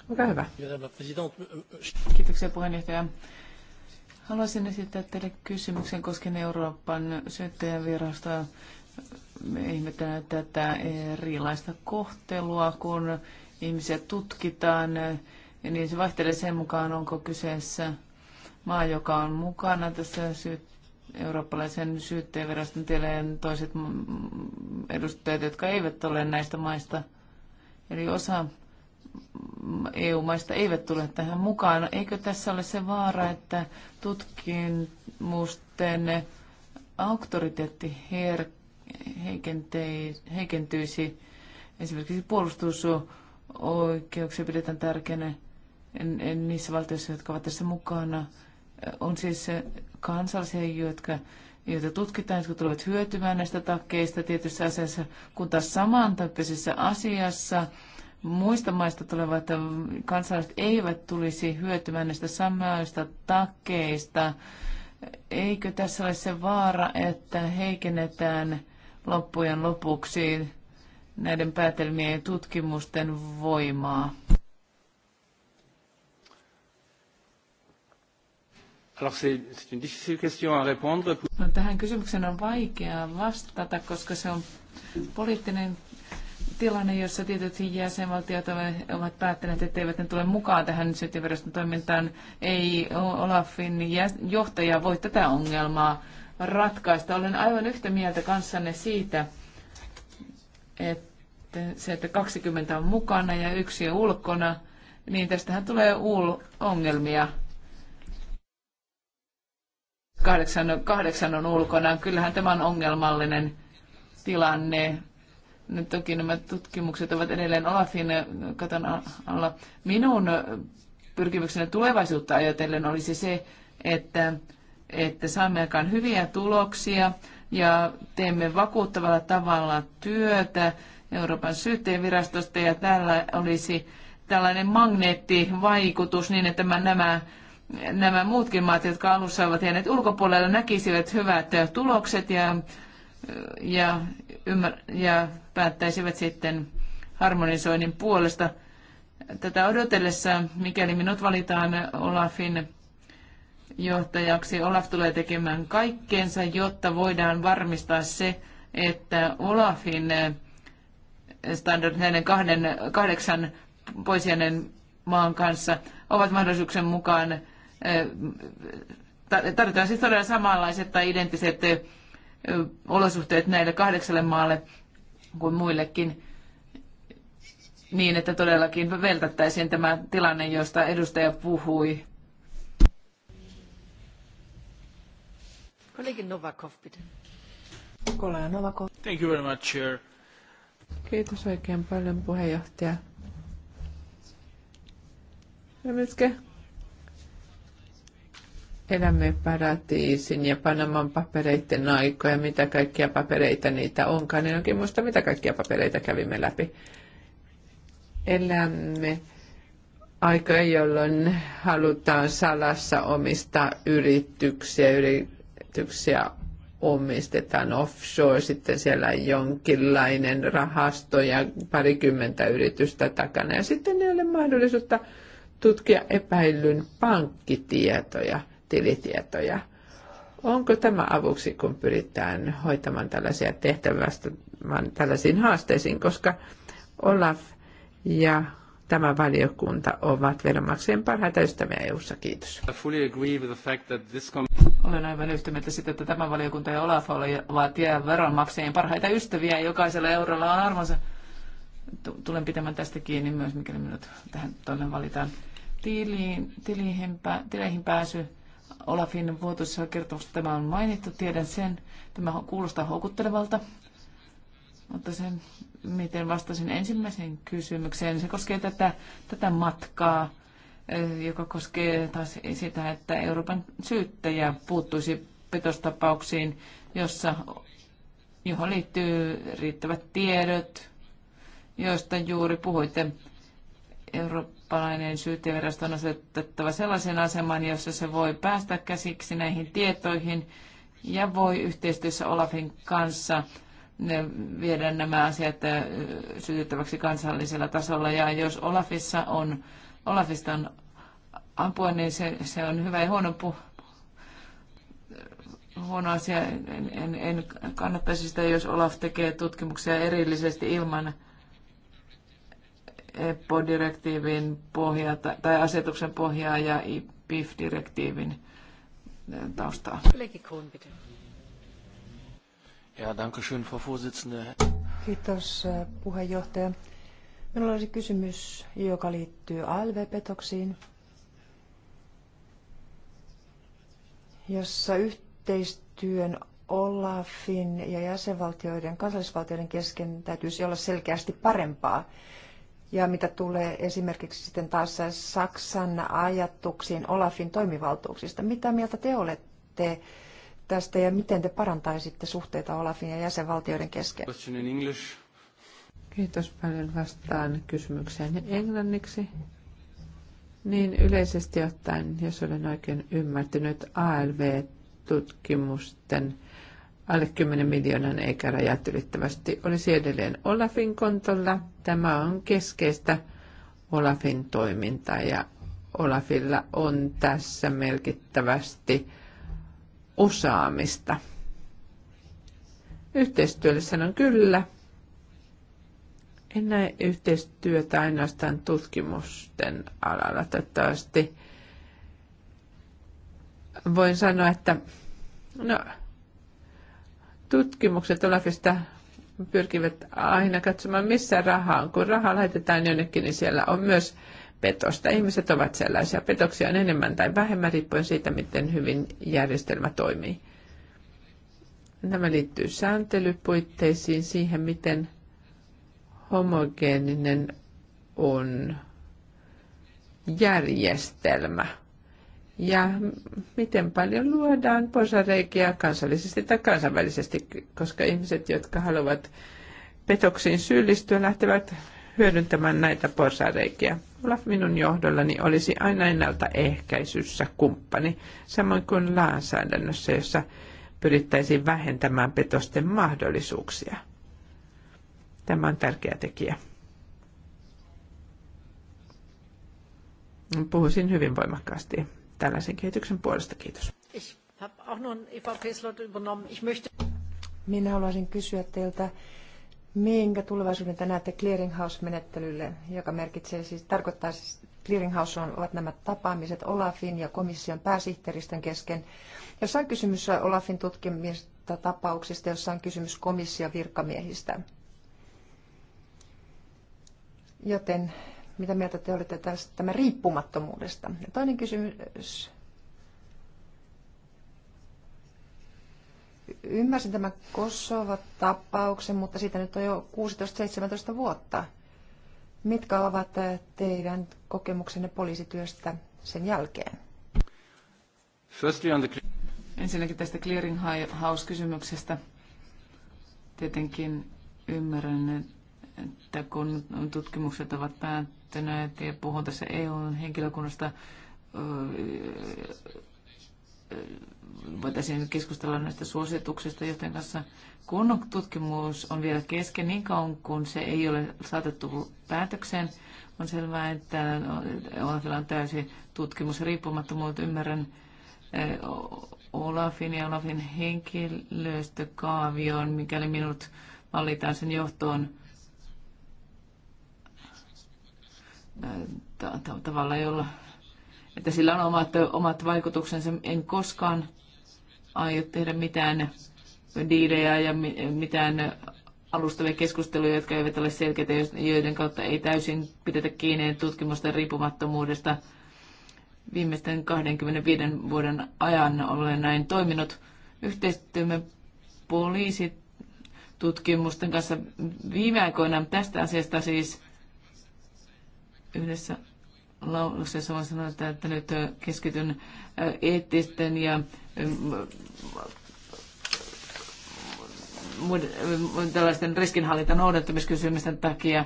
Olkaa hyvä. Kiitoksia puheenjohtaja. Haluaisin esittää teille kysymyksen koskien Euroopan syyttäjän virastoa. Me tätä erilaista kohtelua, kun ihmisiä tutkitaan ja niin se vaihtelee sen mukaan, onko kyseessä maa, joka on mukana tässä syyt, eurooppalaisen syyttäjäviraston tieleen toiset edustajat, jotka eivät ole näistä maista. Eli osa EU-maista eivät tule tähän mukaan. Eikö tässä ole se vaara, että tutkimusten auktoriteetti heikentyisi? Esimerkiksi puolustusoikeuksia pidetään tärkeänä niissä valtioissa, jotka ovat tässä mukana. On siis kansallisia, jotka, joita tutkitaan, jotka tulevat hyötymään näistä takkeista tietyssä asiassa, kun taas samantyyppisessä asiassa muista maista tulevat kansalaiset eivät tulisi hyötymään näistä samoista takkeista. Eikö tässä ole se vaara, että heikennetään loppujen lopuksi näiden päätelmien ja tutkimusten voimaa? No, tähän kysymykseen on vaikea vastata, koska se on poliittinen tilanne, jossa tietyt jäsenvaltiot ovat päättäneet, että eivät ne tule mukaan tähän syyttäjäviraston toimintaan. Ei Olafin johtaja voi tätä ongelmaa ratkaista. Olen aivan yhtä mieltä kanssanne siitä, että se, että 20 on mukana ja yksi on ulkona, niin tästähän tulee ongelmia kahdeksan, kahdeksan on ulkona. Kyllähän tämä on ongelmallinen tilanne. Nyt toki nämä tutkimukset ovat edelleen Olafin katon alla. Minun pyrkimykseni tulevaisuutta ajatellen olisi se, että, että saamme aikaan hyviä tuloksia ja teemme vakuuttavalla tavalla työtä Euroopan syyttäjävirastosta ja tällä olisi tällainen magneettivaikutus niin, että nämä nämä muutkin maat, jotka alussa ovat jääneet ulkopuolella, näkisivät hyvät tulokset ja, ja, ymmär- ja päättäisivät sitten harmonisoinnin puolesta. Tätä odotellessa, mikäli minut valitaan Olafin johtajaksi, Olaf tulee tekemään kaikkeensa, jotta voidaan varmistaa se, että Olafin eh, standard näiden kahden, kahdeksan poisjääneen maan kanssa ovat mahdollisuuksien mukaan tarvitaan siis todella samanlaiset tai identtiset olosuhteet näille kahdeksalle maalle kuin muillekin niin, että todellakin veltättäisiin tämä tilanne, josta edustaja puhui. Kollegin Novakov, bitte. Kollega Novakov. Thank you very much, Chair. Kiitos oikein paljon puheenjohtaja. Nytke elämme paratiisin ja Panaman papereiden aikoja, mitä kaikkia papereita niitä onkaan. En niin oikein muista, mitä kaikkia papereita kävimme läpi. Elämme aikoja, jolloin halutaan salassa omistaa yrityksiä, yrityksiä omistetaan offshore, sitten siellä on jonkinlainen rahasto ja parikymmentä yritystä takana. Ja sitten ei ole mahdollisuutta tutkia epäillyn pankkitietoja – tilitietoja. Onko tämä avuksi, kun pyritään hoitamaan tällaisia tehtävästä, tällaisiin haasteisiin, koska Olaf ja tämä valiokunta ovat veronmaksajien parhaita ystäviä EU-ssa. Kiitos. Olen aivan yhtä mieltä siitä, että tämä valiokunta ja Olaf ovat veronmaksajien parhaita ystäviä. Jokaisella eurolla on arvonsa. Tulen pitämään tästä kiinni myös, mikäli minut tähän toinen valitaan. Tiliin, tiliin, tileihin pääsy Olafin vuotuisessa kertomuksessa tämä on mainittu, tiedän sen. Tämä kuulostaa houkuttelevalta, mutta sen, miten vastasin ensimmäiseen kysymykseen, se koskee tätä, tätä matkaa, e, joka koskee taas sitä, että Euroopan syyttäjä puuttuisi petostapauksiin, jossa, johon liittyy riittävät tiedot, joista juuri puhuitte. Euroopan eurooppalainen syyttäjävirasto on asetettava sellaisen aseman, jossa se voi päästä käsiksi näihin tietoihin ja voi yhteistyössä Olafin kanssa viedä nämä asiat äh, syytettäväksi kansallisella tasolla. Ja jos Olafissa on, Olafista on apua, niin se, se on hyvä ja huono pu, huono asia. En, en, en kannattaisi sitä, jos Olaf tekee tutkimuksia erillisesti ilman EPPO-direktiivin pohjalta tai asetuksen pohjaa ja pif direktiivin taustaa. Ja, Kiitos puheenjohtaja. Minulla olisi kysymys, joka liittyy ALV-petoksiin, jossa yhteistyön Olafin ja jäsenvaltioiden, kansallisvaltioiden kesken täytyisi olla selkeästi parempaa. Ja mitä tulee esimerkiksi sitten taas Saksan ajatuksiin Olafin toimivaltuuksista, mitä mieltä te olette tästä ja miten te parantaisitte suhteita Olafin ja jäsenvaltioiden kesken? Kiitos paljon vastaan kysymykseen englanniksi. Niin yleisesti ottaen, jos olen oikein ymmärtänyt, ALV-tutkimusten alle 10 miljoonan eikä rajat ylittävästi olisi edelleen Olafin kontolla. Tämä on keskeistä Olafin toimintaa ja Olafilla on tässä merkittävästi osaamista. Yhteistyölle sanon kyllä. En näe yhteistyötä ainoastaan tutkimusten alalla. Toivottavasti voin sanoa, että no, tutkimukset Olafista pyrkivät aina katsomaan, missä raha on. Kun rahaa lähetetään jonnekin, niin siellä on myös petosta. Ihmiset ovat sellaisia. Petoksia on enemmän tai vähemmän riippuen siitä, miten hyvin järjestelmä toimii. Nämä liittyy sääntelypuitteisiin, siihen, miten homogeeninen on järjestelmä – ja miten paljon luodaan porsareikiä kansallisesti tai kansainvälisesti, koska ihmiset, jotka haluavat petoksiin syyllistyä, lähtevät hyödyntämään näitä porsareikiä. Olaf minun johdollani olisi aina ennaltaehkäisyssä kumppani, samoin kuin lainsäädännössä, jossa pyrittäisiin vähentämään petosten mahdollisuuksia. Tämä on tärkeä tekijä. Puhuisin hyvin voimakkaasti tällaisen kehityksen puolesta. Kiitos. E Minä haluaisin kysyä teiltä, minkä tulevaisuuden te näette clearinghouse-menettelylle, joka merkitsee siis, tarkoittaa siis clearinghouse on, ovat nämä tapaamiset Olafin ja komission pääsihteeristön kesken, jossa on kysymys Olafin tutkimista tapauksista, jossa on kysymys komission virkamiehistä. Joten mitä mieltä te olette tästä tämä riippumattomuudesta? Ja toinen kysymys. Ymmärsin tämän Kosova-tapauksen, mutta siitä nyt on jo 16-17 vuotta. Mitkä ovat teidän kokemuksenne poliisityöstä sen jälkeen? Ensinnäkin tästä house kysymyksestä Tietenkin ymmärrän, että kun tutkimukset ovat päättyneet ja puhun tässä EU-henkilökunnasta, voitaisiin keskustella näistä suosituksista, joten kanssa kun tutkimus on vielä kesken niin kauan, kun se ei ole saatettu päätökseen, on selvää, että Olafilla on tutkimus tutkimusriippumattomuutta. Ymmärrän Olafin ja Olafin henkilöstökaavion, mikäli minut valitaan sen johtoon tavalla, jolla, että sillä on omat, omat vaikutuksensa. En koskaan aio tehdä mitään diidejä ja mitään alustavia keskusteluja, jotka eivät ole selkeitä, joiden kautta ei täysin pidetä kiinni tutkimusten riippumattomuudesta. Viimeisten 25 vuoden ajan olen näin toiminut. Yhteistyömme poliisitutkimusten kanssa viime aikoina tästä asiasta siis Yhdessä lauluksessa voin sanoa, että nyt keskityn eettisten ja tällaisten riskinhallinta noudattamiskysymysten takia.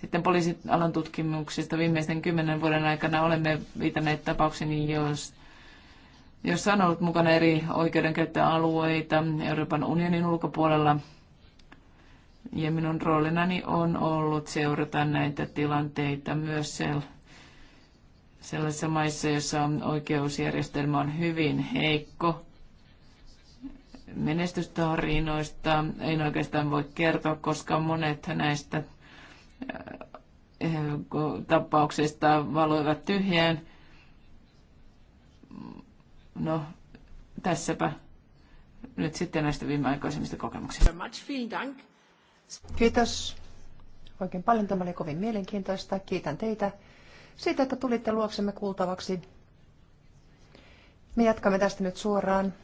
Sitten poliisialan tutkimuksista viimeisten kymmenen vuoden aikana olemme viitanneet tapauksiin, jos, jos on ollut mukana eri oikeudenkäyttöalueita Euroopan unionin ulkopuolella – ja minun roolinani on ollut seurata näitä tilanteita myös sel- sellaisissa maissa, joissa on oikeusjärjestelmä on hyvin heikko. Menestystarinoista en oikeastaan voi kertoa, koska monet näistä äh, tapauksista valoivat tyhjään. No, tässäpä nyt sitten näistä viimeaikaisemmista kokemuksista. Much, vielen Dank. Kiitos oikein paljon. Tämä oli kovin mielenkiintoista. Kiitän teitä siitä, että tulitte luoksemme kuultavaksi. Me jatkamme tästä nyt suoraan.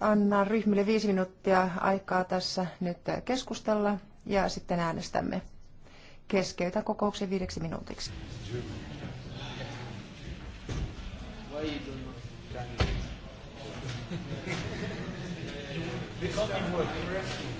Annan ryhmille viisi minuuttia aikaa tässä nyt keskustella ja sitten äänestämme. Keskeytä kokouksen viideksi minuutiksi. Becoming work.